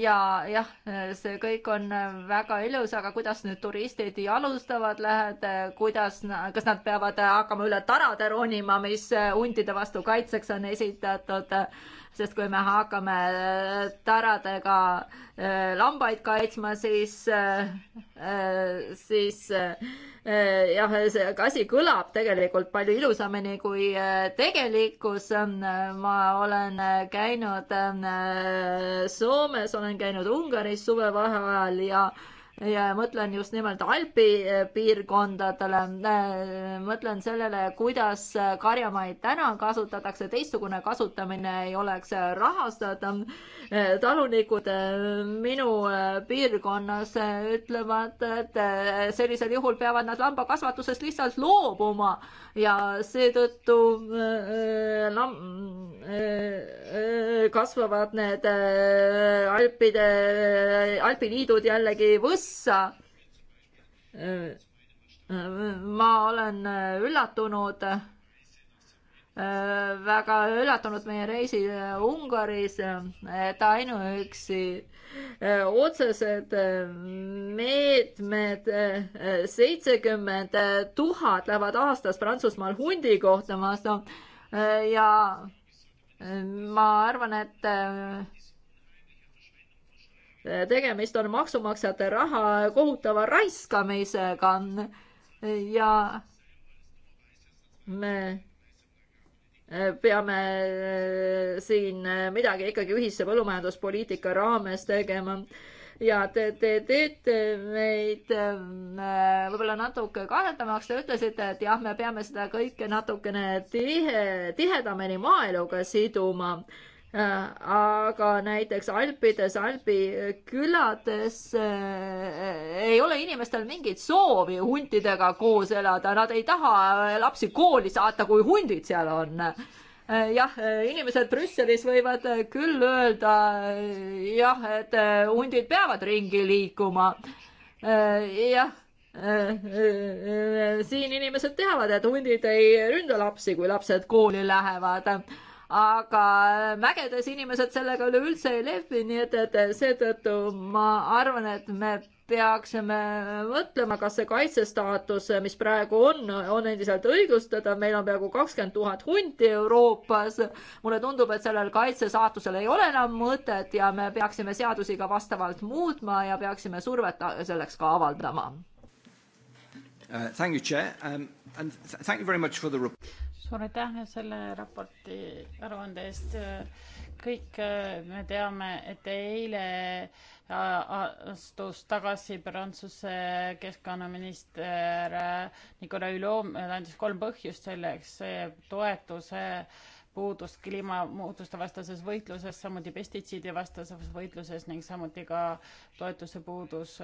Speaker 4: ja jah, see kõik on väga ilus, aga kuidas nüüd turistid jalustavad lähed, kuidas, kas nad peavad hakkama üle tarade ronima, mis huntide vastu kaitseks on esitatud, sest kui me hakkame taradega lambaid kaitsma, siis, siis Eh, jah, see asi kõlab tegelikult palju ilusamini kui eh, tegelikkus. Eh, ma olen käinud Soomes, olen käinud Ungaris suvevaheajal ja ja mõtlen just nimelt Alpi eh, piirkondadele, eh, mõtlen sellele, kuidas eh, karjamaid täna kasutatakse, teistsugune kasutamine ei oleks rahastatav. talunikud minu piirkonnas ütlevad, et sellisel juhul peavad nad lambakasvatusest lihtsalt loobuma ja seetõttu kasvavad need Alpide, Alpiliidud jällegi võõrsil ossa. ma olen üllatunud, väga üllatunud meie reisil Ungaris, et ainuüksi otsesed meetmed, seitsekümmend tuhat lähevad aastas Prantsusmaal hundi kohta, ma saan ja ma arvan, et tegemist on maksumaksjate raha kohutava raiskamisega ja me eh, peame eh, siin eh, midagi ikkagi ühise põllumajanduspoliitika raames tegema ja te, te teete meid võib-olla natuke kannatavaks, te ütlesite, et jah, me peame seda kõike natukene tihe, tihedamini maaeluga siduma Äh, aga näiteks Alpides, Alpi külades äh, ei ole inimestel mingit soovi huntidega koos elada, nad ei taha lapsi kooli saata, kui hundid seal on äh, jah, inimesed Brüsselis võivad küll öelda jah, et hundid peavad ringi liikuma. jah, siin inimesed teavad, et hundid ei ründa lapsi, kui lapsed kooli lähevad aga äh, mägedes inimesed sellega üleüldse ei lepi, nii et, et seetõttu ma arvan, et me peaksime mõtlema, kas see kaitsestaatus, mis praegu on, on endiselt õigustada, meil on peaaegu kakskümmend tuhat hunti Euroopas. mulle tundub, et sellel kaitsestaatusel ei ole enam mõtet ja me peaksime seadusi ka vastavalt muutma ja peaksime survet selleks ka avaldama
Speaker 3: uh,. Thank you, chair um,, and thank you very much for the report
Speaker 5: suur aitäh selle raporti aruande eest. kõik äh, me teame, et eile äh, astus tagasi Prantsuse keskkonnaminister äh, Nicolas Hulot, ta andis kolm põhjust selleks, toetuse puudust kliimamuutuste vastases võitluses, samuti pestitsiidi vastases võitluses ning samuti ka toetuse puudus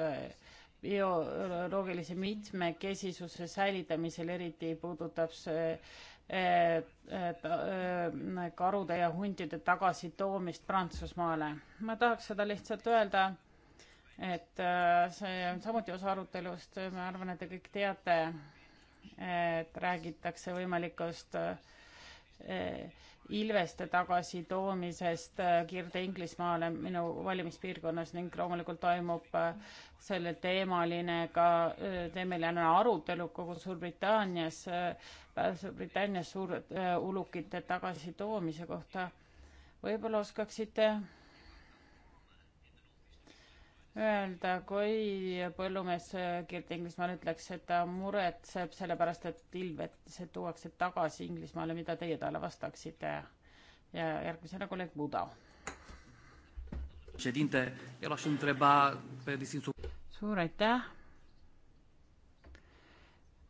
Speaker 5: bioloogilise mitmekesisuse säilitamisel, eriti puudutab see Eh, eh, karude ja huntide tagasitoomist Prantsusmaale. ma tahaks seda lihtsalt öelda, et eh, see on samuti osa arutelust, ma arvan, et te kõik teate, et räägitakse võimalikust ilveste tagasitoomisest äh, Kirde-Inglismaale minu valimispiirkonnas ning loomulikult toimub äh, sellel teemaline ka äh, teemaline arutelu kogu Suurbritannias, Suurbritannias suurulukite tagasitoomise kohta. võib-olla oskaksite öelda, kui põllumees keelt Inglismaal ütleks, et ta muretseb sellepärast, et ilmselt tuuakse tagasi Inglismaale, mida teie talle vastaksite? ja järgmisena kolleeg Buda. suur aitäh.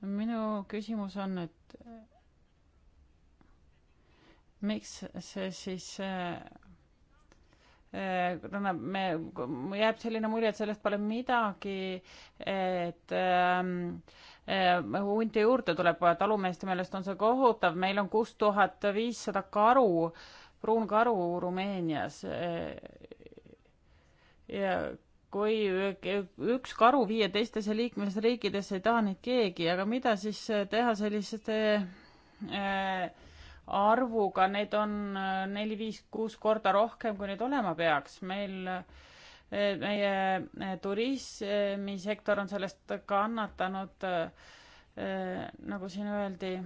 Speaker 5: minu küsimus on, et miks see siis äh, Äh, me, jääb selline mulje, et sellest pole midagi, et ähm, äh, hunte juurde tuleb, talumeeste meelest on see kohutav, meil on kuus tuhat viissada karu, pruunkaru Rumeenias. Äh, ja kui üks karu viia teistesse liikmesriikidesse, ei taha neid keegi, aga mida siis teha selliste äh, arvuga, neid on äh, neli-viis-kuus korda rohkem, kui neid olema peaks. meil, äh, meie äh, turismisektor on sellest kannatanud, nagu siin öeldi,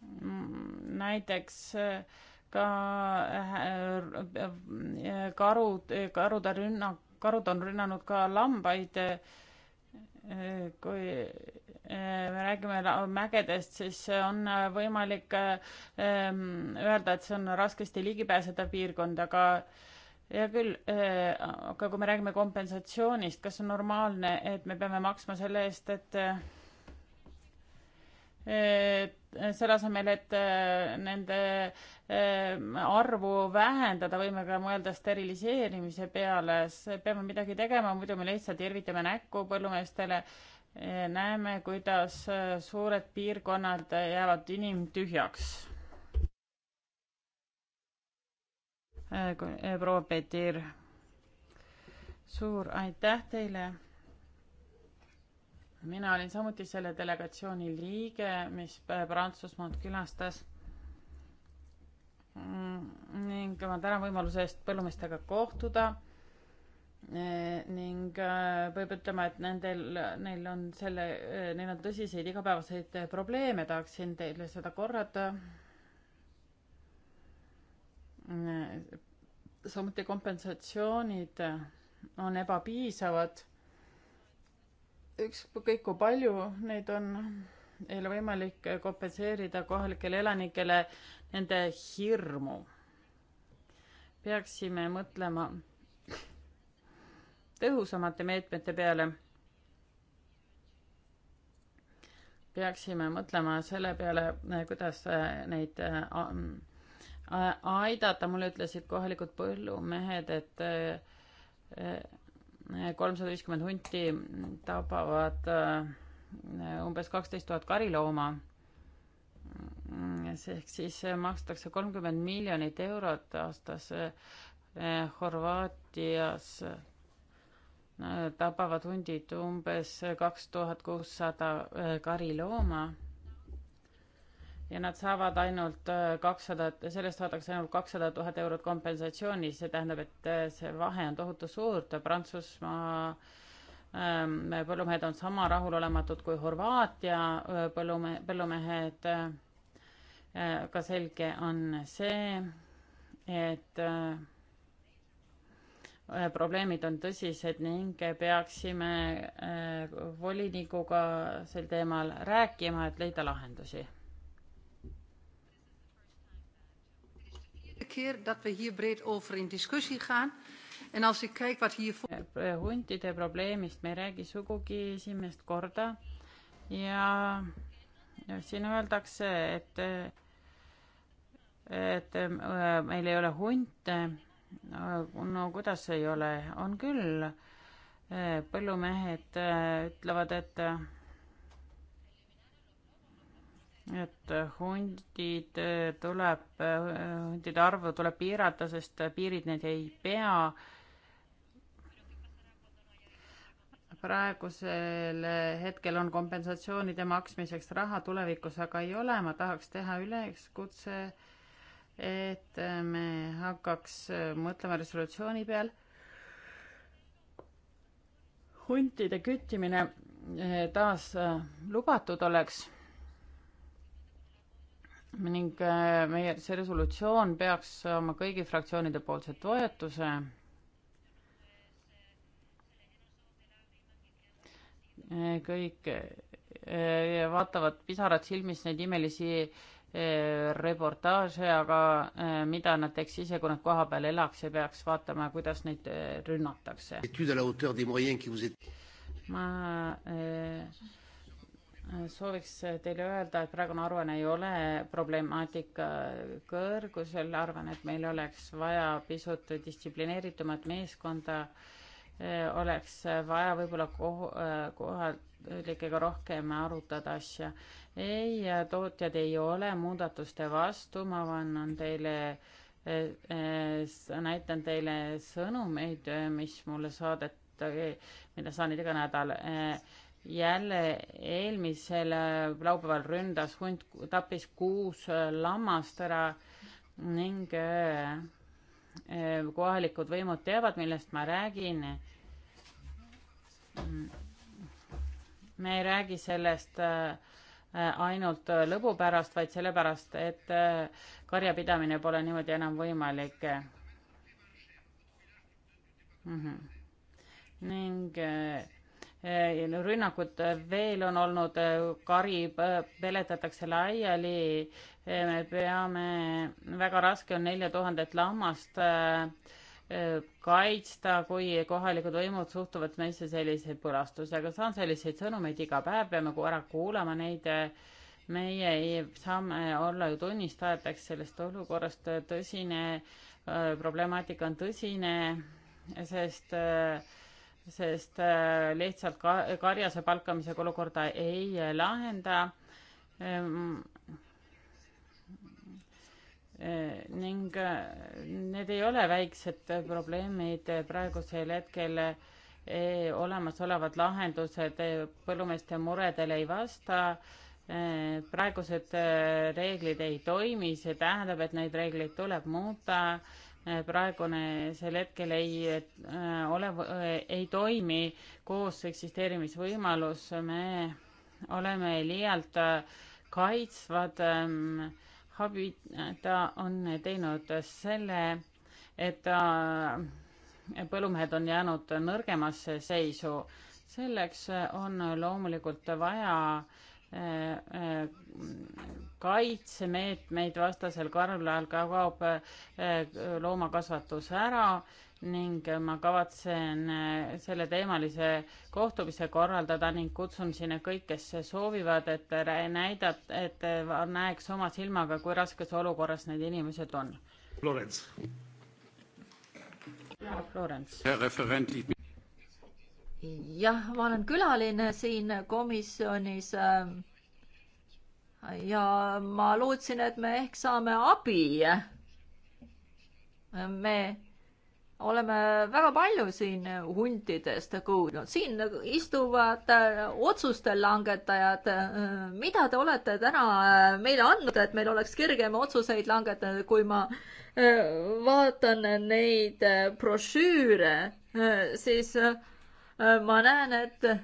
Speaker 5: mm, näiteks ka karud, karude rünnak, karud on rünnanud ka lambaid kui eh, me räägime mägedest, siis on eh, võimalik eh, öelda, et see on raskesti ligipääsetav piirkond, aga hea küll, aga kui me räägime kompensatsioonist, kas on normaalne, et me peame maksma selle eest, et selle asemel, et äh, nende äh, arvu vähendada, võime ka mõelda steriliseerimise peale, peame midagi tegema, muidu me lihtsalt irvitame näkku põllumeestele. näeme, kuidas äh, suured piirkonnad jäävad inimtühjaks. proua Peeter, suur aitäh teile mina olin samuti selle delegatsiooni liige, mis Prantsusmaad külastas. Mm, ning ma tänan võimaluse eest põllumeestega kohtuda. E, ning e, peab ütlema, et nendel, neil on selle, e, neil on tõsiseid igapäevaseid probleeme, tahaksin teile seda korrata. samuti kompensatsioonid on ebapiisavad ükskõik kui palju neid on, ei ole võimalik kompenseerida kohalikele elanikele nende hirmu. peaksime mõtlema tõhusamate meetmete peale. peaksime mõtlema selle peale, kuidas neid aidata, mulle ütlesid kohalikud põllumehed, et e, kolmsada viiskümmend hunti tapavad äh, umbes kaksteist tuhat karilooma. Mm, ehk siis äh, makstakse kolmkümmend miljonit eurot aastas äh, Horvaatias tapavad hundid umbes kaks tuhat kuussada karilooma ja nad saavad ainult äh, kakssada, sellest saadakse ainult kakssada tuhat eurot kompensatsiooni, see tähendab, et äh, see vahe on tohutu suur, Prantsusmaa ähm, põllumehed on sama rahulolematud kui Horvaatia äh, põllume-, põllumehed äh,. ka selge on see, et äh, probleemid on tõsised ning peaksime äh, volinikuga sel teemal rääkima, et leida lahendusi keer dat we hier breed over in discussie gaan. En als ik kijk wat hier... Eh, huntide probleemist me ei räägi sugugi esimest korda ja, ja siin öeldakse, et, et äh, meil ei ole hunte. Äh, no kuidas ei ole, on küll. Äh, põllumehed ütlevad, et et hundid tuleb, hundide arvu tuleb piirata, sest piirid neid ei pea. praegusel hetkel on kompensatsioonide maksmiseks raha, tulevikus aga ei ole, ma tahaks teha üleskutse, et me hakkaks mõtlema resolutsiooni peal. huntide küttimine taas lubatud oleks ning äh, meie, see resolutsioon peaks saama kõigi fraktsioonide poolse toetuse. Äh, kõik äh, vaatavad pisarad silmis neid imelisi reportaaže, aga mida nad teeks ise, kui nad kohapeal elaks ja peaks vaatama, kuidas neid rünnatakse. ma äh, sooviks teile öelda, et praegune aruanne ei ole problemaatika kõrgusel, arvan, et meil oleks vaja pisut distsiplineeritumat meeskonda, eh, oleks vaja võib-olla koh-, eh, kohalikega rohkem arutada asja. ei, tootjad ei ole muudatuste vastu, ma annan teile eh, näitan teile sõnumeid, mis mulle saadeti, mida saan iga nädal jälle eelmisel äh, laupäeval ründas hunt, tappis kuus äh, lammast ära ning äh, kohalikud võimud teavad, millest ma räägin. me ei räägi sellest ainult lõbu pärast, vaid sellepärast, et karjapidamine pole niimoodi enam võimalik mm. -hmm. ning Äh, rünnakud äh, veel on olnud, äh, kari peletatakse laiali, me peame, väga raske on nelja tuhandet lammast kaitsta, kui kohalikud võimud suhtuvad meisse sellise põlastusega. saan selliseid sõnumeid iga päev, peame ära kuulama neid. meie ei, saame olla ju tunnistajateks sellest olukorrast, tõsine problemaatika on tõsine, sest äh, sest äh, lihtsalt ka-, karjase palkamisega olukorda ei äh, lahenda ehm,. ehm ning äh, need ei ole väiksed probleemid praegusel hetkel olemasolevad lahendused põllumeeste muredele ei vasta. Ehm, praegused reeglid ei toimi, see tähendab, et neid reegleid tuleb muuta Eh, praegune sel hetkel ei eh, ole, eh, ei toimi koos eksisteerimisvõimalus, me oleme liialt kaitsvad. Habita on teinud selle, et põllumehed on jäänud nõrgemasse seisu. selleks on loomulikult vaja äh, kaitsemeetmeid, vastasel korral kaob eh, loomakasvatus ära ning ma kavatsen eh, selleteemalise kohtumise korraldada ning kutsun sinna kõik, kes soovivad, et näidab, et eh, näeks oma silmaga, kui raskes olukorras need inimesed on. Florence. Florence
Speaker 4: jah, ma olen külaline siin komisjonis ähm, ja ma lootsin, et me ehk saame abi. me oleme väga palju siin huntidest kuulnud, siin istuvad äh, otsuste langetajad. Äh, mida te olete täna äh, meile andnud, et meil oleks kergem otsuseid langetada, kui ma vaatan neid brošüüre, siis Äh, ma näen, et äh,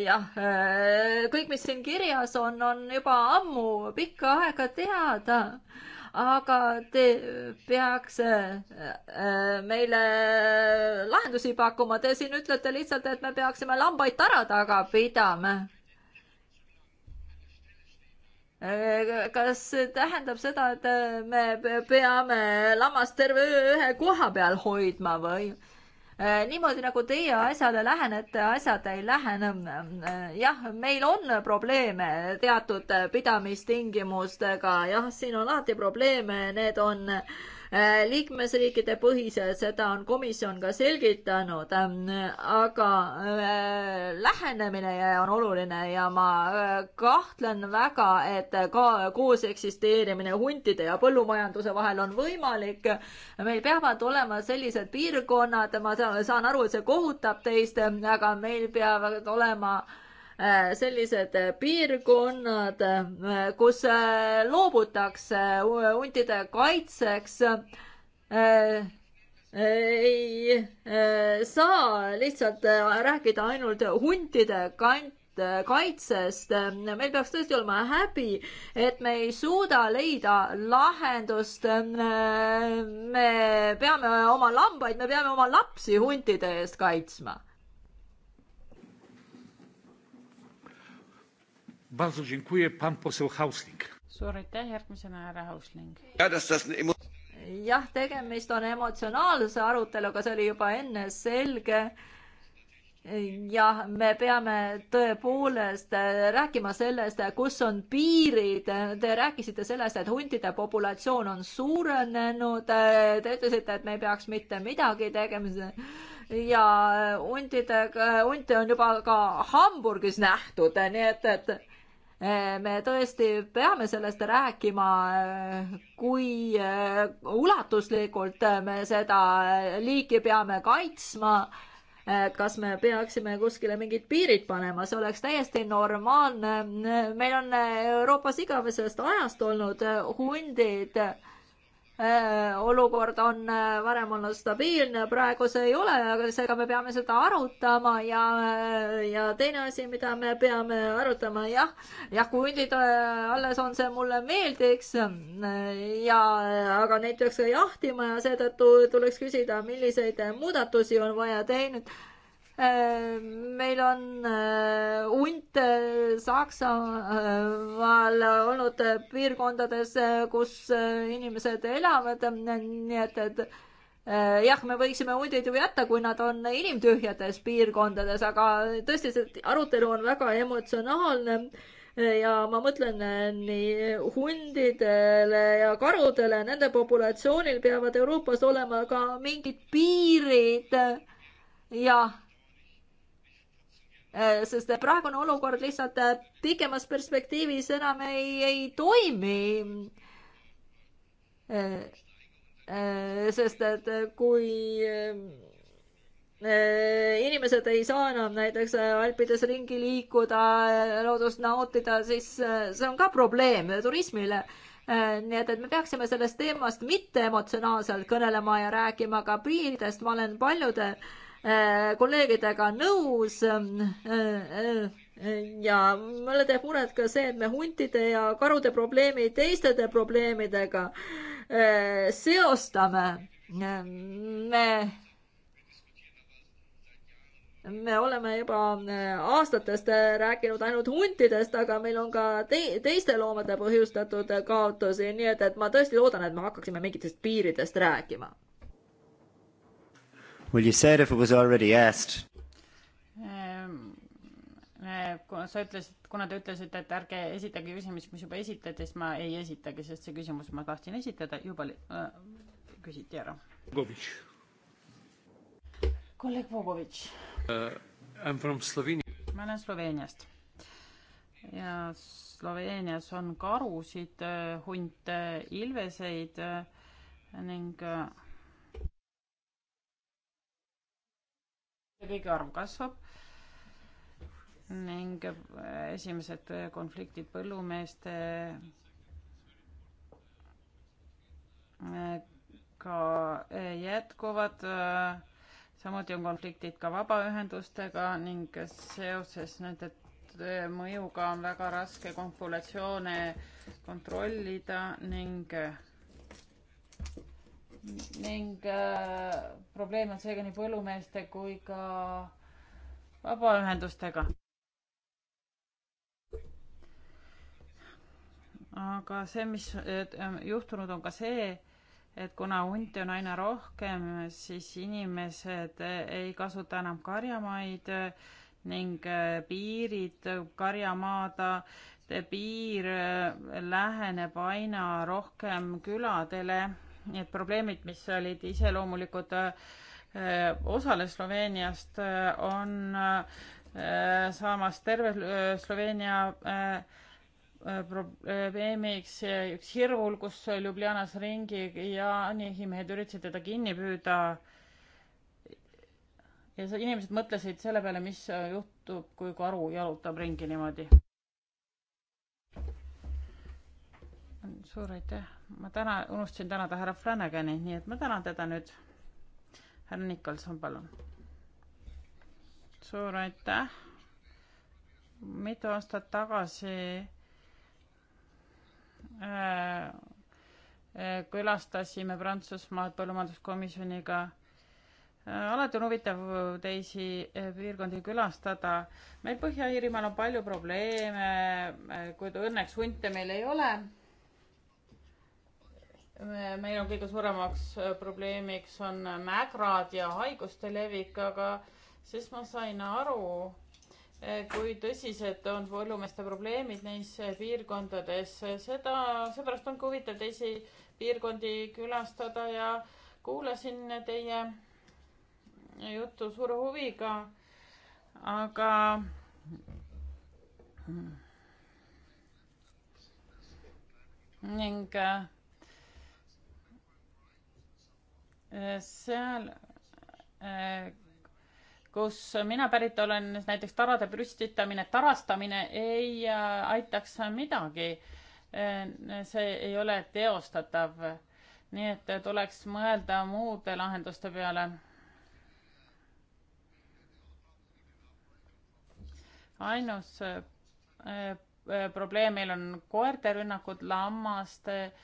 Speaker 4: jah, äh, kõik, mis siin kirjas on, on juba ammu, pikka aega teada aga te peaks meile lahendusi pakkuma. Te siin ütlete lihtsalt, et me peaksime lambaid tara taga pidama. kas see tähendab seda, et me peame lammast terve öö ühe koha peal hoidma või? Äh, niimoodi, nagu teie asjale lähenete, asjad ei lähene. Äh, jah, meil on probleeme teatud pidamistingimustega, jah, siin on alati probleeme, need on äh, Äh, liikmesriikide põhised, seda on komisjon ka selgitanud, ähm, aga äh, lähenemine on oluline ja ma äh, kahtlen väga, et ka koos eksisteerimine huntide ja põllumajanduse vahel on võimalik. meil peavad olema sellised piirkonnad, ma saan aru, et see kohutab teist, aga meil peavad olema äh, Äh, sellised äh, piirkonnad, äh, kus loobutakse huntide kaitseks, ei saa lihtsalt rääkida ainult huntide kant-, kaitsest. meil peaks tõesti olema häbi, et me ei suuda leida lahendust. me peame oma lambaid, me peame oma lapsi huntide eest kaitsma
Speaker 1: Bardzo dziękuję, pan poseł Hausling.
Speaker 5: suur aitäh, järgmisena härra Hausling.
Speaker 4: jah, tegemist on emotsionaalse aruteluga, see oli juba enne selge jah, me peame tõepoolest rääkima sellest, kus on piirid. Te rääkisite sellest, et huntide populatsioon on suurenenud. Te ütlesite, et me ei peaks mitte midagi tegema. ja huntidega, hunte on juba ka Hamburgis nähtud, nii et, et Eh, me tõesti peame sellest rääkima, eh, kui eh, ulatuslikult me seda liiki peame kaitsma. kas me peaksime kuskile mingid piirid panema, see oleks täiesti normaalne. meil on Euroopas igavesest ajast olnud hundid Äh, olukord on äh, varem olnud stabiilne, praegu see ei ole, aga seega me peame seda arutama ja, äh, ja teine asi, mida me peame arutama, jah, jah, kui hundid alles on, see mulle meeldiks ja, aga neid peaks ka jahtima ja seetõttu tuleks küsida, milliseid muudatusi on vaja teinud Äh, meil on äh, hunt äh, Saksamaal olnud piirkondades, kus inimesed elavad, nii et, et jah, me võiksime hundid ju jätta, kui nad on inimtühjades piirkondades, aga tõesti, see arutelu on väga emotsionaalne ja ma mõtlen nii hundidele ja karudele, nende populatsioonil peavad Euroopas olema ka mingid piirid. jah Äh, sest äh, praegune olukord lihtsalt äh, pikemas perspektiivis enam ei, ei toimi. sest et kui inimesed ei saa enam näiteks Alpides ringi liikuda, loodust nautida, siis see on ka probleem turismile. nii et, et me peaksime sellest teemast mitte emotsionaalselt kõnelema ja rääkima ka piiridest, ma olen paljude äh, Äh, kolleegidega nõus äh, äh, ja mulle teeb muret ka see, et me huntide ja karude probleemi teistede probleemidega seostame. me, me oleme juba aastatest rääkinud ainult huntidest, aga meil on ka te teiste loomade põhjustatud kaotusi, nii et, et ma tõesti loodan, et me hakkaksime mingitest
Speaker 5: piiridest rääkima
Speaker 1: Well, you said if it was already asked.
Speaker 5: Ähm, äh, sa ütlesid, kuna te ütlesite, et ärge esitage küsimusi, mis juba esitati, siis ma ei esitagi, sest see küsimus ma tahtsin esitada juba äh, küsiti ära. kolleeg Vogovitš
Speaker 1: uh,. Äh, I m from Slovenia.
Speaker 5: ma olen Sloveeniast ja Sloveenias on karusid, äh, hunte, ilveseid ning äh, riigi arv kasvab ning esimesed konfliktid põllumeeste ka jätkuvad. samuti on konfliktid ka vabaühendustega ning seoses nende mõjuga on väga raske populatsioone kontrollida ning ning äh, probleem on seega nii põllumeeste kui ka vabaühendustega. aga see, mis äh, juhtunud on ka see, et kuna hunte on aina rohkem, siis inimesed äh, ei kasuta enam karjamaid äh, ning piirid karjamaada piir läheneb aina rohkem küladele Need probleemid, mis olid iseloomulikud äh, osale Sloveeniast, äh, on äh, saamas terve Sloveenia probleemiks üks hirvul, kus Ljubljanas ringi jaanihimehed üritasid teda kinni püüda. ja inimesed mõtlesid selle peale, mis juhtub, kui karu jalutab ringi niimoodi suur aitäh, ma täna, unustasin tänada härra Flanagani, nii et ma tänan teda nüüd. härra Nikolson, palun. suur aitäh. mitu aastat tagasi äh, äh külastasime Prantsusmaad põllumajanduskomisjoniga äh,. alati on huvitav teisi äh, piirkondi külastada. meil Põhja-Iirimaal on palju probleeme, äh, kuid õnneks hunte meil ei ole meil on kõige suuremaks äh, probleemiks on äh, mägrad ja haiguste levik, aga siis ma sain aru, äh, kui tõsised on põllumeeste probleemid neis piirkondades. seda, seepärast ongi huvitav teisi piirkondi külastada ja kuulasin teie juttu suure huviga, aga ning äh, seal, äh, kus mina pärit olen, näiteks tarade püstitamine, tarastamine ei äh, aitaks midagi. Äh, see ei ole teostatav. nii et tuleks mõelda muude lahenduste peale. ainus probleem meil on koerte rünnakud lammaste äh,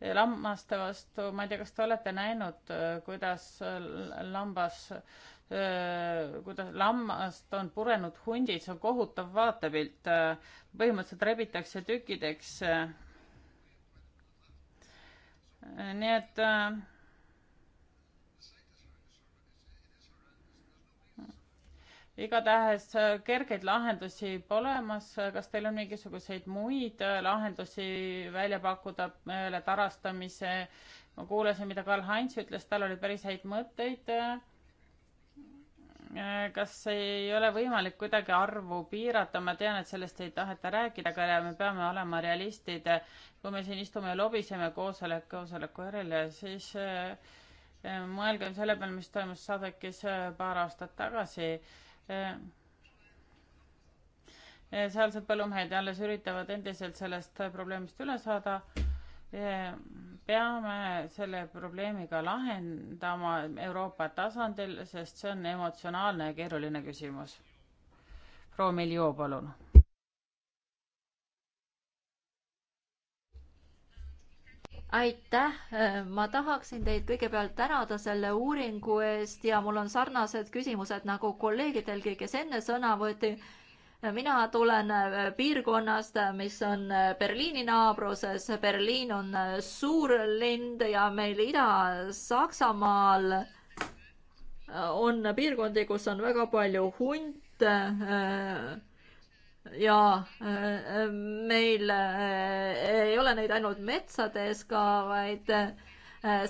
Speaker 5: lammaste vastu, ma ei tea, kas te olete näinud, äh, kuidas äh, lambas, äh, kuidas lammast on purenud hundid, see on kohutav vaatepilt. põhimõtteliselt rebitakse tükkideks. nii et äh, igatahes äh, kergeid lahendusi pole olemas, kas teil on mingisuguseid muid äh, lahendusi välja pakkuda peale äh, tarastamise? ma kuulasin, mida Karl-Heinz ütles, tal oli päris häid mõtteid. kas ei ole võimalik kuidagi arvu piirata, ma tean, et sellest ei taheta rääkida, aga me peame olema realistid. kui me siin istume ja lobiseme koosolek koosoleku järel ja siis mõelgem selle peale, mis toimus Sadekis paar aastat tagasi Äh, äh, sealsed põllumehed alles üritavad endiselt sellest probleemist üle saada. Äh, peame selle probleemiga lahendama Euroopa tasandil, sest see on emotsionaalne ja keeruline küsimus. proua Miljo, palun
Speaker 4: aitäh, ma tahaksin teid kõigepealt tänada selle uuringu eest ja mul on sarnased küsimused nagu kolleegidelgi, kes enne sõna võeti. mina tulen äh, piirkonnast, äh, mis on äh, Berliini naabruses. Berliin on suur lind ja meil Ida-Saksamaal on piirkondi, kus on väga palju hunte ja äh, äh, meil äh, ei ole neid ainult metsades ka, vaid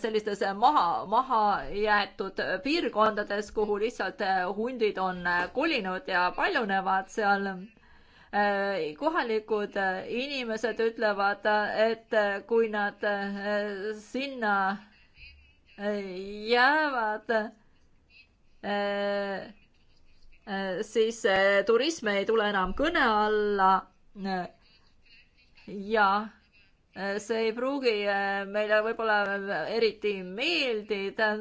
Speaker 4: sellistes maha, mahajäetud piirkondades, kuhu lihtsalt hundid on kolinud ja paljunevad seal. kohalikud inimesed ütlevad, et kui nad sinna jäävad, siis eh, turism ei tule enam kõne alla. ja eh, see ei pruugi eh, meile võib-olla eriti meeldida,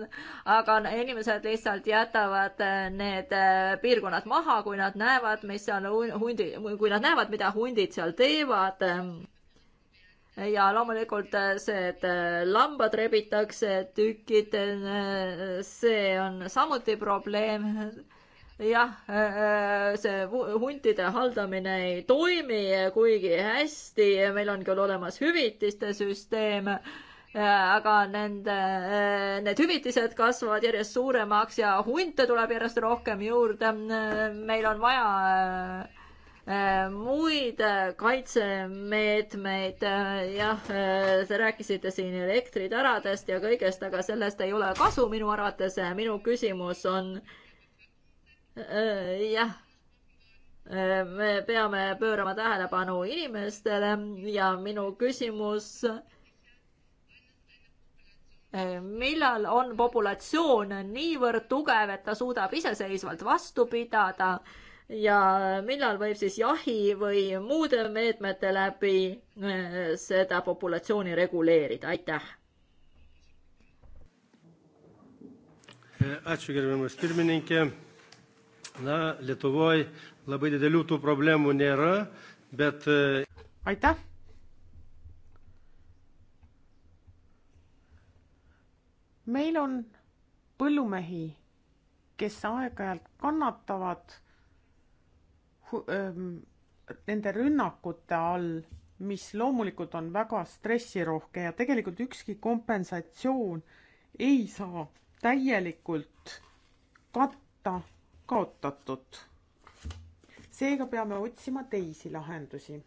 Speaker 4: aga inimesed lihtsalt jätavad need piirkonnad maha, kui nad näevad, mis seal hundi, kui nad näevad, mida hundid seal teevad. ja loomulikult see, et lambad rebitakse tükkidena, see on samuti probleem jah, äh, see huntide haldamine ei toimi kuigi hästi, meil on küll olemas hüvitiste süsteem, äh, aga nende, äh, need hüvitised kasvavad järjest suuremaks ja hunte tuleb järjest rohkem juurde. meil on vaja muid kaitsemeetmeid, jah, te rääkisite siin elektritaradest ja kõigest, aga sellest ei ole kasu minu arvates. minu küsimus on äh, Äh, jah äh, me peame pöörama tähelepanu inimestele ja minu küsimus. Äh, millal on populatsioon niivõrd tugev, et ta suudab iseseisvalt vastu pidada ja millal võib siis jahi või muude meetmete läbi seda populatsiooni reguleerida, aitäh.
Speaker 1: Ačiū gerbiamas pirmininkė Na, Lietuvoje labai didelių tų problemų nėra, bet. E, Aitäh!
Speaker 2: meil on põllumehi, kes aeg-ajalt kannatavad ähm, nende rünnakute all, mis loomulikult on väga stressirohke ja tegelikult ükski kompensatsioon ei saa täielikult katta kaotatud. seega peame otsima teisi lahendusi.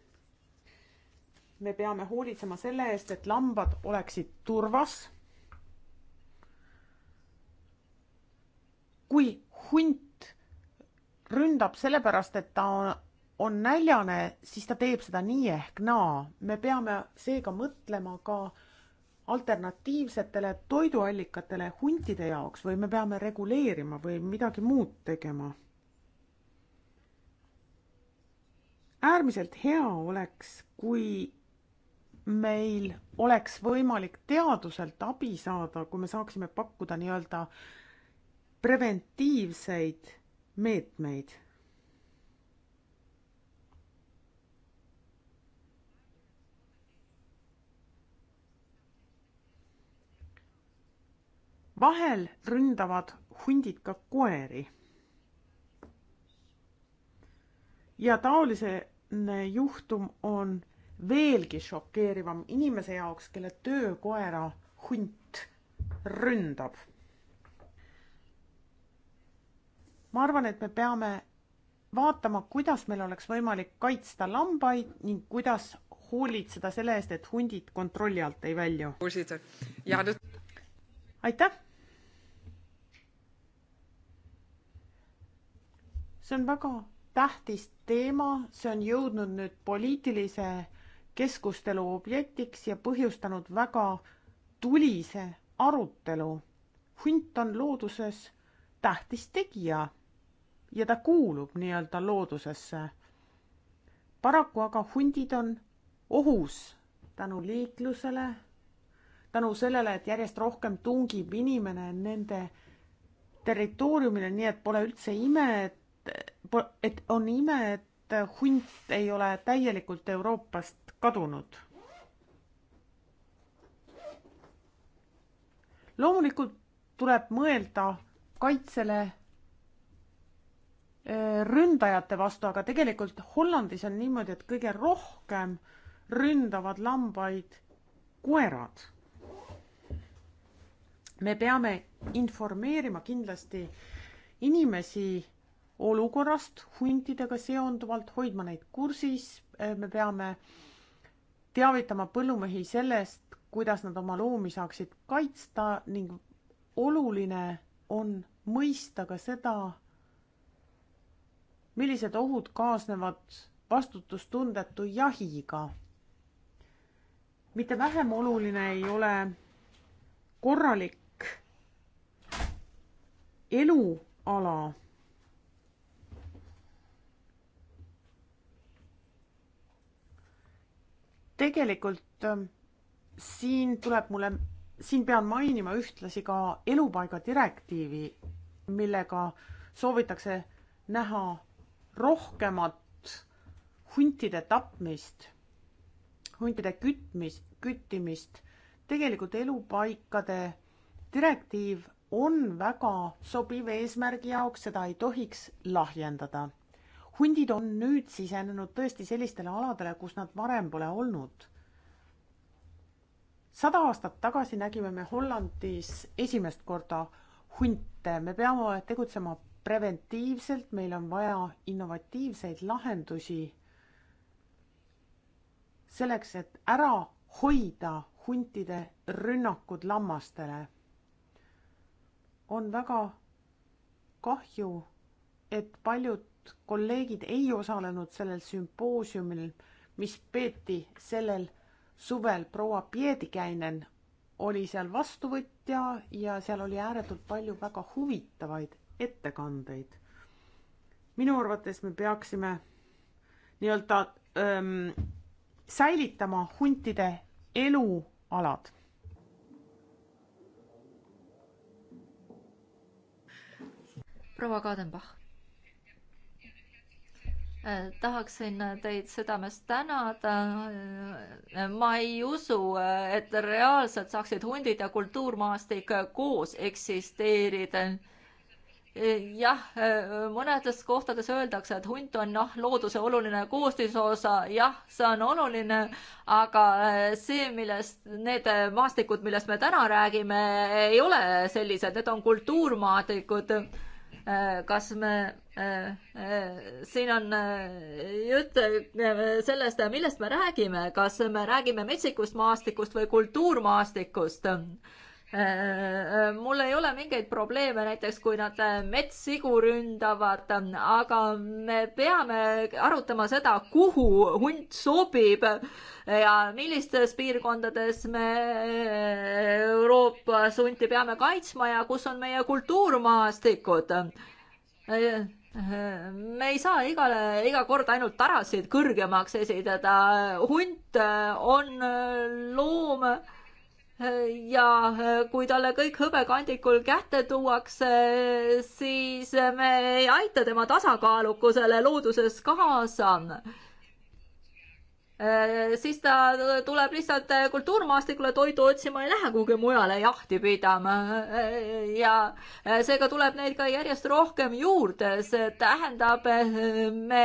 Speaker 2: me peame hoolitsema selle eest, et lambad oleksid turvas. kui hunt ründab sellepärast, et ta on, on näljane, siis ta teeb seda nii ehk naa. me peame seega mõtlema ka äh, alternatiivsetele toiduallikatele huntide jaoks või me peame reguleerima või midagi muud tegema? äärmiselt hea oleks, kui meil oleks võimalik teaduselt abi saada, kui me saaksime pakkuda nii-öelda preventiivseid meetmeid vahel ründavad hundid ka koeri. ja taoline juhtum on veelgi šokeerivam inimese jaoks, kelle töökoera hunt ründab. ma arvan, et me peame vaatama, kuidas meil oleks võimalik kaitsta lambaid ning kuidas hoolitseda selle eest, et hundid kontrolli alt ei välju. aitäh! see on väga tähtis teema, see on jõudnud nüüd poliitilise keskustelu objektiks ja põhjustanud väga tulise arutelu. hunt on looduses tähtis tegija ja ta kuulub nii-öelda loodusesse. paraku aga hundid on ohus tänu liiklusele, tänu sellele, et järjest rohkem tungib inimene nende territooriumile, nii et pole üldse ime, et et on ime, et hunt ei ole täielikult Euroopast kadunud. loomulikult tuleb mõelda kaitsele äh, ründajate vastu, aga tegelikult Hollandis on niimoodi, et kõige rohkem ründavad lambaid koerad. me peame informeerima kindlasti inimesi olukorrast huntidega seonduvalt, hoidma neid kursis, eh, me peame teavitama põllumehi sellest, kuidas nad oma loomi saaksid kaitsta ning oluline on mõista ka seda, millised ohud kaasnevad vastutustundetu jahiga. mitte vähem oluline ei ole korralik eluala tegelikult ähm, siin tuleb mulle, siin pean mainima ühtlasi ka elupaigadirektiivi, millega soovitakse näha rohkemat huntide tapmist, huntide kütmist, küttimist. tegelikult elupaikade direktiiv on väga sobiv eesmärgi jaoks, seda ei tohiks lahjendada hundid on nüüd sisenenud tõesti sellistele aladele, kus nad varem pole olnud. sada aastat tagasi nägime me Hollandis esimest korda hunte, me peame tegutsema preventiivselt, meil on vaja innovatiivseid lahendusi selleks, et ära hoida huntide rünnakud lammastele. on väga kahju, et paljud kolleegid ei osalenud sellel sümpoosiumil, mis peeti sellel suvel. proua Piedikäinen oli seal vastuvõtja ja seal oli ääretult palju väga huvitavaid ettekandeid. minu arvates me peaksime nii-öelda ähm, säilitama huntide elualad proua Kadenbach
Speaker 4: tahaksin teid südamest tänada. ma ei usu, et reaalselt saaksid hundid ja kultuurmaastik koos eksisteerida. jah, mõnedes kohtades öeldakse, et hunt on noh, looduse oluline koostisosa, jah, see on oluline, aga see, millest need maastikud, millest me täna räägime, ei ole sellised, need on kultuurmaastikud. kas me siin on äh, jutt äh, sellest, millest me räägime, kas me räägime metsikust maastikust või kultuurmaastikust. Äh, mul ei ole mingeid probleeme, näiteks kui nad metssigu ründavad, aga me peame arutama seda, kuhu hunt sobib ja millistes piirkondades me Euroopas hunti peame kaitsma ja kus on meie kultuurmaastikud me ei saa igale, iga kord ainult tarasid kõrgemaks esitada. hunt äh, on äh, loom äh, ja kui talle kõik hõbekandikul kätte tuuakse, siis me ei aita tema tasakaalukusele looduses kaasa Äh, siis ta tuleb lihtsalt äh, kultuurmaastikule toidu otsima, ei lähe kuhugi mujale jahti pidama. Äh, ja seega tuleb neid ka järjest rohkem juurde, see tähendab, me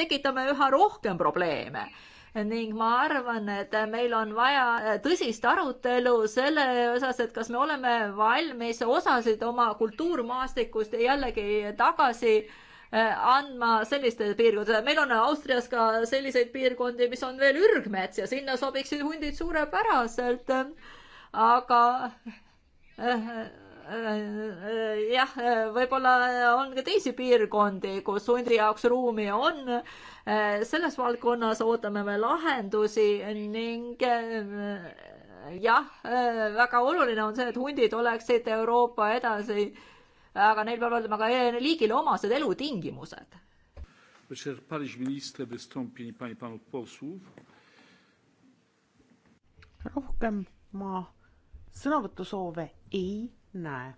Speaker 4: tekitame üha rohkem probleeme ning ma arvan, et meil on vaja tõsist arutelu selle osas, et kas me oleme valmis osasid oma kultuurmaastikust jällegi tagasi äh, Äh, andma selliste piirkondade, meil on Austrias ka selliseid piirkondi, mis on veel ürgmets ja sinna sobiksid hundid suurepäraselt. aga äh, äh, jah, võib-olla on ka teisi piirkondi, kus hundi jaoks ruumi on. selles valdkonnas ootame me lahendusi ning jah, väga oluline on see, et hundid oleksid Euroopa edasi aga neil peavad olema ka e-, liigile omased elutingimused.
Speaker 2: rohkem ma sõnavõtusoove ei näe.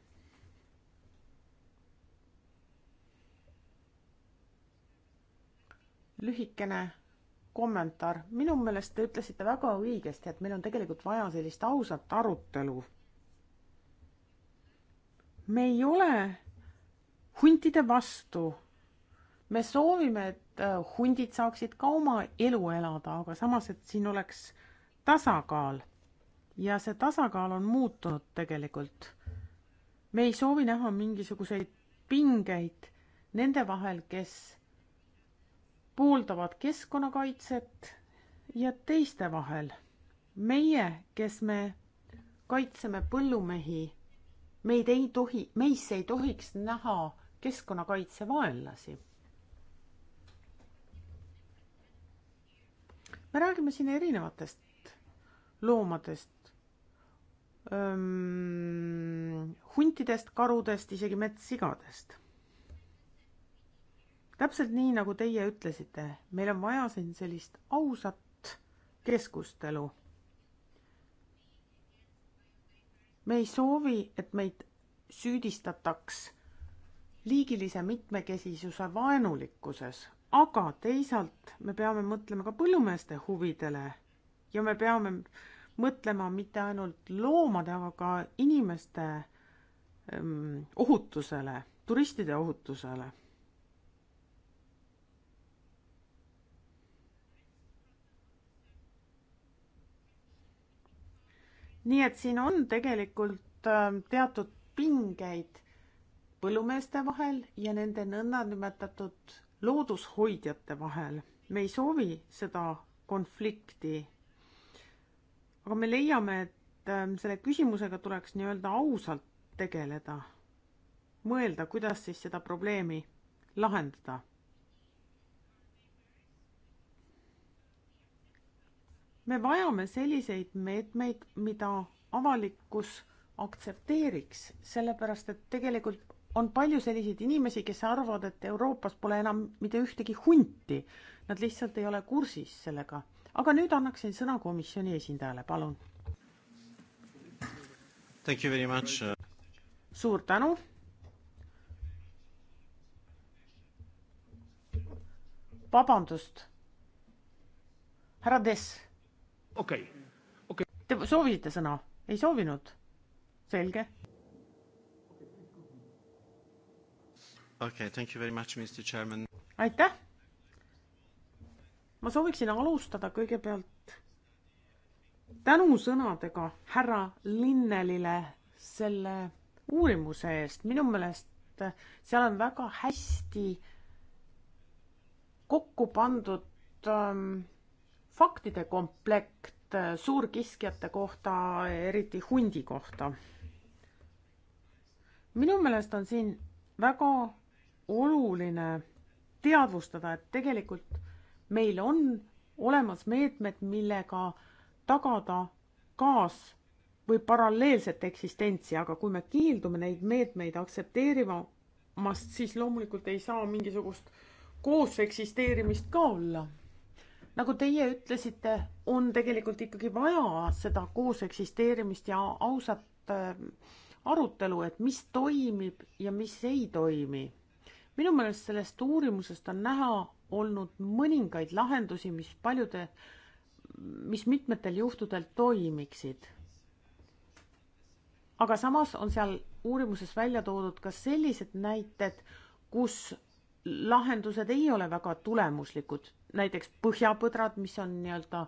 Speaker 2: lühikene kommentaar, minu meelest te ütlesite väga õigesti, et meil on tegelikult vaja sellist ausat arutelu me ei ole huntide vastu. me soovime, et äh, hundid saaksid ka oma elu elada, aga samas, et siin oleks tasakaal. ja see tasakaal on muutunud tegelikult. me ei soovi näha mingisuguseid pingeid nende vahel, kes pooldavad keskkonnakaitset ja teiste vahel. meie, kes me kaitseme põllumehi meid ei tohi, meisse ei tohiks näha keskkonnakaitsevaenlasi. me räägime siin erinevatest loomadest ähm,, huntidest, karudest, isegi metssigadest. täpselt nii, nagu teie ütlesite, meil on vaja siin sellist ausat keskustelu me ei soovi, et meid süüdistataks liigilise mitmekesisuse vaenulikkuses, aga teisalt me peame mõtlema ka põllumeeste huvidele ja me peame mõtlema mitte ainult loomade, aga ka inimeste öm, ehm, ohutusele, turistide ohutusele. nii et siin on tegelikult äh, teatud pingeid põllumeeste vahel ja nende nõndanimetatud loodushoidjate vahel. me ei soovi seda konflikti. aga me leiame, et äh, selle küsimusega tuleks nii-öelda ausalt tegeleda. mõelda, kuidas siis seda probleemi lahendada me vajame selliseid meetmeid, mida avalikkus aktsepteeriks, sellepärast et tegelikult on palju selliseid inimesi, kes arvavad, et Euroopas pole enam mitte ühtegi hunti. Nad lihtsalt ei ole kursis sellega. aga nüüd annaksin sõna komisjoni esindajale, palun. suur tänu. vabandust. härra Dess okei okay., okei okay.. Te soovisite sõna? ei soovinud? selge.
Speaker 3: okei okay,, thank you very much, Mr Chairman.
Speaker 2: aitäh. ma sooviksin alustada kõigepealt tänusõnadega härra Linnelile selle uurimuse eest, minu meelest seal on väga hästi kokku pandud ähm, faktide komplekt äh, suurkiskjate kohta, eriti hundi kohta. minu meelest on siin väga oluline teadvustada, et tegelikult meil on olemas meetmed, millega tagada kaas- või paralleelset eksistentsi, aga kui me keeldume neid meetmeid aktsepteerimast, siis loomulikult ei saa mingisugust koos eksisteerimist ka olla nagu teie ütlesite, on tegelikult ikkagi vaja seda koos eksisteerimist ja ausat äh, arutelu, et mis toimib ja mis ei toimi. minu meelest sellest uurimusest on näha olnud mõningaid lahendusi, mis paljude, mis mitmetel juhtudel toimiksid. aga samas on seal uurimuses välja toodud ka sellised näited, kus lahendused ei ole väga tulemuslikud näiteks põhjapõdrad, mis on nii-öelda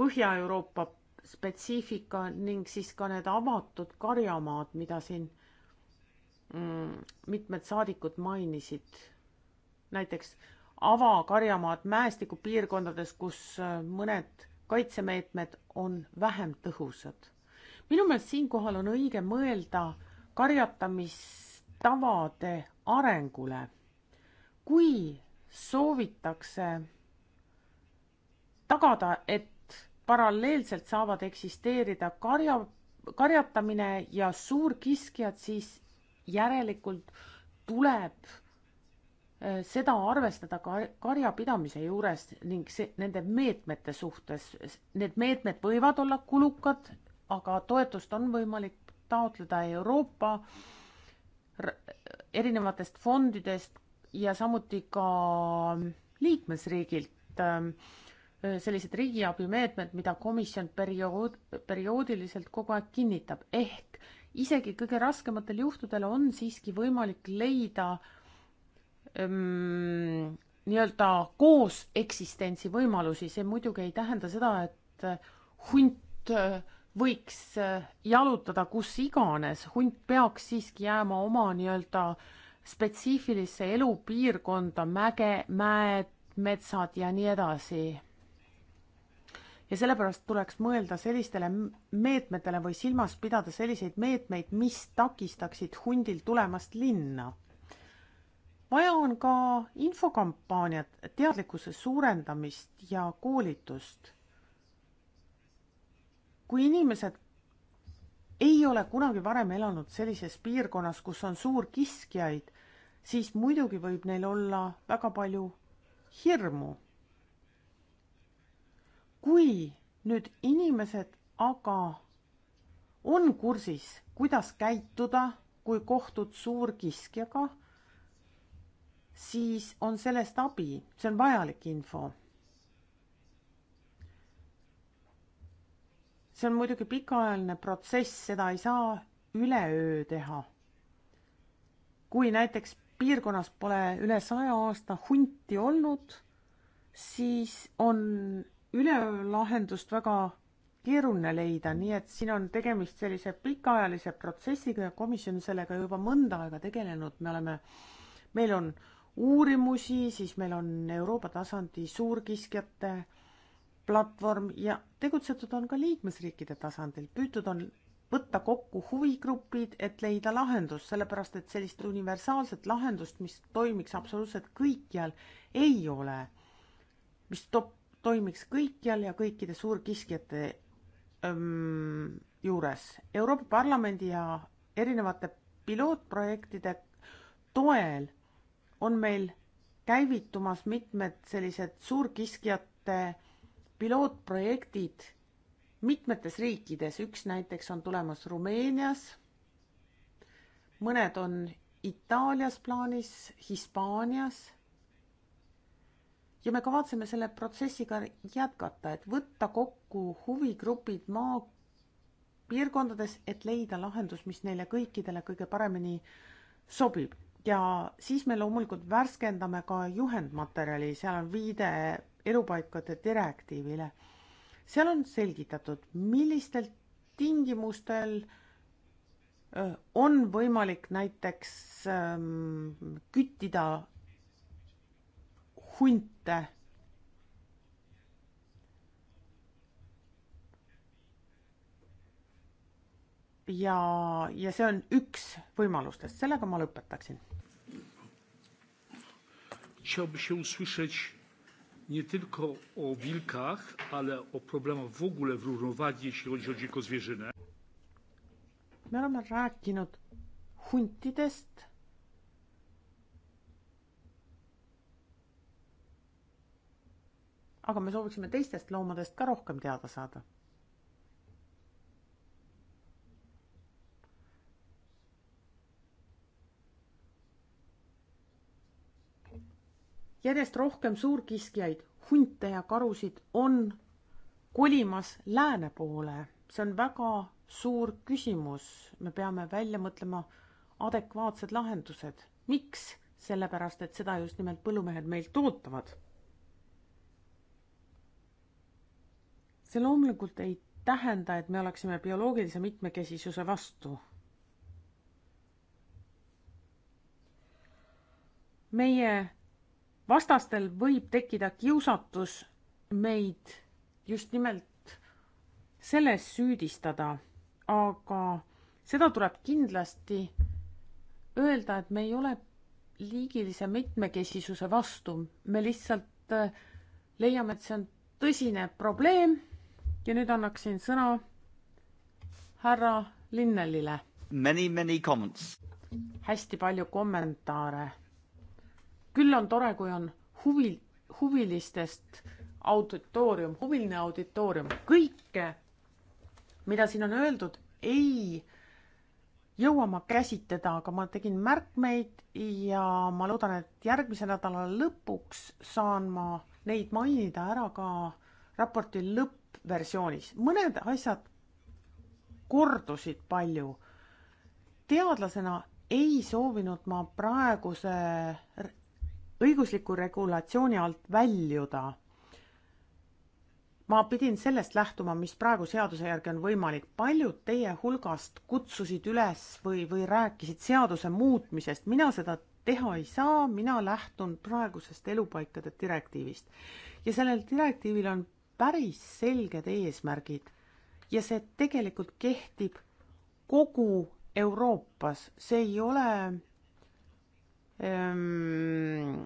Speaker 2: Põhja-Euroopa spetsiifika ning siis ka need avatud karjamaad, mida siin mm, mitmed saadikud mainisid. näiteks avakarjamaad mäestikupiirkondades, kus äh, mõned kaitsemeetmed on vähem tõhusad. minu meelest siinkohal on õige mõelda karjatamistavade arengule. kui soovitakse tagada, et paralleelselt saavad eksisteerida karja, karjatamine ja suurkiskjad, siis järelikult tuleb eh, seda arvestada ka karjapidamise juures ning see, nende meetmete suhtes. Need meetmed võivad olla kulukad, aga toetust on võimalik taotleda Euroopa erinevatest fondidest, ja samuti ka liikmesriigilt ähm, sellised riigiabimeetmed, mida komisjon periood, perioodiliselt kogu aeg kinnitab, ehk isegi kõige raskematel juhtudel on siiski võimalik leida ähm, nii-öelda koos eksistentsi võimalusi, see muidugi ei tähenda seda, et äh, hunt äh, võiks äh, jalutada kus iganes, hunt peaks siiski jääma oma nii-öelda äh, spetsiifilisse elupiirkonda, mäge, mäed, metsad ja nii edasi. ja sellepärast tuleks mõelda sellistele meetmetele või silmas pidada selliseid meetmeid, mis takistaksid hundil tulemast linna. vaja on ka infokampaaniat, teadlikkuse suurendamist ja koolitust. kui inimesed ei ole kunagi varem elanud sellises piirkonnas, kus on suurkiskjaid, siis muidugi võib neil olla väga palju hirmu. kui nüüd inimesed aga on kursis, kuidas käituda, kui kohtud suurkiskjaga, siis on sellest abi, see on vajalik info see on muidugi pikaajaline protsess, seda ei saa üleöö teha. kui näiteks piirkonnas pole üle saja aasta hunti olnud, siis on üleöö lahendust väga keeruline leida, nii et siin on tegemist sellise pikaajalise protsessiga ja komisjon sellega juba mõnda aega tegelenud, me oleme, meil on uurimusi, siis meil on Euroopa tasandi suurkiskjate äh, platvorm ja tegutsetud on ka liikmesriikide tasandil, püütud on võtta kokku huvigrupid, et leida lahendus, sellepärast et sellist universaalset lahendust, mis toimiks absoluutselt kõikjal, ei ole. mis top-, toimiks kõikjal ja kõikide suurkiskjate öm, juures. Euroopa Parlamendi ja erinevate pilootprojektide toel on meil käivitumas mitmed sellised suurkiskjate pilootprojektid mitmetes riikides, üks näiteks on tulemas Rumeenias, mõned on Itaalias plaanis, Hispaanias. ja me kavatseme selle protsessiga jätkata, et võtta kokku huvigrupid maapiirkondades, et leida lahendus, mis neile kõikidele kõige paremini sobib ja siis me loomulikult värskendame ka juhendmaterjali, seal on viide elupaikade direktiivile. seal on selgitatud, millistel tingimustel on võimalik näiteks küttida hunte ja, ja see on üks võimalustest, sellega ma lõpetaksin.
Speaker 1: Chciałby się usłyszeć nie tylko o wilkach, ale o problemach w ogóle w równowadze, jeśli chodzi o dziko zwierzynę.
Speaker 2: me oleme rääkinud huntidest. aga me sooviksime teistest loomadest ka rohkem teada saada järjest rohkem suurkiskjaid, hunte ja karusid on kolimas lääne poole. see on väga suur küsimus, me peame välja mõtlema adekvaatsed lahendused. miks? sellepärast, et seda just nimelt põllumehed meilt ootavad. see loomulikult ei tähenda, et me oleksime bioloogilise mitmekesisuse vastu. meie vastastel võib tekkida kiusatus meid just nimelt selles süüdistada, aga seda tuleb kindlasti öelda, et me ei ole liigilise mitmekesisuse vastu, me lihtsalt äh, leiame, et see on tõsine probleem ja nüüd annaksin sõna härra Linnelile.
Speaker 1: Many, many comments.
Speaker 2: hästi palju kommentaare küll on tore, kui on huvi, huvilistest auditoorium, huviline auditoorium, kõike, mida siin on öeldud, ei jõua ma käsitleda, aga ma tegin märkmeid ja ma loodan, et järgmise nädala lõpuks saan ma neid mainida ära ka raporti lõppversioonis. mõned asjad kordusid palju. teadlasena ei soovinud ma praeguse õigusliku regulatsiooni alt väljuda. ma pidin sellest lähtuma, mis praegu seaduse järgi on võimalik. paljud teie hulgast kutsusid üles või, või rääkisid seaduse muutmisest, mina seda teha ei saa, mina lähtun praegusest elupaikade direktiivist. ja sellel direktiivil on päris selged eesmärgid ja see tegelikult kehtib kogu Euroopas, see ei ole Ehm,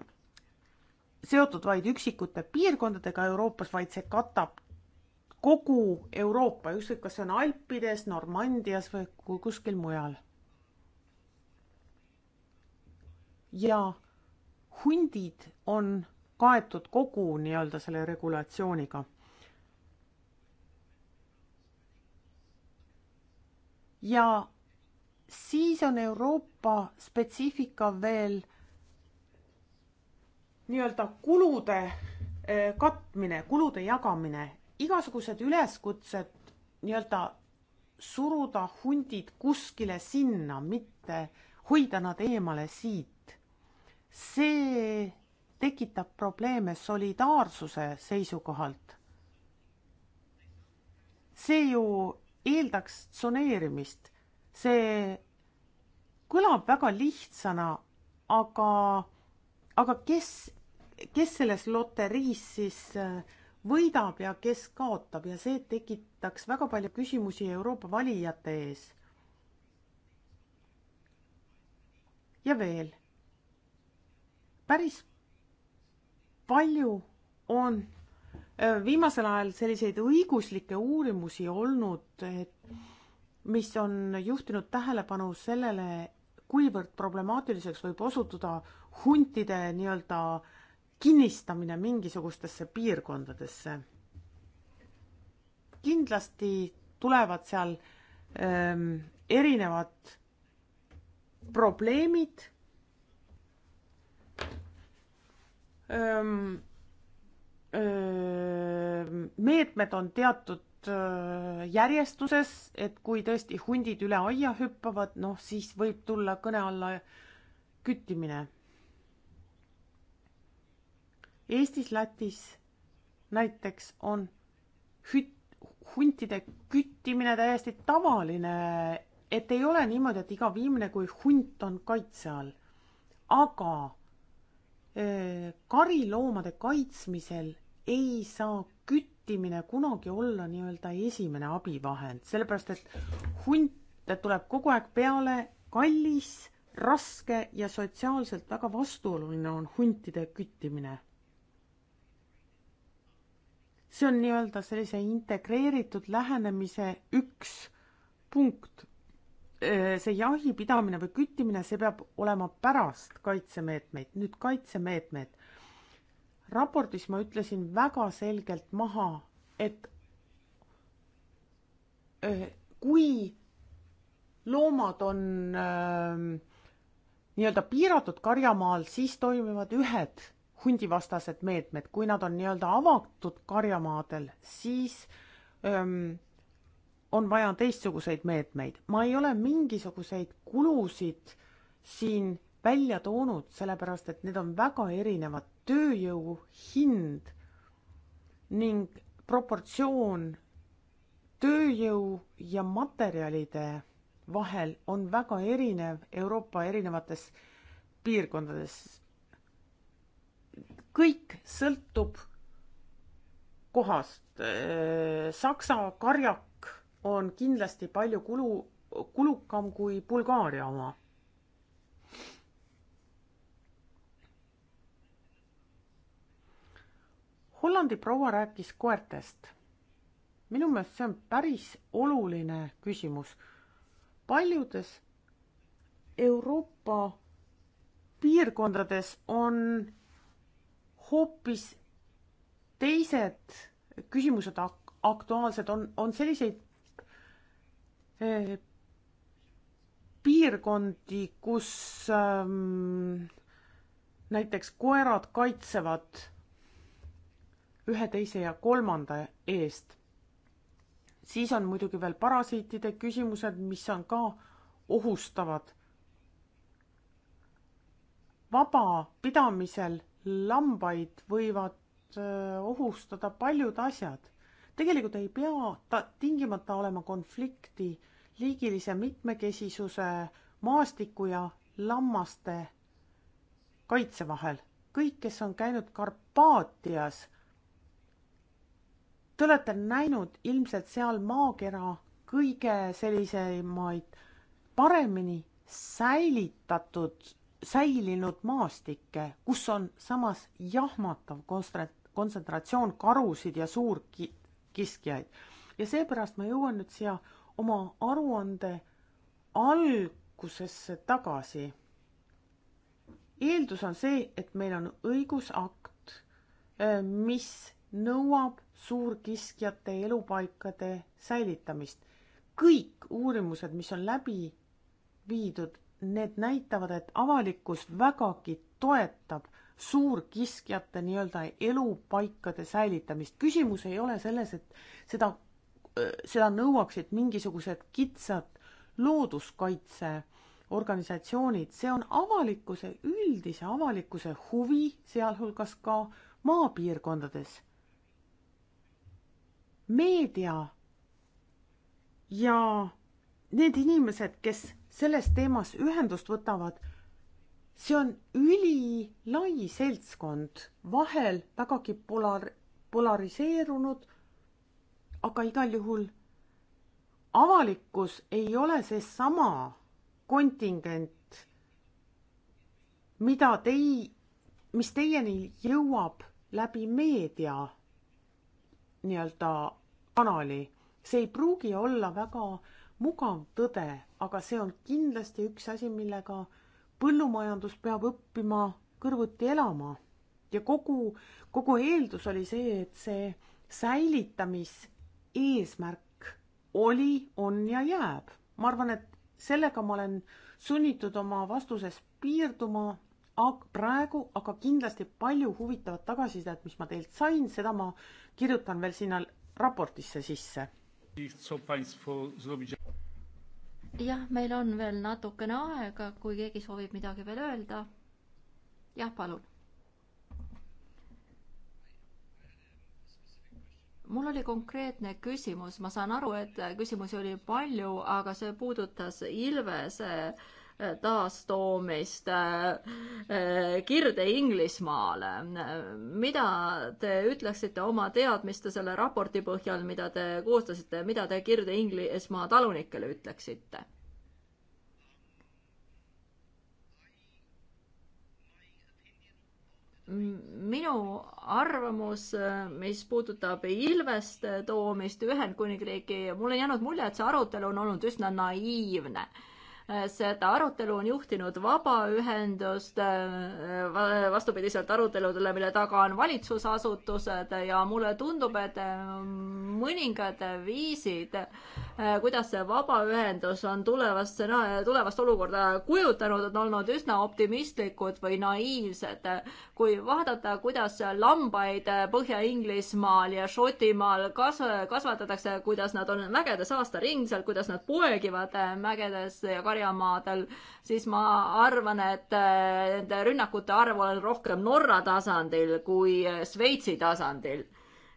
Speaker 2: seotud vaid üksikute piirkondadega Euroopas, vaid see katab kogu Euroopa, ükskõik kas see on Alpides, Normandias või kuskil mujal. ja hundid on kaetud kogu nii-öelda selle regulatsiooniga. ja siis on Euroopa spetsiifika veel nii-öelda kulude eh, katmine, kulude jagamine, igasugused üleskutsed nii-öelda suruda hundid kuskile sinna, mitte hoida nad eemale siit. see tekitab probleeme solidaarsuse seisukohalt. see ju eeldaks tsoneerimist see kõlab väga lihtsana, aga, aga kes, kes selles loteriis siis äh, võidab ja kes kaotab ja see tekitaks väga palju küsimusi Euroopa valijate ees. ja veel, päris palju on äh, viimasel ajal selliseid õiguslikke uurimusi olnud, et mis on juhtinud tähelepanu sellele, kuivõrd problemaatiliseks võib osutuda huntide nii-öelda kinnistamine mingisugustesse piirkondadesse. kindlasti tulevad seal ähm, erinevad probleemid ähm,. Öö, ähm, meetmed on teatud Äh, järjestuses, et kui tõesti hundid üle aia hüppavad, noh siis võib tulla kõne alla küttimine. Eestis, Lätis näiteks on hüt-, huntide küttimine täiesti tavaline, et ei ole niimoodi, et iga viimne kui hunt on kaitse all. aga äh, kariloomade kaitsmisel ei saa huntimine kunagi olla nii-öelda esimene abivahend, sellepärast et hunte tuleb kogu aeg peale, kallis, raske ja sotsiaalselt väga vastuoluline on huntide küttimine. see on nii-öelda sellise integreeritud lähenemise üks punkt. see jahipidamine või küttimine, see peab olema pärast kaitsemeetmeid, nüüd kaitsemeetmed raportis ma ütlesin väga selgelt maha, et eh, kui loomad on ehm, nii-öelda piiratud karjamaal, siis toimivad ühed hundivastased meetmed, kui nad on nii-öelda avatud karjamaadel, siis öö, ehm, on vaja teistsuguseid meetmeid. ma ei ole mingisuguseid kulusid siin välja toonud, sellepärast et need on väga erinevad tööjõu hind ning proportsioon tööjõu ja materjalide vahel on väga erinev Euroopa erinevates piirkondades. kõik sõltub kohast. Äh, Saksa karjak on kindlasti palju kulu, kulukam kui Bulgaaria oma Hollandi proua rääkis koertest. minu meelest see on päris oluline küsimus. paljudes Euroopa piirkondades on hoopis teised küsimused ak-, aktuaalsed, on, on selliseid eh, piirkondi, kus ähm, näiteks koerad kaitsevad ühe, teise ja kolmanda eest. siis on muidugi veel parasiitide küsimused, mis on ka ohustavad. vabapidamisel lambaid võivad ohustada paljud asjad. tegelikult ei pea ta tingimata olema konflikti liigilise mitmekesisuse, maastiku ja lammaste kaitse vahel. kõik, kes on käinud Karpaatias Te olete näinud ilmselt seal maakera kõige sellisemaid paremini säilitatud, säilinud maastikke, kus on samas jahmatav kontsentratsioon karusid ja suurkiskjaid. ja seepärast ma jõuan nüüd siia oma aruande algusesse tagasi. eeldus on see, et meil on õigusakt, mis nõuab suurkiskjate elupaikade säilitamist. kõik uurimused, mis on läbi viidud, need näitavad, et avalikkus vägagi toetab suurkiskjate nii-öelda elupaikade säilitamist. küsimus ei ole selles, et seda, seda nõuaksid mingisugused kitsad looduskaitseorganisatsioonid, see on avalikkuse, üldise avalikkuse huvi, sealhulgas ka maapiirkondades meedia ja need inimesed, kes selles teemas ühendust võtavad, see on ülilai seltskond, vahel vägagi polar-, polariseerunud, aga igal juhul avalikkus ei ole seesama kontingent, mida tei-, mis teieni jõuab läbi meedia nii-öelda kanali. see ei pruugi olla väga mugav tõde, aga see on kindlasti üks asi, millega põllumajandus peab õppima kõrvuti elama. ja kogu, kogu eeldus oli see, et see säilitamiseesmärk oli, on ja jääb. ma arvan, et sellega ma olen sunnitud oma vastuses piirduma, aga praegu, aga kindlasti palju huvitavat tagasisidet, mis ma teilt sain, seda ma kirjutan veel sinna raportisse sisse. jah, meil on veel natukene
Speaker 4: aega, kui keegi soovib midagi veel öelda. jah, palun. mul oli konkreetne küsimus, ma saan aru, et küsimusi oli palju, aga see puudutas Ilvese äh, taastoomist äh, Kirde-Inglismaale. mida te ütleksite oma teadmiste selle raporti põhjal, mida te koostasite, mida te Kirde-Inglismaa talunikele ütleksite? minu arvamus, mis puudutab Ilveste toomist Ühendkuningriigi, mulle on jäänud mulje, et see arutelu on olnud üsna naiivne Eh, seda arutelu on juhtinud vabaühendust, eh, vastupidiselt aruteludele, mille taga on valitsusasutused ja mulle tundub, et eh, mõningad viisid, kuidas see vabaühendus on tulevast, tulevast olukorda kujutanud, on olnud üsna optimistlikud või naiivsed. kui vaadata, kuidas lambaid Põhja-Inglismaal ja Šotimaal kas-, kasvatatakse, kuidas nad on mägedes aastaringselt, kuidas nad poegivad mägedes ja kar-, Põhja-Baariamaadel, siis ma arvan, et äh, nende rünnakute arv on rohkem Norra tasandil kui äh, Šveitsi tasandil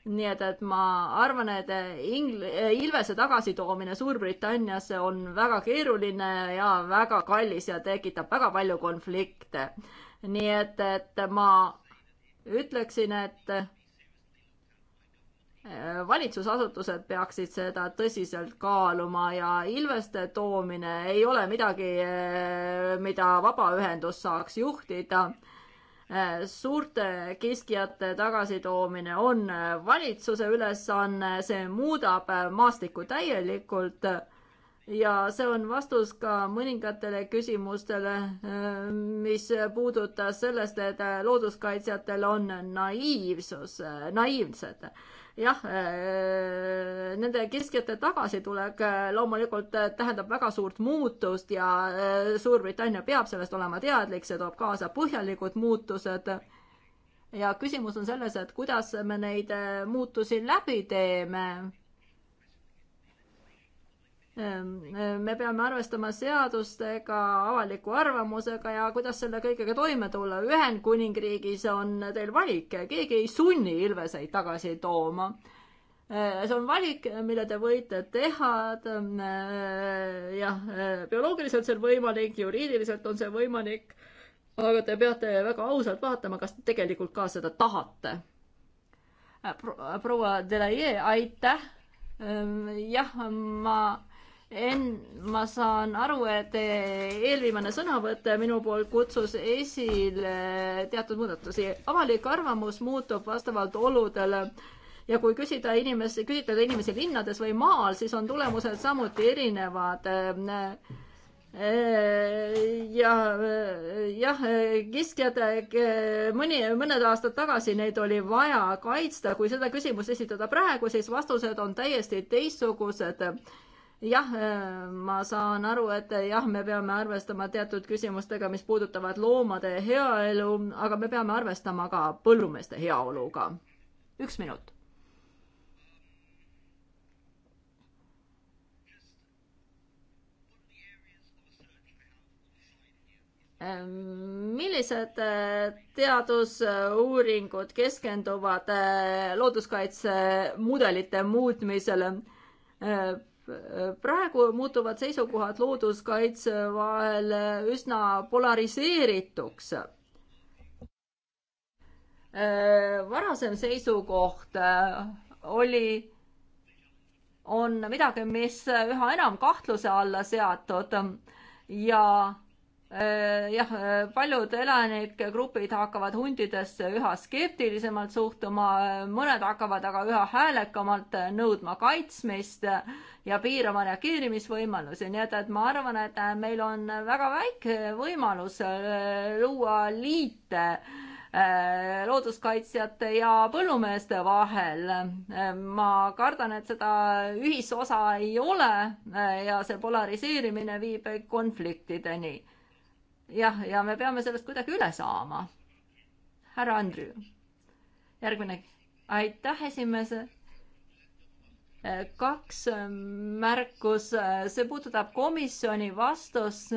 Speaker 4: nii et, et ma arvan, et äh, ingl-, Ilvese tagasitoomine Suurbritanniasse on väga keeruline ja väga kallis ja tekitab väga palju konflikte. nii et, et ma ütleksin, et valitsusasutused peaksid seda tõsiselt kaaluma ja ilveste toomine ei ole midagi, eh, mida vabaühendus saaks juhtida. Eh, suurte kiskjate tagasitoomine on valitsuse ülesanne, see muudab maastikku täielikult ja see on vastus ka mõningatele küsimustele, eh, mis puudutas sellest, et looduskaitsjatel on naiivsus, naiivsed jah, äh, nende keskjate tagasitulek äh, loomulikult äh, tähendab väga suurt muutust ja Suurbritannia peab sellest olema teadlik, see toob kaasa põhjalikud muutused. ja küsimus on selles, et kuidas me neid muutusi läbi teeme Ehm, ehm, me peame arvestama seadustega, avaliku arvamusega ja kuidas selle kõigega toime tulla. Ühendkuningriigis on teil valik, keegi ei sunni ilveseid tagasi tooma. Ehm, see on valik, mille te võite teha. jah, bioloogiliselt see on võimalik, juriidiliselt on see võimalik. aga te peate väga ausalt vaatama, kas te tegelikult ka seda tahate Pro. proua Delaie, aitäh. jah, ma enn-, ma saan aru, et eelviimane sõnavõtt minu poolt kutsus esile teatud muudatusi. avalik arvamus muutub vastavalt oludele ja kui küsida inimesi, küsitleda inimesi linnades või maal, siis on tulemused samuti erinevad. ja jah, kiskjad, mõni, mõned aastad tagasi neid oli vaja kaitsta, kui seda küsimust esitada praegu, siis vastused on täiesti teistsugused jah, äh, ma saan aru, et äh, jah, me peame arvestama teatud küsimustega, mis puudutavad loomade heaelu, aga me peame arvestama ka põllumeeste heaoluga. üks minut. Äh, millised teadusuuringud keskenduvad looduskaitsemudelite muutmisele? praegu muutuvad seisukohad looduskaitse vahel üsna polariseerituks varasem seisukoht oli, on midagi, mis üha enam kahtluse alla seatud ja Äh, jah, äh, paljud elanikgrupid hakkavad huntidesse üha skeptilisemalt suhtuma, äh, mõned hakkavad aga üha häälekamalt nõudma kaitsmist ja piirama reageerimisvõimalusi, nii et, et ma arvan, et meil on väga väike võimalus luua liite looduskaitsjate ja põllumeeste vahel. ma kardan, et seda ühisosa ei ole ja see polariseerimine viib konfliktideni jah, ja me peame sellest kuidagi üle saama. härra Andrew, järgmine. aitäh, esimees. kaks märkus, see puudutab komisjoni vastust.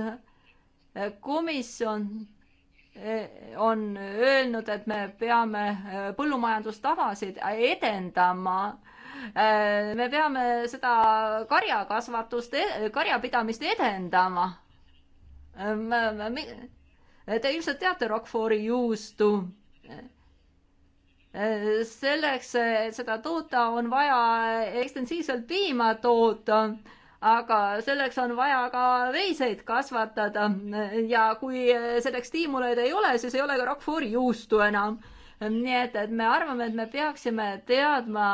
Speaker 4: komisjon on öelnud, et me peame põllumajandustavasid edendama. me peame seda karjakasvatust, e-, karjapidamist edendama Te ilmselt teate Rockfori juustu. selleks, et seda toota, on vaja ekstensiivselt piima toota aga selleks on vaja ka veiseid kasvatada ja kui selleks stiimuleid ei ole, siis ei ole ka Rockfori juustu enam. nii et, et me arvame, et me peaksime teadma,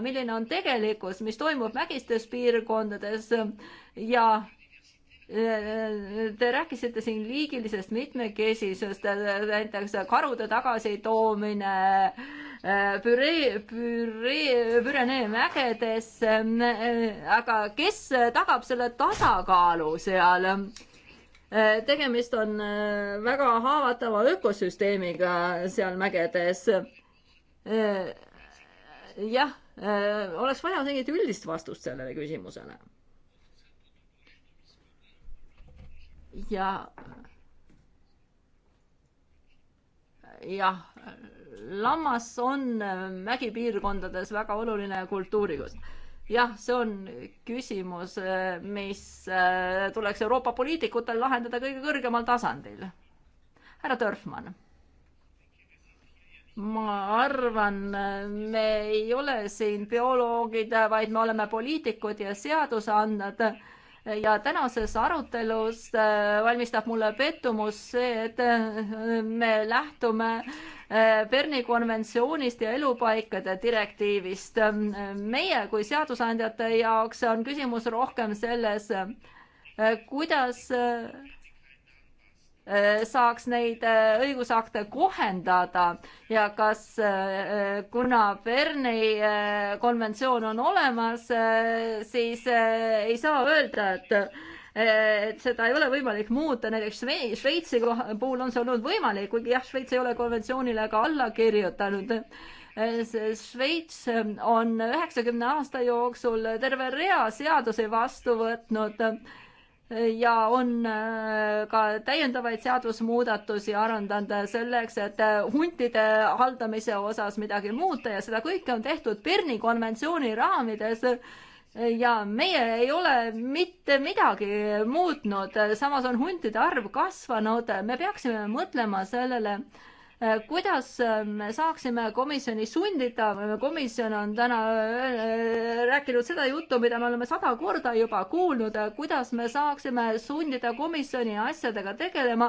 Speaker 4: milline on tegelikkus, mis toimub mägistes piirkondades ja Te rääkisite siin liigilisest mitmekesisusest, näiteks karude tagasitoomine püree, püree, Pürenee mägedesse. aga kes tagab selle tasakaalu seal? tegemist on väga haavatava ökosüsteemiga seal mägedes. jah, oleks vaja mingit üldist vastust sellele küsimusele ja jah, lammas on äh, mägipiirkondades väga oluline kultuurikost. jah, see on küsimus, äh, mis äh, tuleks Euroopa poliitikutel lahendada kõige kõrgemal tasandil. härra Dörfmann ma arvan, me ei ole siin bioloogid, vaid me oleme poliitikud ja seadusandjad ja tänases arutelus äh, valmistab mulle pettumus see, et äh, me lähtume äh, Berni konventsioonist ja elupaikade direktiivist. meie kui seadusandjate jaoks on küsimus rohkem selles, kuidas Äh, saaks neid äh, õigusakte kohendada ja kas, äh, kuna Berni konventsioon on olemas, siis ei saa öelda, et et seda ei ole võimalik muuta, näiteks Šveitsi puhul on see olnud võimalik, kuigi jah, Šveits ei ole konventsioonile ka alla kirjutanud. Šveits on üheksakümne aasta jooksul terve rea seadusi vastu võtnud ja on äh, ka täiendavaid seadusmuudatusi arendanud selleks, et äh, huntide haldamise osas midagi muuta ja seda kõike on tehtud Berni konventsiooni raamides ja meie ei ole mitte midagi muutnud, samas on huntide arv kasvanud, me peaksime mõtlema sellele, Äh, kuidas ähm, me saaksime komisjoni sundida, komisjon on täna äh, äh, rääkinud seda juttu, mida me oleme sada korda juba kuulnud, kuidas me saaksime sundida komisjoni asjadega tegelema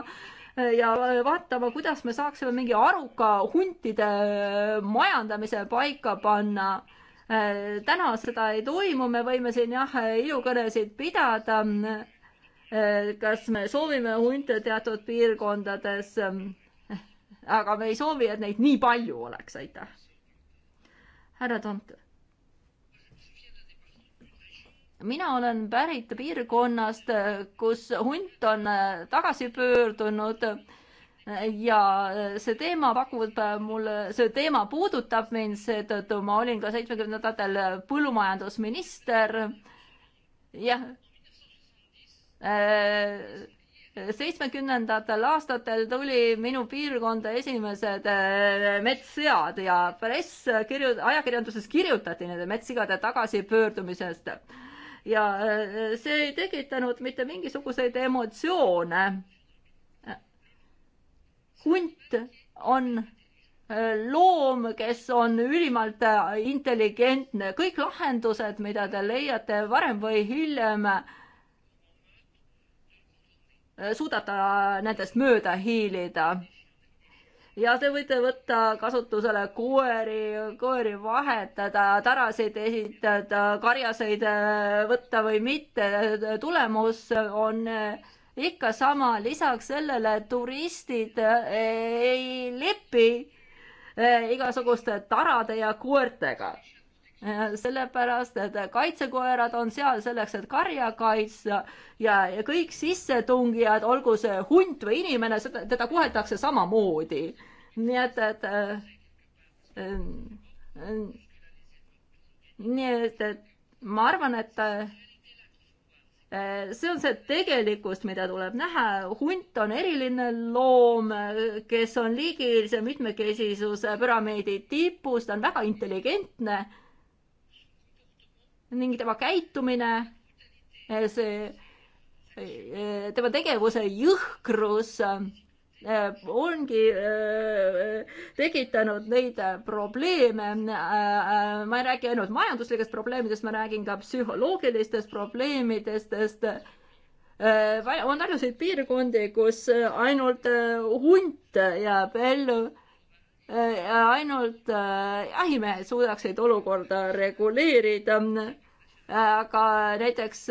Speaker 4: ja vaatama, kuidas me saaksime mingi aruka huntide majandamise paika panna täna seda ei toimu, me võime siin jah, ilukõnesid pidada. kas me soovime hunte teatud piirkondades? aga me ei soovi, et neid nii palju oleks, aitäh. härra Tomte. mina olen pärit piirkonnast, kus hunt on äh, tagasi pöördunud ja äh, see teema pakub äh, mulle, see teema puudutab mind, seetõttu ma olin ka seitsmekümnendatel põllumajandusminister. jah seitsmekümnendatel aastatel tuli minu piirkonda esimesed eh, metssead ja press kirju-, ajakirjanduses kirjutati nende metssigade tagasipöördumisest. ja eh, see ei tekitanud mitte mingisuguseid emotsioone. hunt on eh, loom, kes on ülimalt intelligentne, kõik lahendused, mida te leiate varem või hiljem, Äh, suudata nendest mööda hiilida. ja te võite võtta kasutusele koeri, koeri vahetada, tarasid esitada, karjaseid äh, võtta või mitte, tulemus on äh, ikka sama, lisaks sellele turistid ei lepi igasuguste tarade ja koertega Äh, sellepärast et kaitsekoerad on seal selleks, et karja kaitsta ja, ja kõik sissetungijad, olgu see hunt või inimene, seda, teda koheldakse samamoodi. nii et, et äh, äh, nii et, et ma arvan, et äh, see on see tegelikkust, mida tuleb näha. hunt on eriline loom, kes on liigilise mitmekesisuse püramiidi tipus, ta on väga intelligentne ning tema käitumine, see tema tegevuse jõhkrus äh, ongi äh, tekitanud neid probleeme. Äh, ma ei räägi ainult majanduslikest probleemidest, ma räägin ka psühholoogilistest probleemidest, sest on paljusid piirkondi, kus ainult hunt jääb ellu Äh, ainult äh, jahimehed suudaksid olukorda reguleerida. Äh, aga näiteks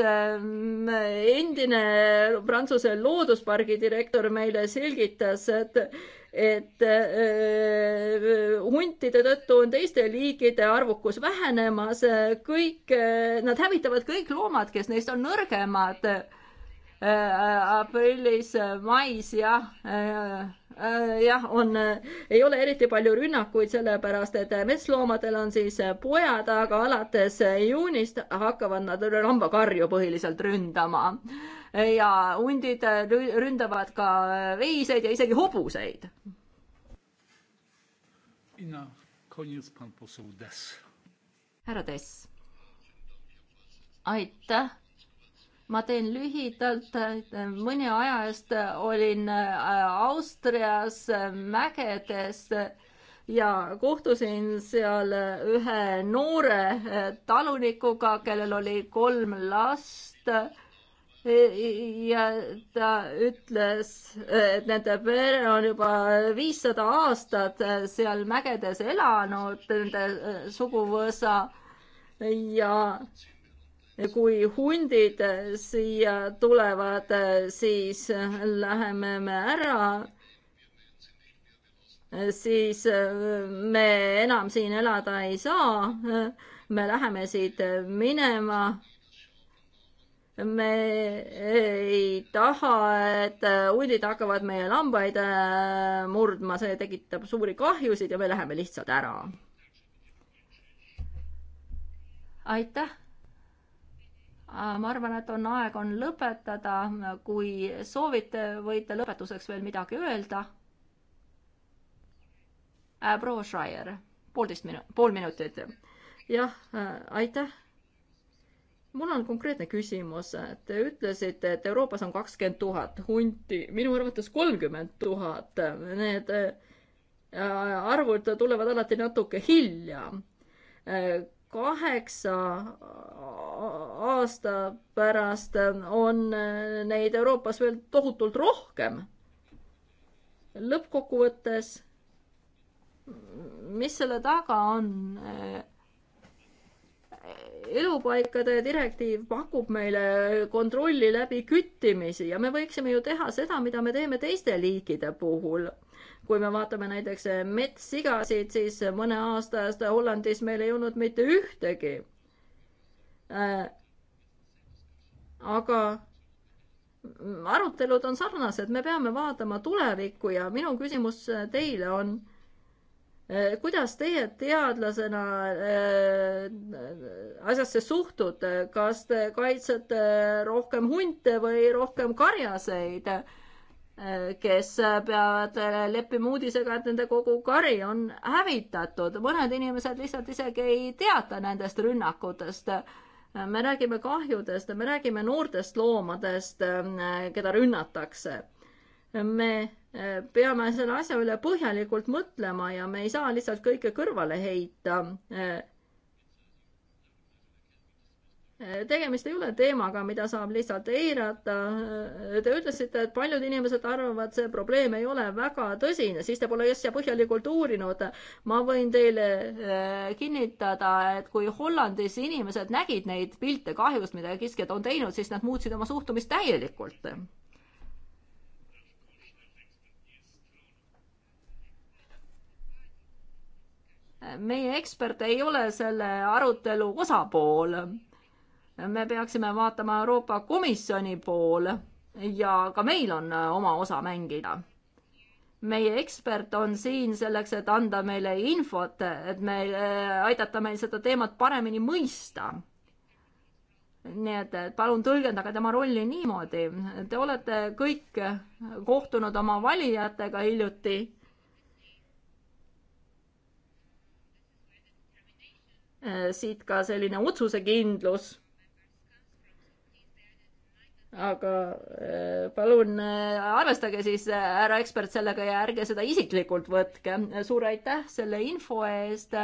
Speaker 4: endine Prantsuse looduspargi direktor meile selgitas, et et huntide tõttu on teiste liigide arvukus vähenemas, kõik, nad hävitavad kõik loomad, kes neist on nõrgemad Äh, aprillis, äh, mais jah, äh, jah, on, ei ole eriti palju rünnakuid, sellepärast et metsloomadel on siis pojad, aga alates juunist hakkavad nad rambakarju põhiliselt ründama. ja hundid ründavad ka veiseid ja isegi hobuseid. härra Tess. aitäh ma teen lühidalt, mõne aja eest olin äh, Austrias äh, mägedes äh, ja kohtusin seal ühe noore talunikuga, kellel oli kolm last. ja ta ütles, et nende pere on juba viissada aastat seal mägedes elanud, nende suguvõsa ja kui hundid siia tulevad, siis läheme me ära. siis me enam siin elada ei saa. me läheme siit minema me ei taha, et hundid hakkavad meie lambaid äh, murdma, see tekitab suuri kahjusid ja me läheme lihtsalt ära. aitäh Äh, ma arvan, et on aeg, on lõpetada, kui soovite, võite lõpetuseks veel midagi öelda. Äh, proua Schreier, poolteist minu-, pool minutit. jah, äh, aitäh. mul on konkreetne küsimus. Te ütlesite, et Euroopas on kakskümmend tuhat hunti, minu arvates kolmkümmend tuhat. Need arvud tulevad alati natuke hilja kaheksa aasta pärast on neid Euroopas veel tohutult rohkem. lõppkokkuvõttes, mis selle taga on? elupaikade direktiiv pakub meile kontrolli läbi küttimisi ja me võiksime ju teha seda, mida me teeme teiste liikide puhul kui me vaatame näiteks eh, metssigasid, siis mõne aasta eest Hollandis meil ei olnud mitte ühtegi. Eh, aga arutelud on sarnased, me peame vaatama tulevikku ja minu küsimus eh, teile on, kuidas teie teadlasena asjasse suhtute, kas te kaitsete rohkem hunte või rohkem karjaseid? kes peavad leppima uudisega, et nende kogu kari on hävitatud. mõned inimesed lihtsalt isegi ei teata nendest rünnakutest. me räägime kahjudest, me räägime noortest loomadest, keda rünnatakse. me peame selle asja üle põhjalikult mõtlema ja me ei saa lihtsalt kõike kõrvale heita tegemist ei ole teemaga, mida saab lihtsalt eirata. Te ütlesite, et paljud inimesed arvavad, see probleem ei ole väga tõsine, siis te pole asja põhjalikult uurinud. ma võin teile äh, kinnitada, et kui Hollandis inimesed nägid neid pilte kahjust, mida kiskjad on teinud, siis nad muutsid oma suhtumist täielikult. meie ekspert ei ole selle arutelu osapool me peaksime vaatama Euroopa Komisjoni poole ja ka meil on äh, oma osa mängida. meie ekspert on siin selleks, et anda meile infot, et me, äh, aidata meil seda teemat paremini mõista. nii et palun tõlgendage tema rolli niimoodi, te olete kõik kohtunud oma valijatega hiljuti äh, siit ka selline otsusekindlus aga eh, palun eh, arvestage siis, eh, härra ekspert, sellega ja ärge seda isiklikult võtke. suur aitäh selle info eest.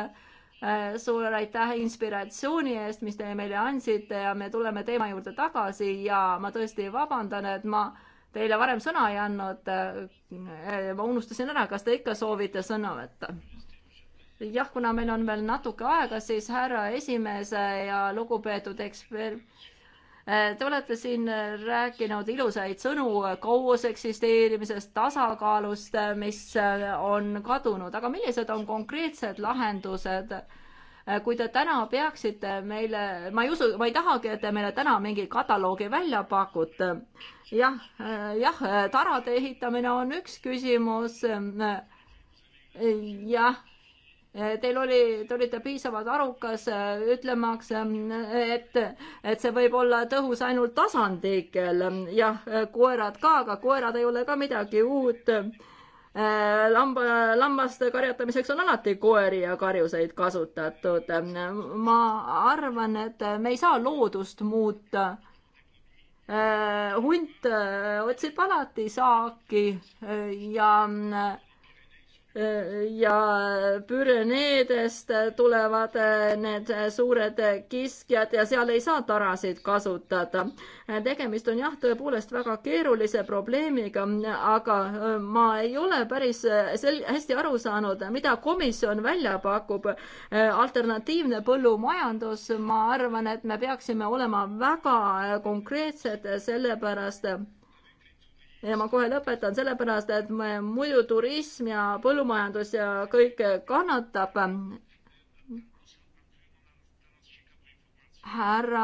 Speaker 4: suur aitäh inspiratsiooni eest, mis te meile andsite ja me tuleme teema juurde tagasi ja ma tõesti vabandan, et ma teile varem sõna ei andnud. ma unustasin ära, kas te ikka soovite sõna võtta? jah, kuna meil on veel natuke aega, siis härra esimees ja lugupeetud ekspert Äh, te olete siin äh, rääkinud ilusaid sõnu äh, koos eksisteerimisest, tasakaalust, mis on kadunud, aga millised on konkreetsed lahendused? kui te täna peaksite meile, ma ei usu, ma ei tahagi, et te meile täna mingi kataloogi välja pakute. jah, jah, tarade ehitamine on üks küsimus jah, Teil oli, te olite piisavalt arukas äh, ütlemaks, äh, et, et see võib olla tõhus ainult tasandikel. Äh, jah, koerad ka, aga koerad ei ole ka midagi uut. lamba, lammaste karjatamiseks on alati koeri ja karjuseid kasutatud. ma arvan, et me ei saa loodust muuta hunt otsib alati saaki ja ja Püreneedest tulevad need suured kiskjad ja seal ei saa tarasid kasutada. tegemist on jah, tõepoolest väga keerulise probleemiga, aga äh, ma ei ole päris äh, sel-, hästi aru saanud, mida komisjon välja pakub. Äh, alternatiivne põllumajandus, ma arvan, et me peaksime olema väga konkreetsed, sellepärast ja ma kohe lõpetan, sellepärast et me, muidu turism ja põllumajandus ja kõik kannatab. härra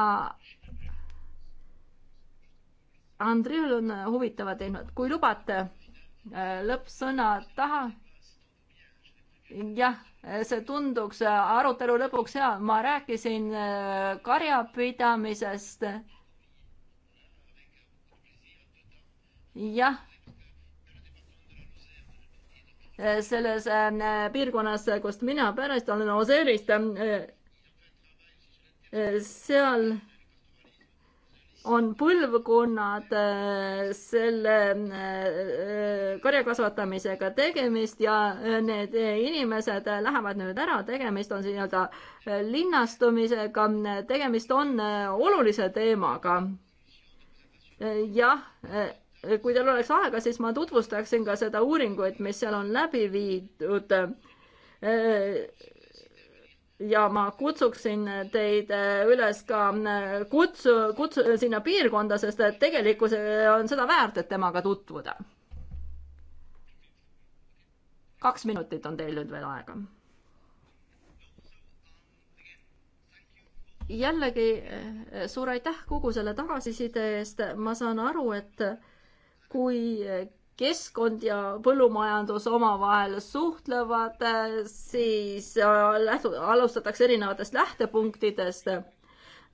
Speaker 4: Andriul on huvitava teinud, kui lubate äh, lõppsõna taha. jah, see tunduks äh, arutelu lõpuks hea, ma rääkisin äh, karjapidamisest jah selles ähm, piirkonnas, kust mina pärast olen, Oseerist, äh, äh, seal on põlvkonnad äh, selle karjakasvatamisega tegemist ja need inimesed lähevad nüüd ära, tegemist on nii-öelda linnastumisega, tegemist on olulise teemaga. jah kui teil oleks aega, siis ma tutvustaksin ka seda uuringut, mis seal on läbi viidud. ja ma kutsuksin teid üles ka kutsu, kutsu sinna piirkonda, sest et tegelikkus on seda väärt, et temaga tutvuda. kaks minutit on teil nüüd veel aega. jällegi suur aitäh kogu selle tagasiside eest, ma saan aru, et kui keskkond ja põllumajandus omavahel suhtlevad, siis äh, alustatakse erinevatest lähtepunktidest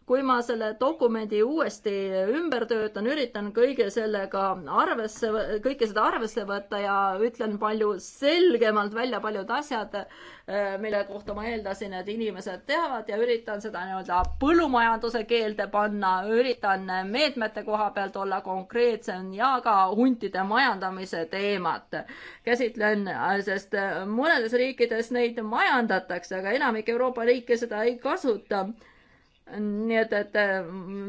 Speaker 4: kui ma selle dokumendi uuesti ümber töötan, üritan kõige sellega arvesse, kõike seda arvesse võtta ja ütlen palju selgemalt välja paljud asjad, äh, mille kohta ma eeldasin, et inimesed teavad ja üritan seda nii-öelda põllumajanduse keelde panna, üritan meetmete koha pealt olla konkreetsem ja ka huntide majandamise teemat käsitlen, sest äh, mõnedes riikides neid majandatakse, aga enamik Euroopa riike seda ei kasuta nii et, et äh,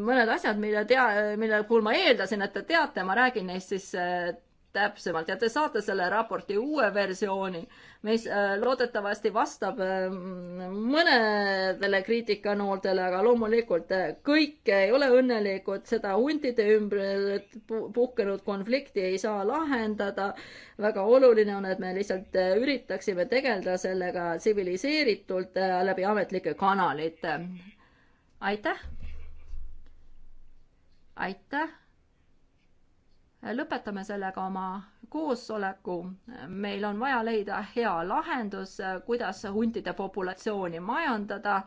Speaker 4: mõned asjad, mille tea-, mille puhul ma eeldasin, et te teate, ma räägin neist siis äh, täpsemalt ja te saate selle raporti uue versiooni, mis äh, loodetavasti vastab mõnedele kriitikanooltele, aga loomulikult kõik ei ole õnnelikud, seda huntide ümber puhkenud konflikti ei saa lahendada. väga oluline on, et me lihtsalt üritaksime tegeleda sellega tsiviliseeritult läbi ametlike kanalite aitäh. aitäh. lõpetame sellega oma koosoleku. meil on vaja leida hea lahendus, kuidas huntide populatsiooni majandada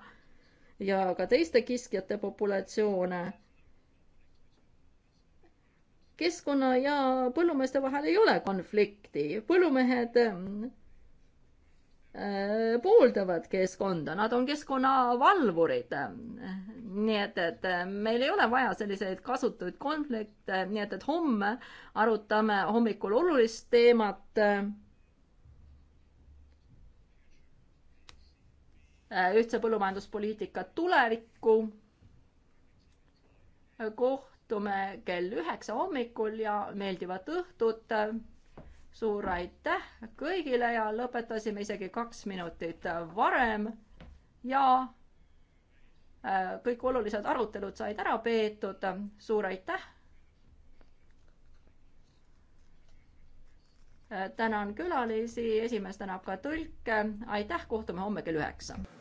Speaker 4: ja ka teiste kiskjate populatsioone keskkonna ja põllumeeste vahel ei ole konflikti. põllumehed Äh, pooldavad keskkonda, nad on keskkonnavalvurid. nii et, et äh, meil ei ole vaja selliseid kasutuid konflikte, nii et, et homme arutame hommikul olulist teemat. Äh, ühtse põllumajanduspoliitika tulevikku. kohtume kell üheksa hommikul ja meeldivat õhtut suur aitäh kõigile ja lõpetasime isegi kaks minutit varem ja äh, kõik olulised arutelud said ära peetud. suur aitäh. Äh, tänan külalisi, esimees tänab ka tõlke. aitäh, kohtume homme kell üheksa.